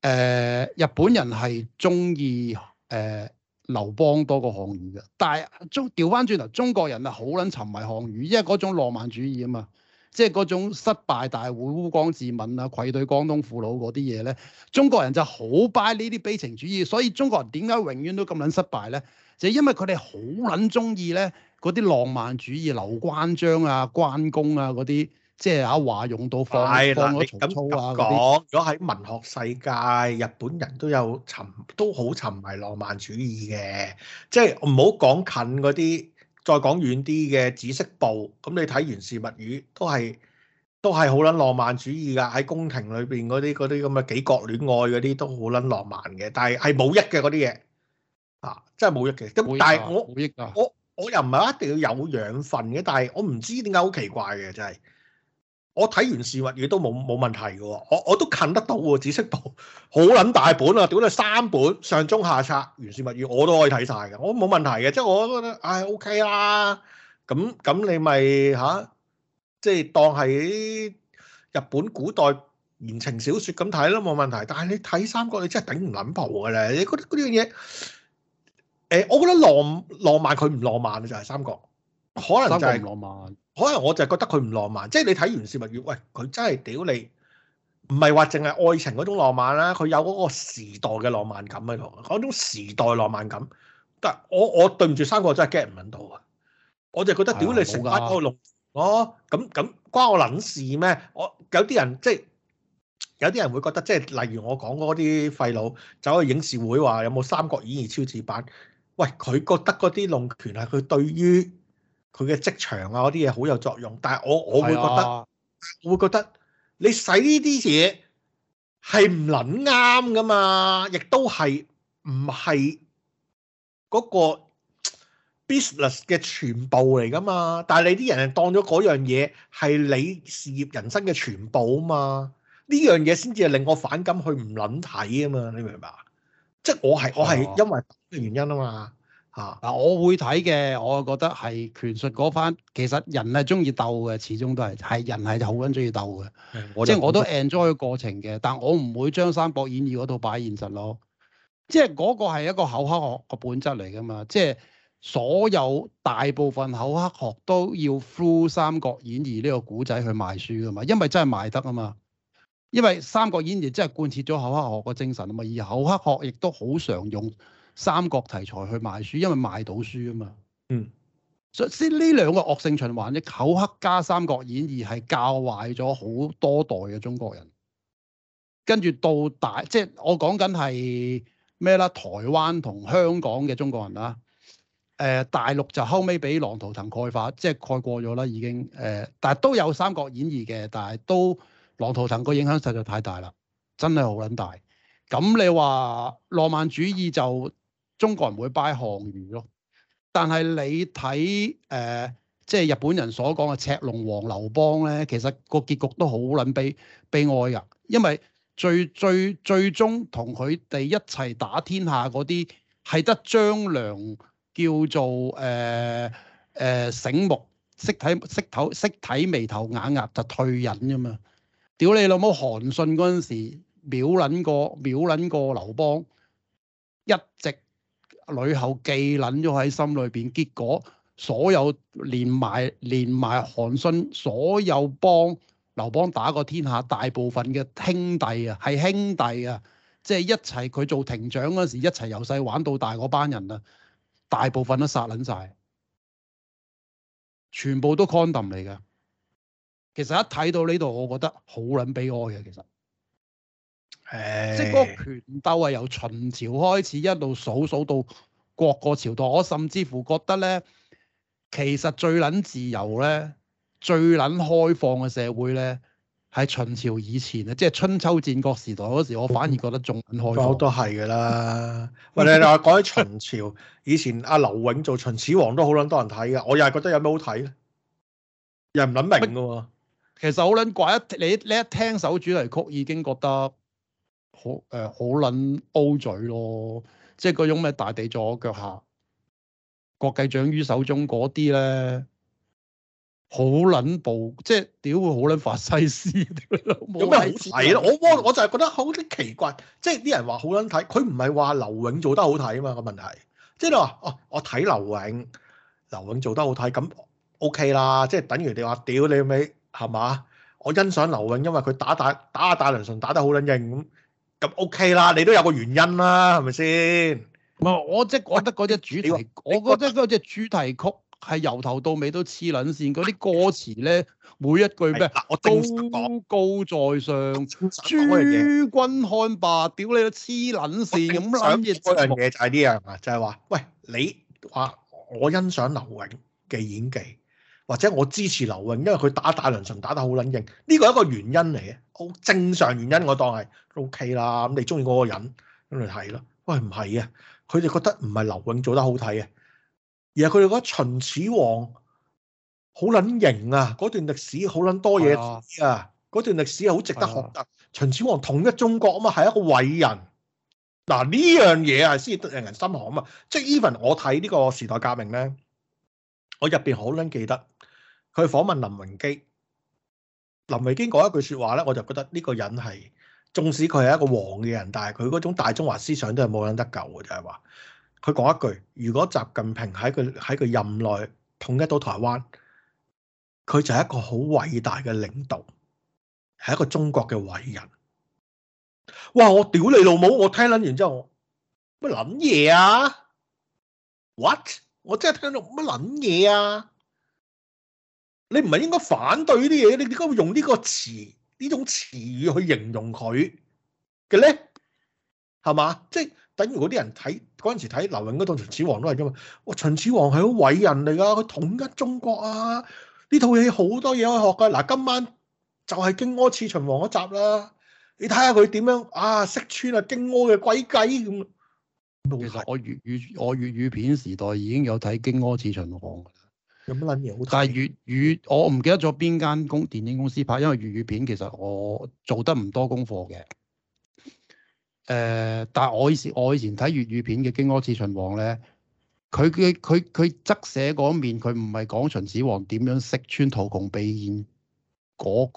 誒、呃、日本人係中意誒劉邦多過項羽嘅，但係中調翻轉頭，中國人啊好撚沉迷項羽，因為嗰種浪漫主義啊嘛，即係嗰種失敗大係會烏江自刎啊、愧對江東父老嗰啲嘢咧，中國人就好 buy 呢啲悲情主義，所以中國人點解永遠都咁撚失敗咧？就是、因為佢哋好撚中意咧嗰啲浪漫主義，劉關張啊、關公啊嗰啲。即係阿華用到快放咗曹操啊！講咗喺文學世界，日本人都有沉都好沉迷浪漫主義嘅。即係唔好講近嗰啲，再講遠啲嘅紫式部。咁你睇《源氏物語》都係都係好撚浪漫主義㗎。喺宮廷裏邊嗰啲嗰啲咁嘅幾國戀愛嗰啲都好撚浪漫嘅。但係係冇益嘅嗰啲嘢啊，真係冇益嘅。咁、啊、但係我冇益、啊、我我又唔係一定要有養分嘅，但係我唔知點解好奇怪嘅就係、是。我睇完《源氏物語》都冇冇問題嘅喎，我我都近得到喎，只識到好撚大本啊！屌你三本上中下冊《源氏物語》，我都可以睇晒嘅，我冇問題嘅。即係我覺得，唉、哎、OK 啦。咁咁你咪吓、啊？即係當係日本古代言情小説咁睇咯，冇問題。但係你睇《三國》你真係頂唔撚抱嘅咧，你覺得嗰嘢？誒、呃，我覺得浪浪漫佢唔浪漫就係、是《三國》，可能就係、是、浪漫。可能我就係覺得佢唔浪漫，即係你睇完《事物語》。喂，佢真係屌你，唔係話淨係愛情嗰種浪漫啦，佢有嗰個時代嘅浪漫感喺度，嗰種時代浪漫感。但我我對唔住《三國》，真係 get 唔到啊！我就覺得屌你成班阿龍，哦、哎。咁咁關我撚事咩？我有啲人即係有啲人會覺得，即係例如我講嗰啲廢佬走去影視會話有冇《三國演義》超字版。喂，佢覺得嗰啲龍拳係佢對於。佢嘅職場啊嗰啲嘢好有作用，但係我我會覺得，是啊、我會覺得你使呢啲嘢係唔捻啱噶嘛，亦都係唔係嗰個 business 嘅全部嚟噶嘛。但係你啲人係當咗嗰樣嘢係你事業人生嘅全部啊嘛，呢樣嘢先至係令我反感去唔捻睇啊嘛。你明唔明白？即係我係、哦、我係因為嘅原因啊嘛。嗱，啊、我會睇嘅，我覺得係權術嗰番，其實人係中意鬥嘅，始終都係係人係好緊中意鬥嘅。嗯、即係我都 enjoy 過程嘅，嗯、但我唔會將《三國演義》嗰度擺現實囉，即係嗰個係一個口黑學個本質嚟噶嘛。即係所有大部分口黑學都要 through《三國演義》呢個古仔去賣書噶嘛，因為真係賣得啊嘛。因為《三國演義》真係貫徹咗口黑學個精神啊嘛，而口黑學亦都好常用。三國題材去賣書，因為賣到書啊嘛。嗯，所以先呢兩個惡性循環咧，《口黑》加《三國演義》係教壞咗好多代嘅中國人。跟住到大，即係我講緊係咩啦？台灣同香港嘅中國人啦，誒、呃、大陸就後尾俾《狼圖騰》蓋法，即係蓋過咗啦已經。誒、呃，但係都有《三國演義》嘅，但係都《狼圖騰》個影響實在太大啦，真係好撚大。咁你話浪漫主義就？中國人唔會拜項羽咯，但係你睇誒、呃，即係日本人所講嘅赤龍王劉邦咧，其實個結局都好撚悲悲哀啊！因為最最最終同佢哋一齊打天下嗰啲係得張良叫做誒誒、呃呃、醒目，識睇識頭識睇眉頭眼額就退隱啫嘛。屌你老母，韓信嗰陣時秒撚過秒撚過劉邦，一直。呂后記捻咗喺心裏邊，結果所有連埋連埋韓信，所有幫劉邦打過天下，大部分嘅兄弟啊，係兄弟啊，即係一齊佢做庭長嗰時，一齊由細玩到大嗰班人啊，大部分都殺捻晒，全部都 condom 嚟噶。其實一睇到呢度，我覺得好捻悲哀嘅其實。Hey, 即係個拳鬥係，由秦朝開始一路數數到各個朝代，我甚至乎覺得咧，其實最撚自由咧、最撚開放嘅社會咧，喺秦朝以前咧，即係春秋戰國時代嗰時，我反而覺得仲撚開放，都係噶啦。喂， 你又講起秦朝以前，阿劉永做秦始皇都好撚多人睇嘅，我又係覺得有咩好睇咧？又唔撚明嘅喎。其實好撚怪，一你你一聽首主題曲已經覺得。好誒好撚 O 嘴咯，即係嗰種咩大地在腳下，國計掌於手中嗰啲咧，好撚暴，即係屌啊！好撚法西斯，有咩好睇咯？我我我就係覺得好啲奇怪，即係啲人話好撚睇，佢唔係話劉永做得好睇啊嘛個問題，即係你話哦，我睇劉永，劉永做得好睇咁 OK 啦，即係等於你話屌你咪係嘛？我欣賞劉永，因為佢打打，打打打下打梁純打得好撚型咁。咁 OK 啦，你都有個原因啦，係咪先？唔係、嗯，我即係覺得嗰隻主題，喂我覺得隻主題曲係由頭到尾都黐撚線，嗰啲說歌詞咧，每一句咩？嗱，我都當高高在上，諸君看罷，屌你都黐撚線咁撚嘢。嗰樣嘢就係呢樣啊，就係、是、話，喂，你話、啊、我欣賞劉永嘅演技。或者我支持劉永，因為佢打大梁城打得好撚型，呢個係一個原因嚟嘅。好正常原因，我當係 OK 啦。咁你中意嗰個人咁嚟睇咯。喂，唔係啊，佢哋覺得唔係劉永做得好睇啊，而係佢哋覺得秦始皇好撚型啊，嗰段歷史好撚多嘢啊，嗰段歷史係好、啊、值得學嘅。啊、秦始皇統一中國啊嘛，係一個偉人。嗱，呢樣嘢啊，先、這個、得人心寒啊嘛。即係 even 我睇呢個時代革命咧，我入邊好撚記得。佢訪問林榮基，林榮基講一句説話咧，我就覺得呢個人係縱使佢係一個黃嘅人，但係佢嗰種大中華思想都係冇撚得救嘅，就係話佢講一句：如果習近平喺佢喺佢任內統一到台灣，佢就係一個好偉大嘅領導，係一個中國嘅偉人。哇！我屌你老母！我聽撚完之後，我乜撚嘢啊？What？我真係聽到乜撚嘢啊？你唔係應該反對呢啲嘢，你點解會用呢個詞呢種詞語去形容佢嘅咧？係嘛？即係等於如果啲人睇嗰陣時睇劉潤嗰套秦始皇都係噶嘛？哇！秦始皇係好偉人嚟噶，佢統一中國啊！呢套戲好多嘢可以學噶。嗱、啊，今晚就係荊軻刺秦王嗰集啦。你睇下佢點樣啊？識穿啊，荊軻嘅詭計咁。其實我粵語我粵語片時代已經有睇荊軻刺秦王。但係粵語，我唔記得咗邊間公電影公司拍，因為粵語片其實我做得唔多功課嘅。誒，但係我以前我以前睇粵語片嘅《荊軻刺秦王》咧，佢嘅佢佢側寫嗰面，佢唔係講秦始皇點樣識穿圖窮匕現嗰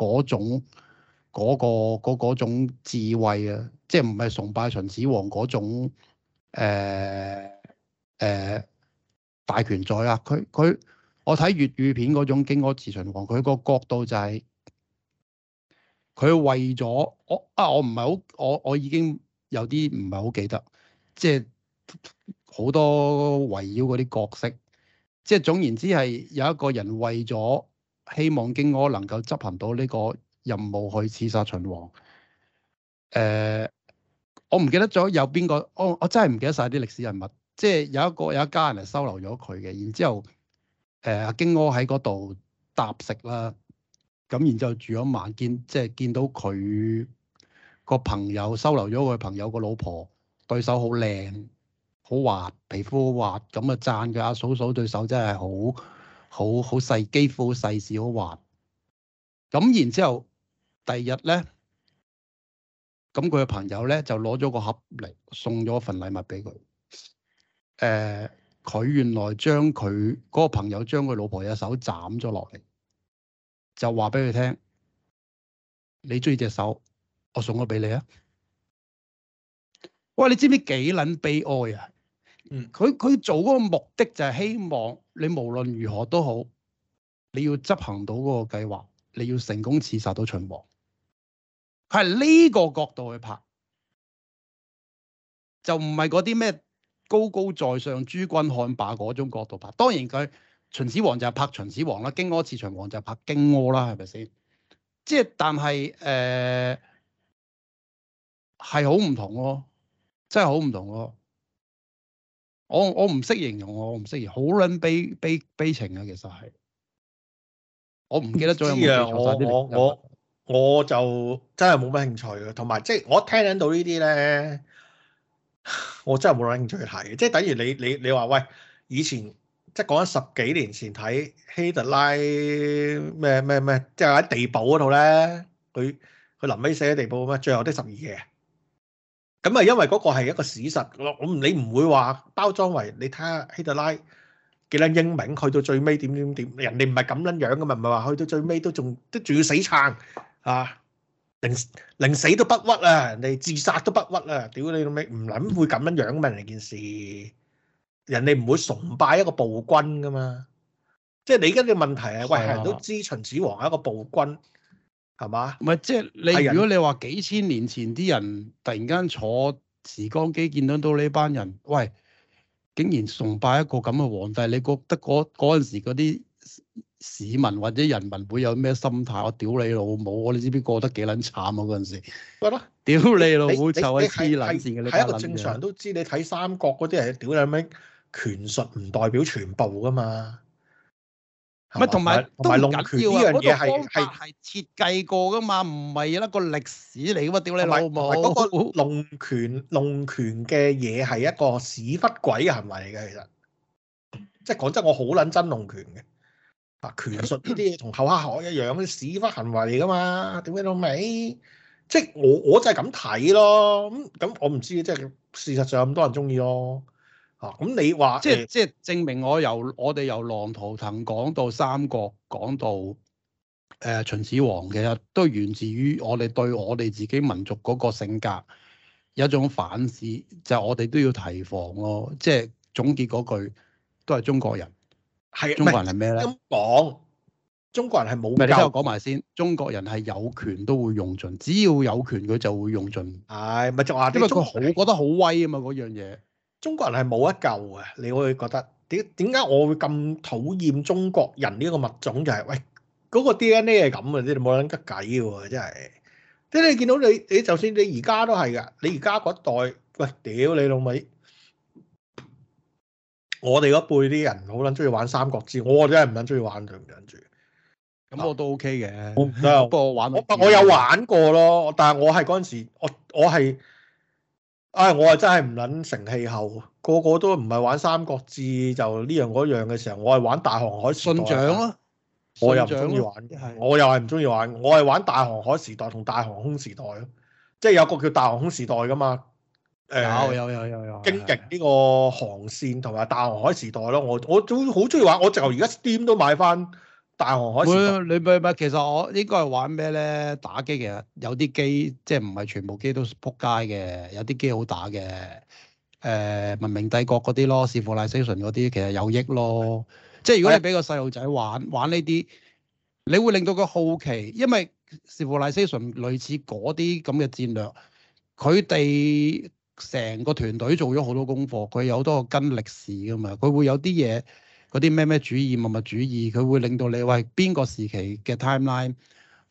嗰種智慧啊，即係唔係崇拜秦始皇嗰種誒、呃呃、大權在啊，佢佢。我睇粵語片嗰種《荊軻刺秦王》，佢個角度就係、是、佢為咗我啊！我唔係好，我我已經有啲唔係好記得，即係好多圍繞嗰啲角色，即係總言之係有一個人為咗希望荊軻能夠執行到呢個任務去刺殺秦王。誒、呃，我唔記得咗有邊個，我我真係唔記得晒啲歷史人物，即係有一個有一家人係收留咗佢嘅，然之後。誒，阿京哥喺嗰度搭食啦，咁然之後住咗一晚，見即係見到佢個朋友收留咗佢朋友個老婆，對手好靚，好滑，皮膚好滑，咁啊讚佢阿嫂嫂對手真係好好好細肌膚，好細緻，好滑。咁然之後第二日咧，咁佢嘅朋友咧就攞咗個盒嚟送咗份禮物俾佢，誒、呃。佢原來將佢嗰個朋友將佢老婆隻手斬咗落嚟，就話俾佢聽：你中意隻手，我送咗俾你啊！喂，你知唔知幾撚悲哀啊？嗯，佢佢做嗰個目的就係希望你無論如何都好，你要執行到嗰個計劃，你要成功刺殺到秦王。佢係呢個角度去拍，就唔係嗰啲咩。高高在上，諸君看霸嗰種角度拍，當然佢秦始皇就係拍秦始皇啦，荊軻刺秦王就係拍荊軻啦，係咪先？即係但係誒係好唔同喎，真係好唔同喎。我我唔識形容我，我唔識形容，好撚悲悲悲，悲情啊！其實係，我唔記得咗有冇、啊、我我我，我就真係冇乜興趣嘅，同埋即係我聽緊到呢啲咧。我真係冇諗興趣睇，即係等於你你你話喂，以前即係講緊十幾年前睇希特拉咩咩咩，即係喺地堡嗰度咧，佢佢臨尾死喺地堡咩，最後啲十二夜，咁啊因為嗰個係一個史實，我我你唔會話包裝為你睇下希特拉幾多英明，去到最尾點點點，人哋唔係咁樣樣噶嘛，唔係話去到最尾都仲都仲要死撐啊。寧死都不屈啊！人哋自殺都不屈啊！屌你老味，唔諗會咁樣樣噶嘛？成件事，人哋唔會崇拜一個暴君噶嘛？即係你而家嘅問題係，是啊、喂，人都知秦始皇係一個暴君，係嘛？唔係即係你，人如果你話幾千年前啲人突然間坐時光機見到到呢班人，喂，竟然崇拜一個咁嘅皇帝，你覺得嗰嗰陣時嗰啲？市民或者人民會有咩心態？我屌你老母！你知唔知過得幾撚慘啊？嗰陣時咪咯，屌你老母！就係黐撚線嘅你。一個正常都知，你睇三國嗰啲係屌你咩權術？唔代表全部噶嘛。唔係同埋同埋龍拳呢樣嘢係係係設計過噶嘛？唔係一個歷史嚟噶嘛？屌你老母！個龍拳龍拳嘅嘢係一個屎忽鬼行為嚟嘅，其實即係講真，我好撚憎龍拳嘅。啊，權術呢啲嘢，同厚黑學一樣嘅屎忽行為嚟噶嘛？點解到未？即係我我就係咁睇咯。咁咁我唔知，即係事實上咁多人中意咯。啊，咁你話即係是、呃、即係證明我由我哋由狼圖騰講到三國，講到誒、呃、秦始皇，嘅，其實都源自於我哋對我哋自己民族嗰個性格有一種反思，就係，我哋都要提防咯。即係總結嗰句，都係中國人。係，啊、中國人係咁講，中國人係冇得救。唔係你聽我講埋先，中國人係有權都會用盡，只要有權佢就會用盡。係、哎，咪就話啲中國好覺得好威啊嘛嗰樣嘢。中國人係冇得、啊、救嘅，你可以覺得點點解我會咁討厭中國人呢一個物種就係、是，喂嗰、嗰個 DNA 係咁啊，你冇撚得計喎，真係。即係你見到你你就算你而家都係噶，你而家嗰代，喂屌你老味。我哋嗰輩啲人好捻中意玩三國志，我真係唔捻中意玩佢。唔撚住，咁我都 OK 嘅，不過玩我我有玩過咯，但係我係嗰陣時，我我係啊，我係、哎、真係唔捻成氣候，個個都唔係玩三國志，就呢樣嗰樣嘅時候，我係玩大航海信長咯，我又唔中意玩，我又係唔中意玩，我係玩大航海時代同大航空時代咯，即係有個叫大航空時代噶嘛。誒有有有有有經勁呢個航線同埋大航海時代咯，我我都好中意玩，我就而家 Steam 都買翻大航海時代你咪咪其實我應該係玩咩咧？打機嘅，其實有啲機即係唔係全部機都撲街嘅，有啲機好打嘅。誒、呃、文明帝國嗰啲咯 Civilisation 嗰啲其實有益咯。是即係如果你俾個細路仔玩玩呢啲，你會令到佢好奇，因為 Civilisation 類似嗰啲咁嘅戰略，佢哋。成個團隊做咗好多功課，佢有好多跟歷史㗎嘛，佢會有啲嘢嗰啲咩咩主義、物物主義，佢會令到你喂邊個時期嘅 timeline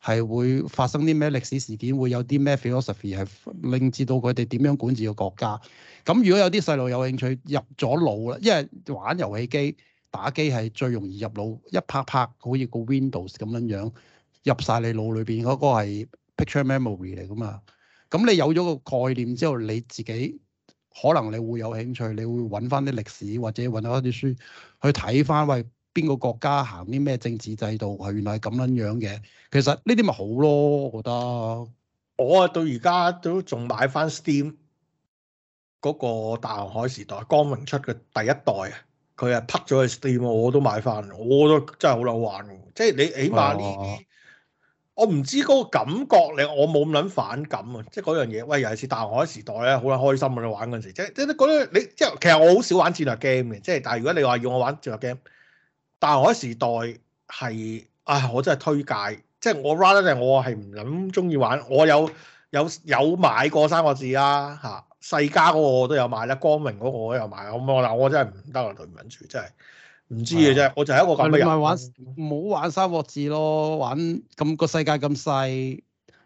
係會發生啲咩歷史事件，會有啲咩 philosophy 係令至到佢哋點樣管治個國家。咁如果有啲細路有興趣入咗腦啦，因為玩遊戲機打機係最容易入腦，一拍拍好似個 Windows 咁樣樣入晒你腦裏邊嗰個係 picture memory 嚟㗎嘛。咁你有咗個概念之後，你自己可能你會有興趣，你會揾翻啲歷史或者揾翻啲書去睇翻，喂邊個國家行啲咩政治制度？係原來係咁撚樣嘅。其實呢啲咪好咯，我覺得。我啊到而家都仲買翻 Steam 嗰個《大航海時代》光榮出嘅第一代啊，佢係 cut 咗去 Steam，我都買翻，我都真係好撚玩嘅。即係你起碼呢、啊我唔知嗰個感覺，你我冇咁撚反感啊！即係嗰樣嘢，喂，尤其是大航海時代咧，好撚開心啊！玩嗰陣時，即係即係嗰啲你即係其實我好少玩戰略 game 嘅，即係但係如果你話要我玩戰略 game，大航海時代係啊，我真係推介。即係我 rather 我係唔撚中意玩，我有有有買過三個字啦、啊、嚇，世嘉嗰個我都有買啦，光明嗰個我都有買，我嗱我真係唔得啊，對唔住。真係。唔知嘅啫，我就係一個咁，你咪玩，唔好玩三國志咯。玩咁個世界咁細，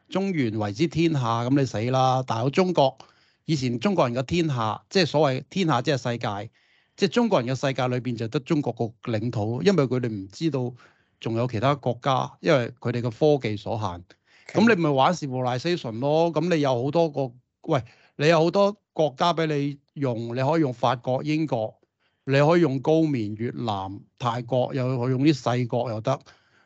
中原為之天下，咁你死啦。但係我中國以前，中國人嘅天下，即係所謂天下即係世界，即係中國人嘅世界裏邊就得中國個領土，因為佢哋唔知道仲有其他國家，因為佢哋嘅科技所限。咁 Okay. 你咪玩 Civilisation 咯。咁你有好多個，喂，你有好多國家俾你用，你可以用法國、英國。你可以用高棉、越南、泰國，又可以用啲細國又得。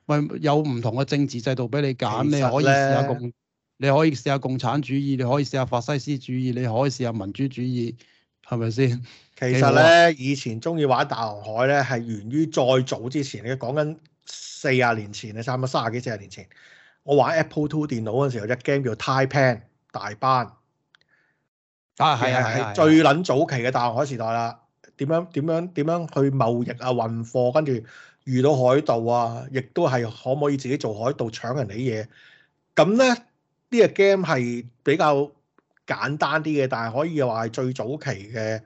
喂，有唔同嘅政治制度俾你揀，實你可以試下共，你可以試下共產主義，你可以試下法西斯主義，你可以試下民主主義，係咪先？其實咧，以前中意玩大航海咧，係源於再早之前。你講緊四十年前，你差唔多三十幾、四十年前。我玩 Apple Two 電腦嗰陣時候，有隻 game 叫 Tai Pan 大班。啊，係啊實，係最撚早期嘅大航海時代啦。點樣點樣點樣去貿易啊運貨，跟住遇到海盜啊，亦都係可唔可以自己做海盜搶人哋嘢？咁呢呢個 game 係比較簡單啲嘅，但係可以話係最早期嘅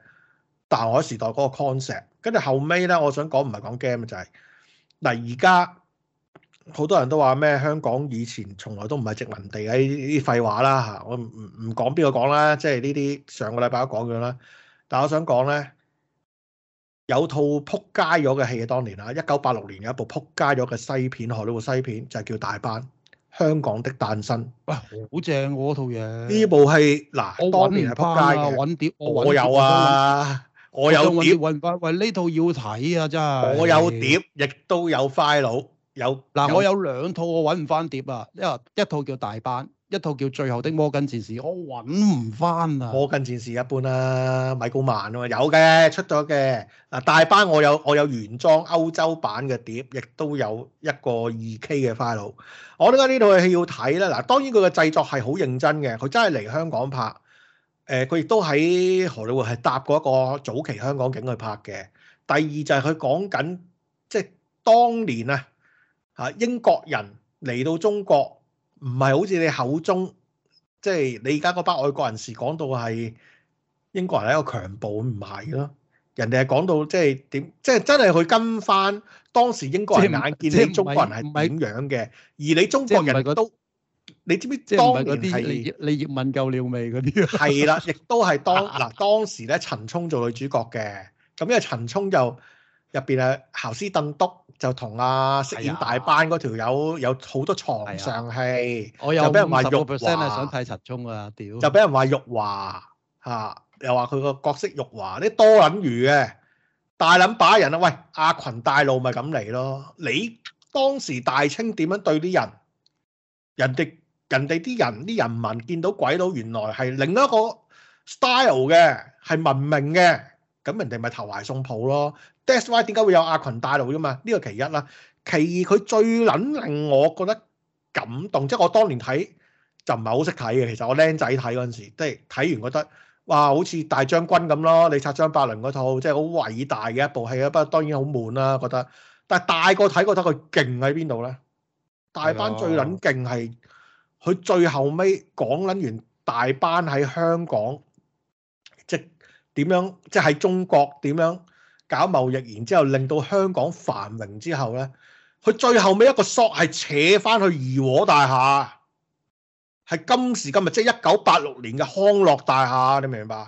大航海時代嗰個 concept。跟住後尾呢，我想講唔係講 game 就係嗱而家好多人都話咩香港以前從來都唔係殖民地嘅啲廢話啦嚇，我唔唔講邊個講啦，即係呢啲上個禮拜都講咗啦。但我想講呢。有套扑街咗嘅戲，當年啦，一九八六年有一部扑街咗嘅西片，害到個西片就係，叫《大班香港的誕生》。哇，好正，啊，嗰套嘢！呢部係嗱當年係扑街嘅，搵碟，我有啊，我有碟搵唔翻。喂，呢套要睇啊，真係我有碟，亦，啊，都有 file 有。嗱，啦，我有，有兩套我搵唔翻碟啊，一一套叫《大班》。一套叫《最後的摩根戰士》我，我揾唔翻啊。《摩根戰士》一般啦、啊，米高曼喎、啊、有嘅出咗嘅。嗱，大班我有我有原裝歐洲版嘅碟，亦都有一個二 K 嘅 file。我覺得呢套戲要睇啦。嗱，當然佢嘅製作係好認真嘅，佢真係嚟香港拍。誒、呃，佢亦都喺荷里活係搭過一個早期香港景去拍嘅。第二就係佢講緊，即係當年啊嚇英國人嚟到中國。唔係好似你口中，即係你而家嗰班外國人士講到係英國人一個強暴，唔係咯？人哋係講到即係點，即係真係去跟翻當時英國人眼見啲中國人係點樣嘅。而你中國人都，你知唔知當係你葉問夠尿味嗰啲？係啦，亦都係當嗱、啊、當時咧，陳沖做女主角嘅。咁因為陳沖就入邊係校斯鄧篤。就同阿、啊、飾演大班嗰條友有好多床上戲，又俾、啊、人話玉華，玉華啊，想睇陳沖啊，屌！就俾人話玉華吓，又話佢個角色玉華，你多撚餘嘅，大撚把人啊！喂，阿、啊、群帶路咪咁嚟咯。你當時大清點樣對啲人？人哋人哋啲人啲人民見到鬼佬原來係另一個 style 嘅，係文明嘅，咁人哋咪投懷送抱咯。That's why 點解會有阿群帶路啫嘛？呢個其一啦，其二佢最撚令我覺得感動，即係我當年睇就唔係好識睇嘅。其實我僆仔睇嗰陣時，即係睇完覺得哇，好似大將軍咁咯。你拆張伯倫嗰套，即係好偉大嘅一部戲啊，不過當然好悶啦、啊，覺得。但係大個睇覺得佢勁喺邊度咧？大班最撚勁係佢最後尾講撚完大班喺香港，即係點樣？即係喺中國點樣？搞貿易，然之後令到香港繁榮之後呢，佢最後尾一個 shot 係扯翻去怡和大廈，係今時今日即係一九八六年嘅康樂大廈，你明唔明白？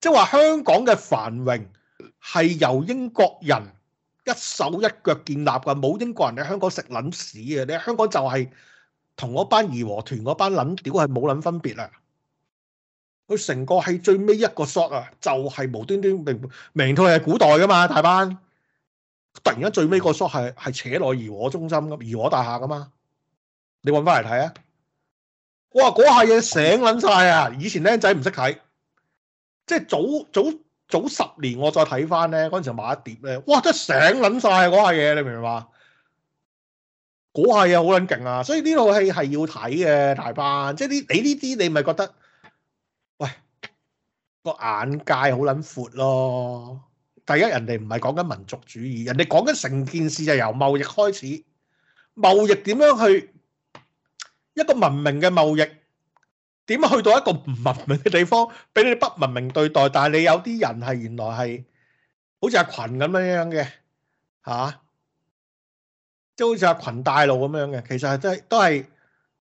即係話香港嘅繁榮係由英國人一手一腳建立㗎，冇英國人喺香港食撚屎啊！你香港就係同嗰班義和團嗰班撚屌係冇撚分別啦。佢成個戲最尾一個 shot 啊，就係、是、無端端明明套係古代噶嘛，大班突然間最尾個 shot 係係扯落怡和中心咁，怡和大廈噶嘛，你揾翻嚟睇啊！哇，嗰下嘢醒撚晒啊！以前僆仔唔識睇，即係早早早十年我再睇翻咧，嗰陣時候買一碟咧，哇，真係醒撚晒啊。嗰下嘢，你明唔明嘛？嗰下嘢好撚勁啊！所以呢套戲係要睇嘅，大班即係啲你呢啲你咪覺得。喂，個眼界好撚闊咯！第一，人哋唔係講緊民族主義，人哋講緊成件事就由貿易開始。貿易點樣去一個文明嘅貿易？點去到一個唔文明嘅地方，俾你不文明對待？但係你有啲人係原來係好似阿群咁樣、啊、樣嘅，吓，即係好似阿群帶路咁樣嘅，其實都係都係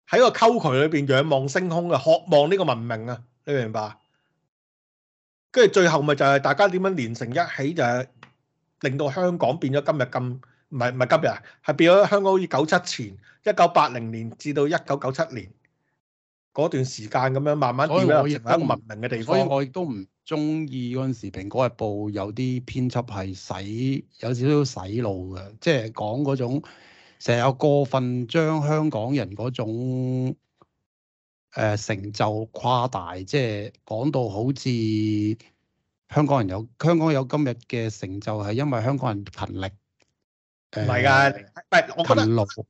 喺個溝渠裏邊仰望星空嘅，渴望呢個文明啊！你明唔明白？跟住最後咪就係大家點樣連成一起，就係、是、令到香港變咗今日咁，唔係唔係今日啊，係變咗香港好似九七前一九八零年至到一九九七年嗰段時間咁樣，慢慢變咗成為一個文明嘅地方。我亦都唔中意嗰陣時《蘋果日報》有啲編輯係洗有少少洗腦嘅，即係講嗰種成日有過分將香港人嗰種。誒、呃、成就誇大，即係講到好似香港人有香港有今日嘅成就係因為香港人勤力，唔係㗎，唔係我覺得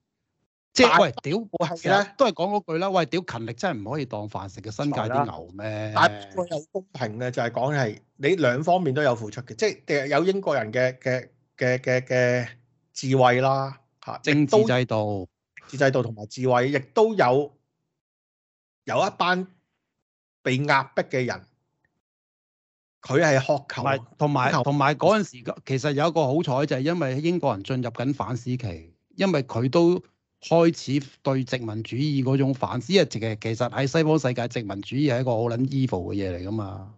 即係喂屌，我係啦，都係講嗰句啦，喂屌，勤力真係唔可以當飯食嘅，新界啲牛咩？但係又公平嘅就係講係你兩方面都有付出嘅，即係有英國人嘅嘅嘅嘅嘅智慧啦嚇，都政治制度、政治制度同埋智慧，亦都有。有一班被壓迫嘅人，佢係學球，同埋同埋嗰陣時，其實有一個好彩就係因為英國人進入緊反思期，因為佢都開始對殖民主義嗰種反思。因為其實喺西方世界，殖民主義係一個好撚 evil 嘅嘢嚟噶嘛。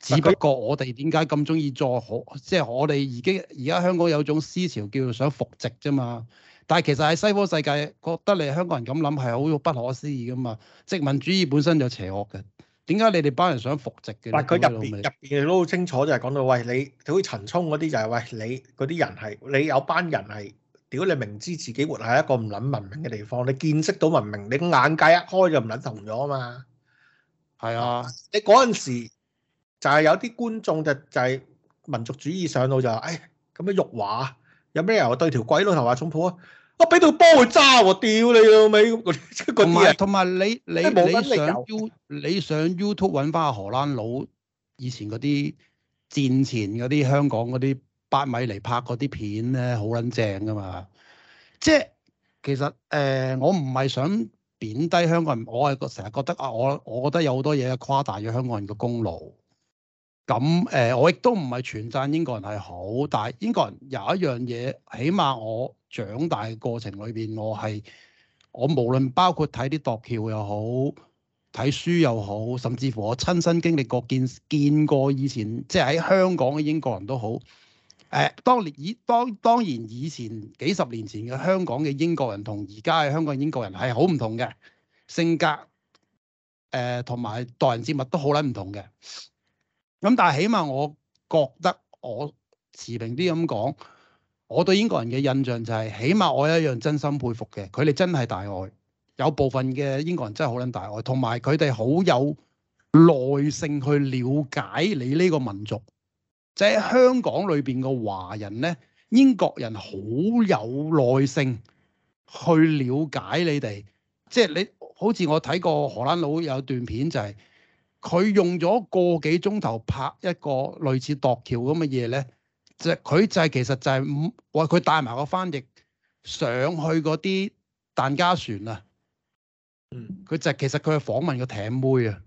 只不過我哋點解咁中意做好？即係我哋已經而家香港有種思潮叫做想復殖啫嘛。但係其實喺西方世界覺得你香港人咁諗係好不可思議噶嘛，殖民主義本身就邪惡嘅。點解你哋班人想復殖嘅？佢入邊入邊都好清楚，就係講到，喂，你好似陳聰嗰啲就係、是、喂，你嗰啲人係你有班人係屌，你明知自己活喺一個唔撚文明嘅地方，你見識到文明，你眼界一開就唔撚同咗啊嘛。係啊，你嗰陣時就係有啲觀眾就是、就係、是、民族主義上到就話，哎咁嘅辱華有咩人對條鬼佬頭話衝破啊！我俾到波佢揸我屌 那些 你老味！同埋同埋，你你 you, 你上 U b e 你上 YouTube 揾翻荷蘭佬以前嗰啲戰前嗰啲香港嗰啲八米嚟拍嗰啲片咧，好撚正噶嘛！即、就、係、是、其實誒、呃，我唔係想貶低香港人，我係個成日覺得啊，我我覺得有好多嘢誇大咗香港人嘅功勞。咁誒、呃，我亦都唔係全贊英國人係好，但係，英國人有一樣嘢，起碼我。長大嘅過程裏邊，我係我無論包括睇啲墮橋又好，睇書又好，甚至乎我親身經歷過見見過以前，即係喺香港嘅英國人都好。誒、呃，當年以當當然以前幾十年前嘅香港嘅英國人同而家嘅香港英國人係好唔同嘅性格，誒同埋待人接物都好撚唔同嘅。咁、嗯、但係起碼我覺得我持平啲咁講。我對英國人嘅印象就係，起碼我有一樣真心佩服嘅，佢哋真係大愛。有部分嘅英國人真係好撚大愛，同埋佢哋好有耐性去了解你呢個民族。即係香港裏邊嘅華人呢。英國人好有耐性去了解你哋。即係你好似我睇過荷蘭佬有段片，就係佢用咗個幾鐘頭拍一個類似築橋咁嘅嘢呢。就佢就係其實就係、是、五，我佢帶埋個翻譯上去嗰啲疍家船啊，嗯、就是，佢就係其實佢係訪問個艇妹啊，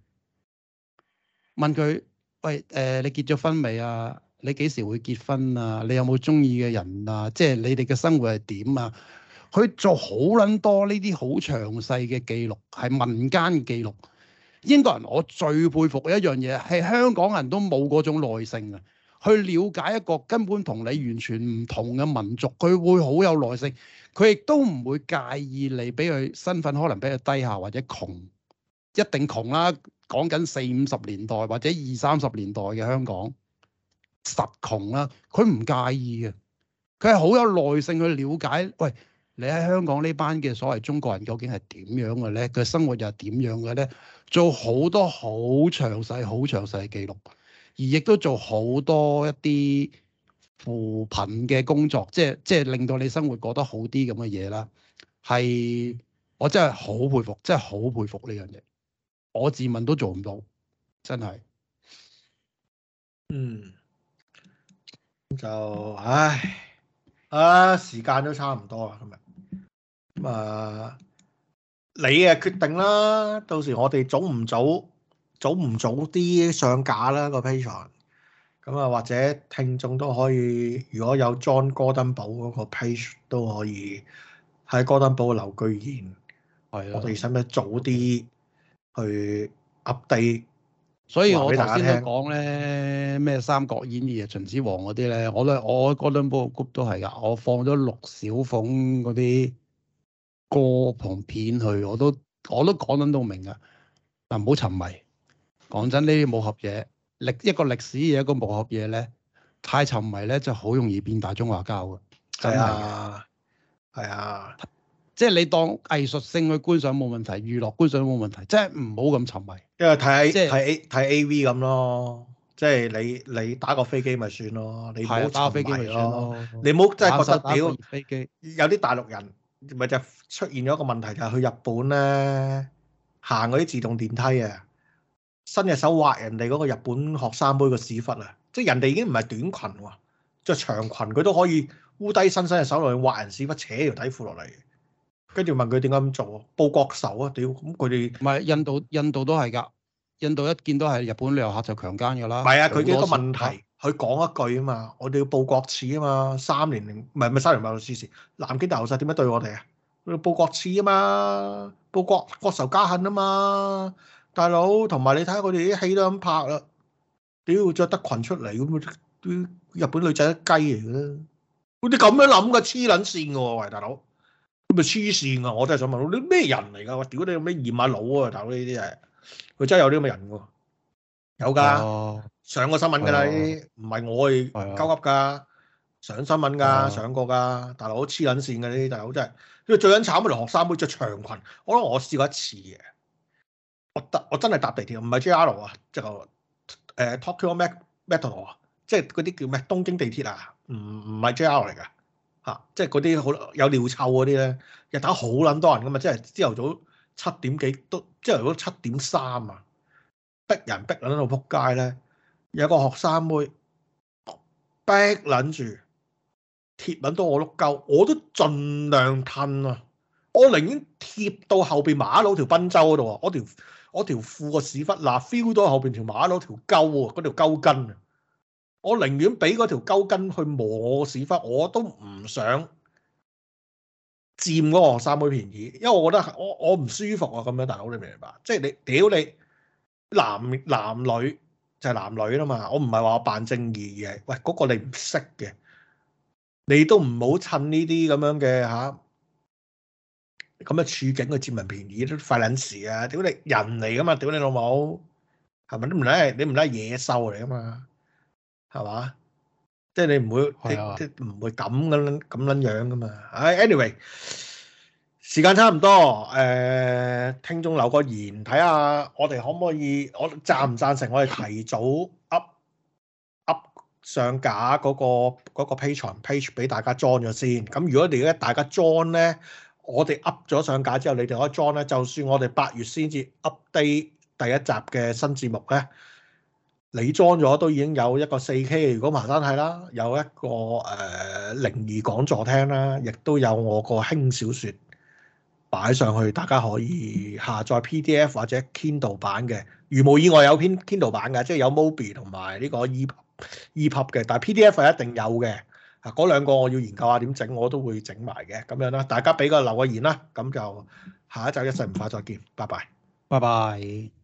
問佢喂誒、呃、你結咗婚未啊？你幾時會結婚啊？你有冇中意嘅人啊？即、就、係、是、你哋嘅生活係點啊？佢做好撚多呢啲好詳細嘅記錄，係民間記錄。英國人我最佩服嘅一樣嘢係香港人都冇嗰種耐性啊！去了解一個根本同你完全唔同嘅民族，佢會好有耐性，佢亦都唔會介意你俾佢身份可能比佢低下或者窮，一定窮啦、啊。講緊四五十年代或者二三十年代嘅香港，實窮啦、啊。佢唔介意嘅，佢係好有耐性去了解。喂，你喺香港呢班嘅所謂中國人究竟係點樣嘅咧？佢生活又係點樣嘅咧？做好多好詳細、好詳細嘅記錄。而亦都做好多一啲扶貧嘅工作，即係即係令到你生活過得好啲咁嘅嘢啦。係，我真係好佩服，真係好佩服呢樣嘢。我自問都做唔到，真係。嗯，就唉啊，時間都差唔多啦，今日咁啊，你啊決定啦，到時我哋早唔早？早唔早啲上架啦，個 page，咁啊或者聽眾都可以，如果有 John 哥登堡嗰個 page 都可以喺哥登堡嘅樓居然，係。的我哋使唔使早啲去 update？的所以我頭先講咧咩《三國演義》《秦始皇》嗰啲咧，我都我哥登堡 group 都係噶，我放咗陸小鳳嗰啲歌同片去，我都我都講得都明噶，但唔好沉迷。講真，呢啲武俠嘢，歷一個歷史嘢，一個武俠嘢咧，太沉迷咧就好容易變大中華教噶。係啊，係啊，即係你當藝術性去觀賞冇問題，娛樂觀賞冇問題，即係唔好咁沉迷。因為睇即係睇睇 A V 咁咯，就是，即係你你打個飛機咪算咯，你唔好沉迷咯，啊、你唔好即係覺得打個飛機。有啲大陸人咪就出現咗一個問題，就係、是、去日本咧行嗰啲自動電梯啊。新嘅手挖人哋嗰個日本學生妹個屎忽啊，即係人哋已經唔係短裙，着長裙佢都可以烏低新新嘅手落去挖人屎忽，扯條底褲落嚟，跟住問佢點解咁做啊？報國仇啊？屌咁佢哋唔係印度，印度都係噶，印度一見到係日本旅遊客就強姦噶啦。係啊，佢幾個問題？佢講一句啊嘛，我哋要報國恥啊嘛，三年零唔係唔係三年半到之時，南京大屠殺點解對我哋啊？要報國恥啊嘛，報國國仇家恨啊嘛。大佬，同埋你睇下佢哋啲戲都咁拍啦，屌着得裙出嚟咁啲日本女仔都雞嚟嘅啦，佢哋咁樣諗嘅黐撚線喎，喂大佬，咁咪黐線嘅，我真係想問你咩人嚟㗎？我屌你有咩驗下腦啊！大佬呢啲係，佢真係有啲咁嘅人喎、啊，有㗎，啊、上過新聞㗎啦，啲唔係我係鳩噏㗎，啊、上新聞㗎，啊、上過㗎，大佬黐撚線㗎，啲大佬，大佬真係，最最慘嗰條學生妹着長裙，可能我試過一次嘅。我搭我真係搭地鐵，唔係 J R 啊，就誒 Tokyo m e c Metro 啊，即係嗰啲叫咩？東京地鐵啊，唔唔係 J R 嚟嘅吓，即係嗰啲好有尿臭嗰啲咧，日頭好捻多人噶嘛，即係朝頭早七點幾，都朝頭早七點三啊，逼人逼撚到喺仆街咧，有個學生妹逼捻住貼捻到我碌鳩，我都盡量褪啊，我寧願貼到後邊馬路條賓州嗰度啊，條。我條褲個屎忽嗱 feel 到後邊條馬路條溝喎，嗰條鳩筋啊！我寧願俾嗰條鳩筋去磨我個屎忽，我都唔想佔嗰個學妹便宜，因為我覺得我我唔舒服啊！咁樣大佬你明唔明白？即係你屌你男男女就係、係、男女啦嘛，我唔係話扮正義，嘅，喂嗰、嗰個你唔識嘅，你都唔好趁呢啲咁樣嘅嚇。啊咁嘅處境嘅殖民便宜都快卵時啊！屌你人嚟噶嘛？屌你老母，係咪？你唔係你唔係野獸嚟噶嘛？係嘛？即係你唔會，你唔會咁咁咁樣樣噶嘛？唉，anyway，時間差唔多，誒、呃，聽眾留個言，睇下我哋可唔可以，我贊唔贊成我哋提早 up up 上架嗰、那個嗰、那個 page page 俾大家裝咗先。咁如果你一大家裝咧。我哋 up 咗上架之後，你哋可以裝咧。就算我哋八月先至 update 第一集嘅新節目咧，你裝咗都已經有一個四 K，如果麻生睇啦，有一個誒、呃、靈異講座聽啦，亦都有我個輕小說擺上去，大家可以下載 PDF 或者 Kindle 版嘅。如無意外有篇 Kindle 版嘅，即係有 MOBI 同埋呢個 EPUB 嘅，但係 PDF 係一定有嘅。嗱，嗰、啊、兩個我要研究下點整，我都會整埋嘅，咁樣啦。大家俾個留個言啦，咁就下一集一世唔化再見，拜拜，拜拜。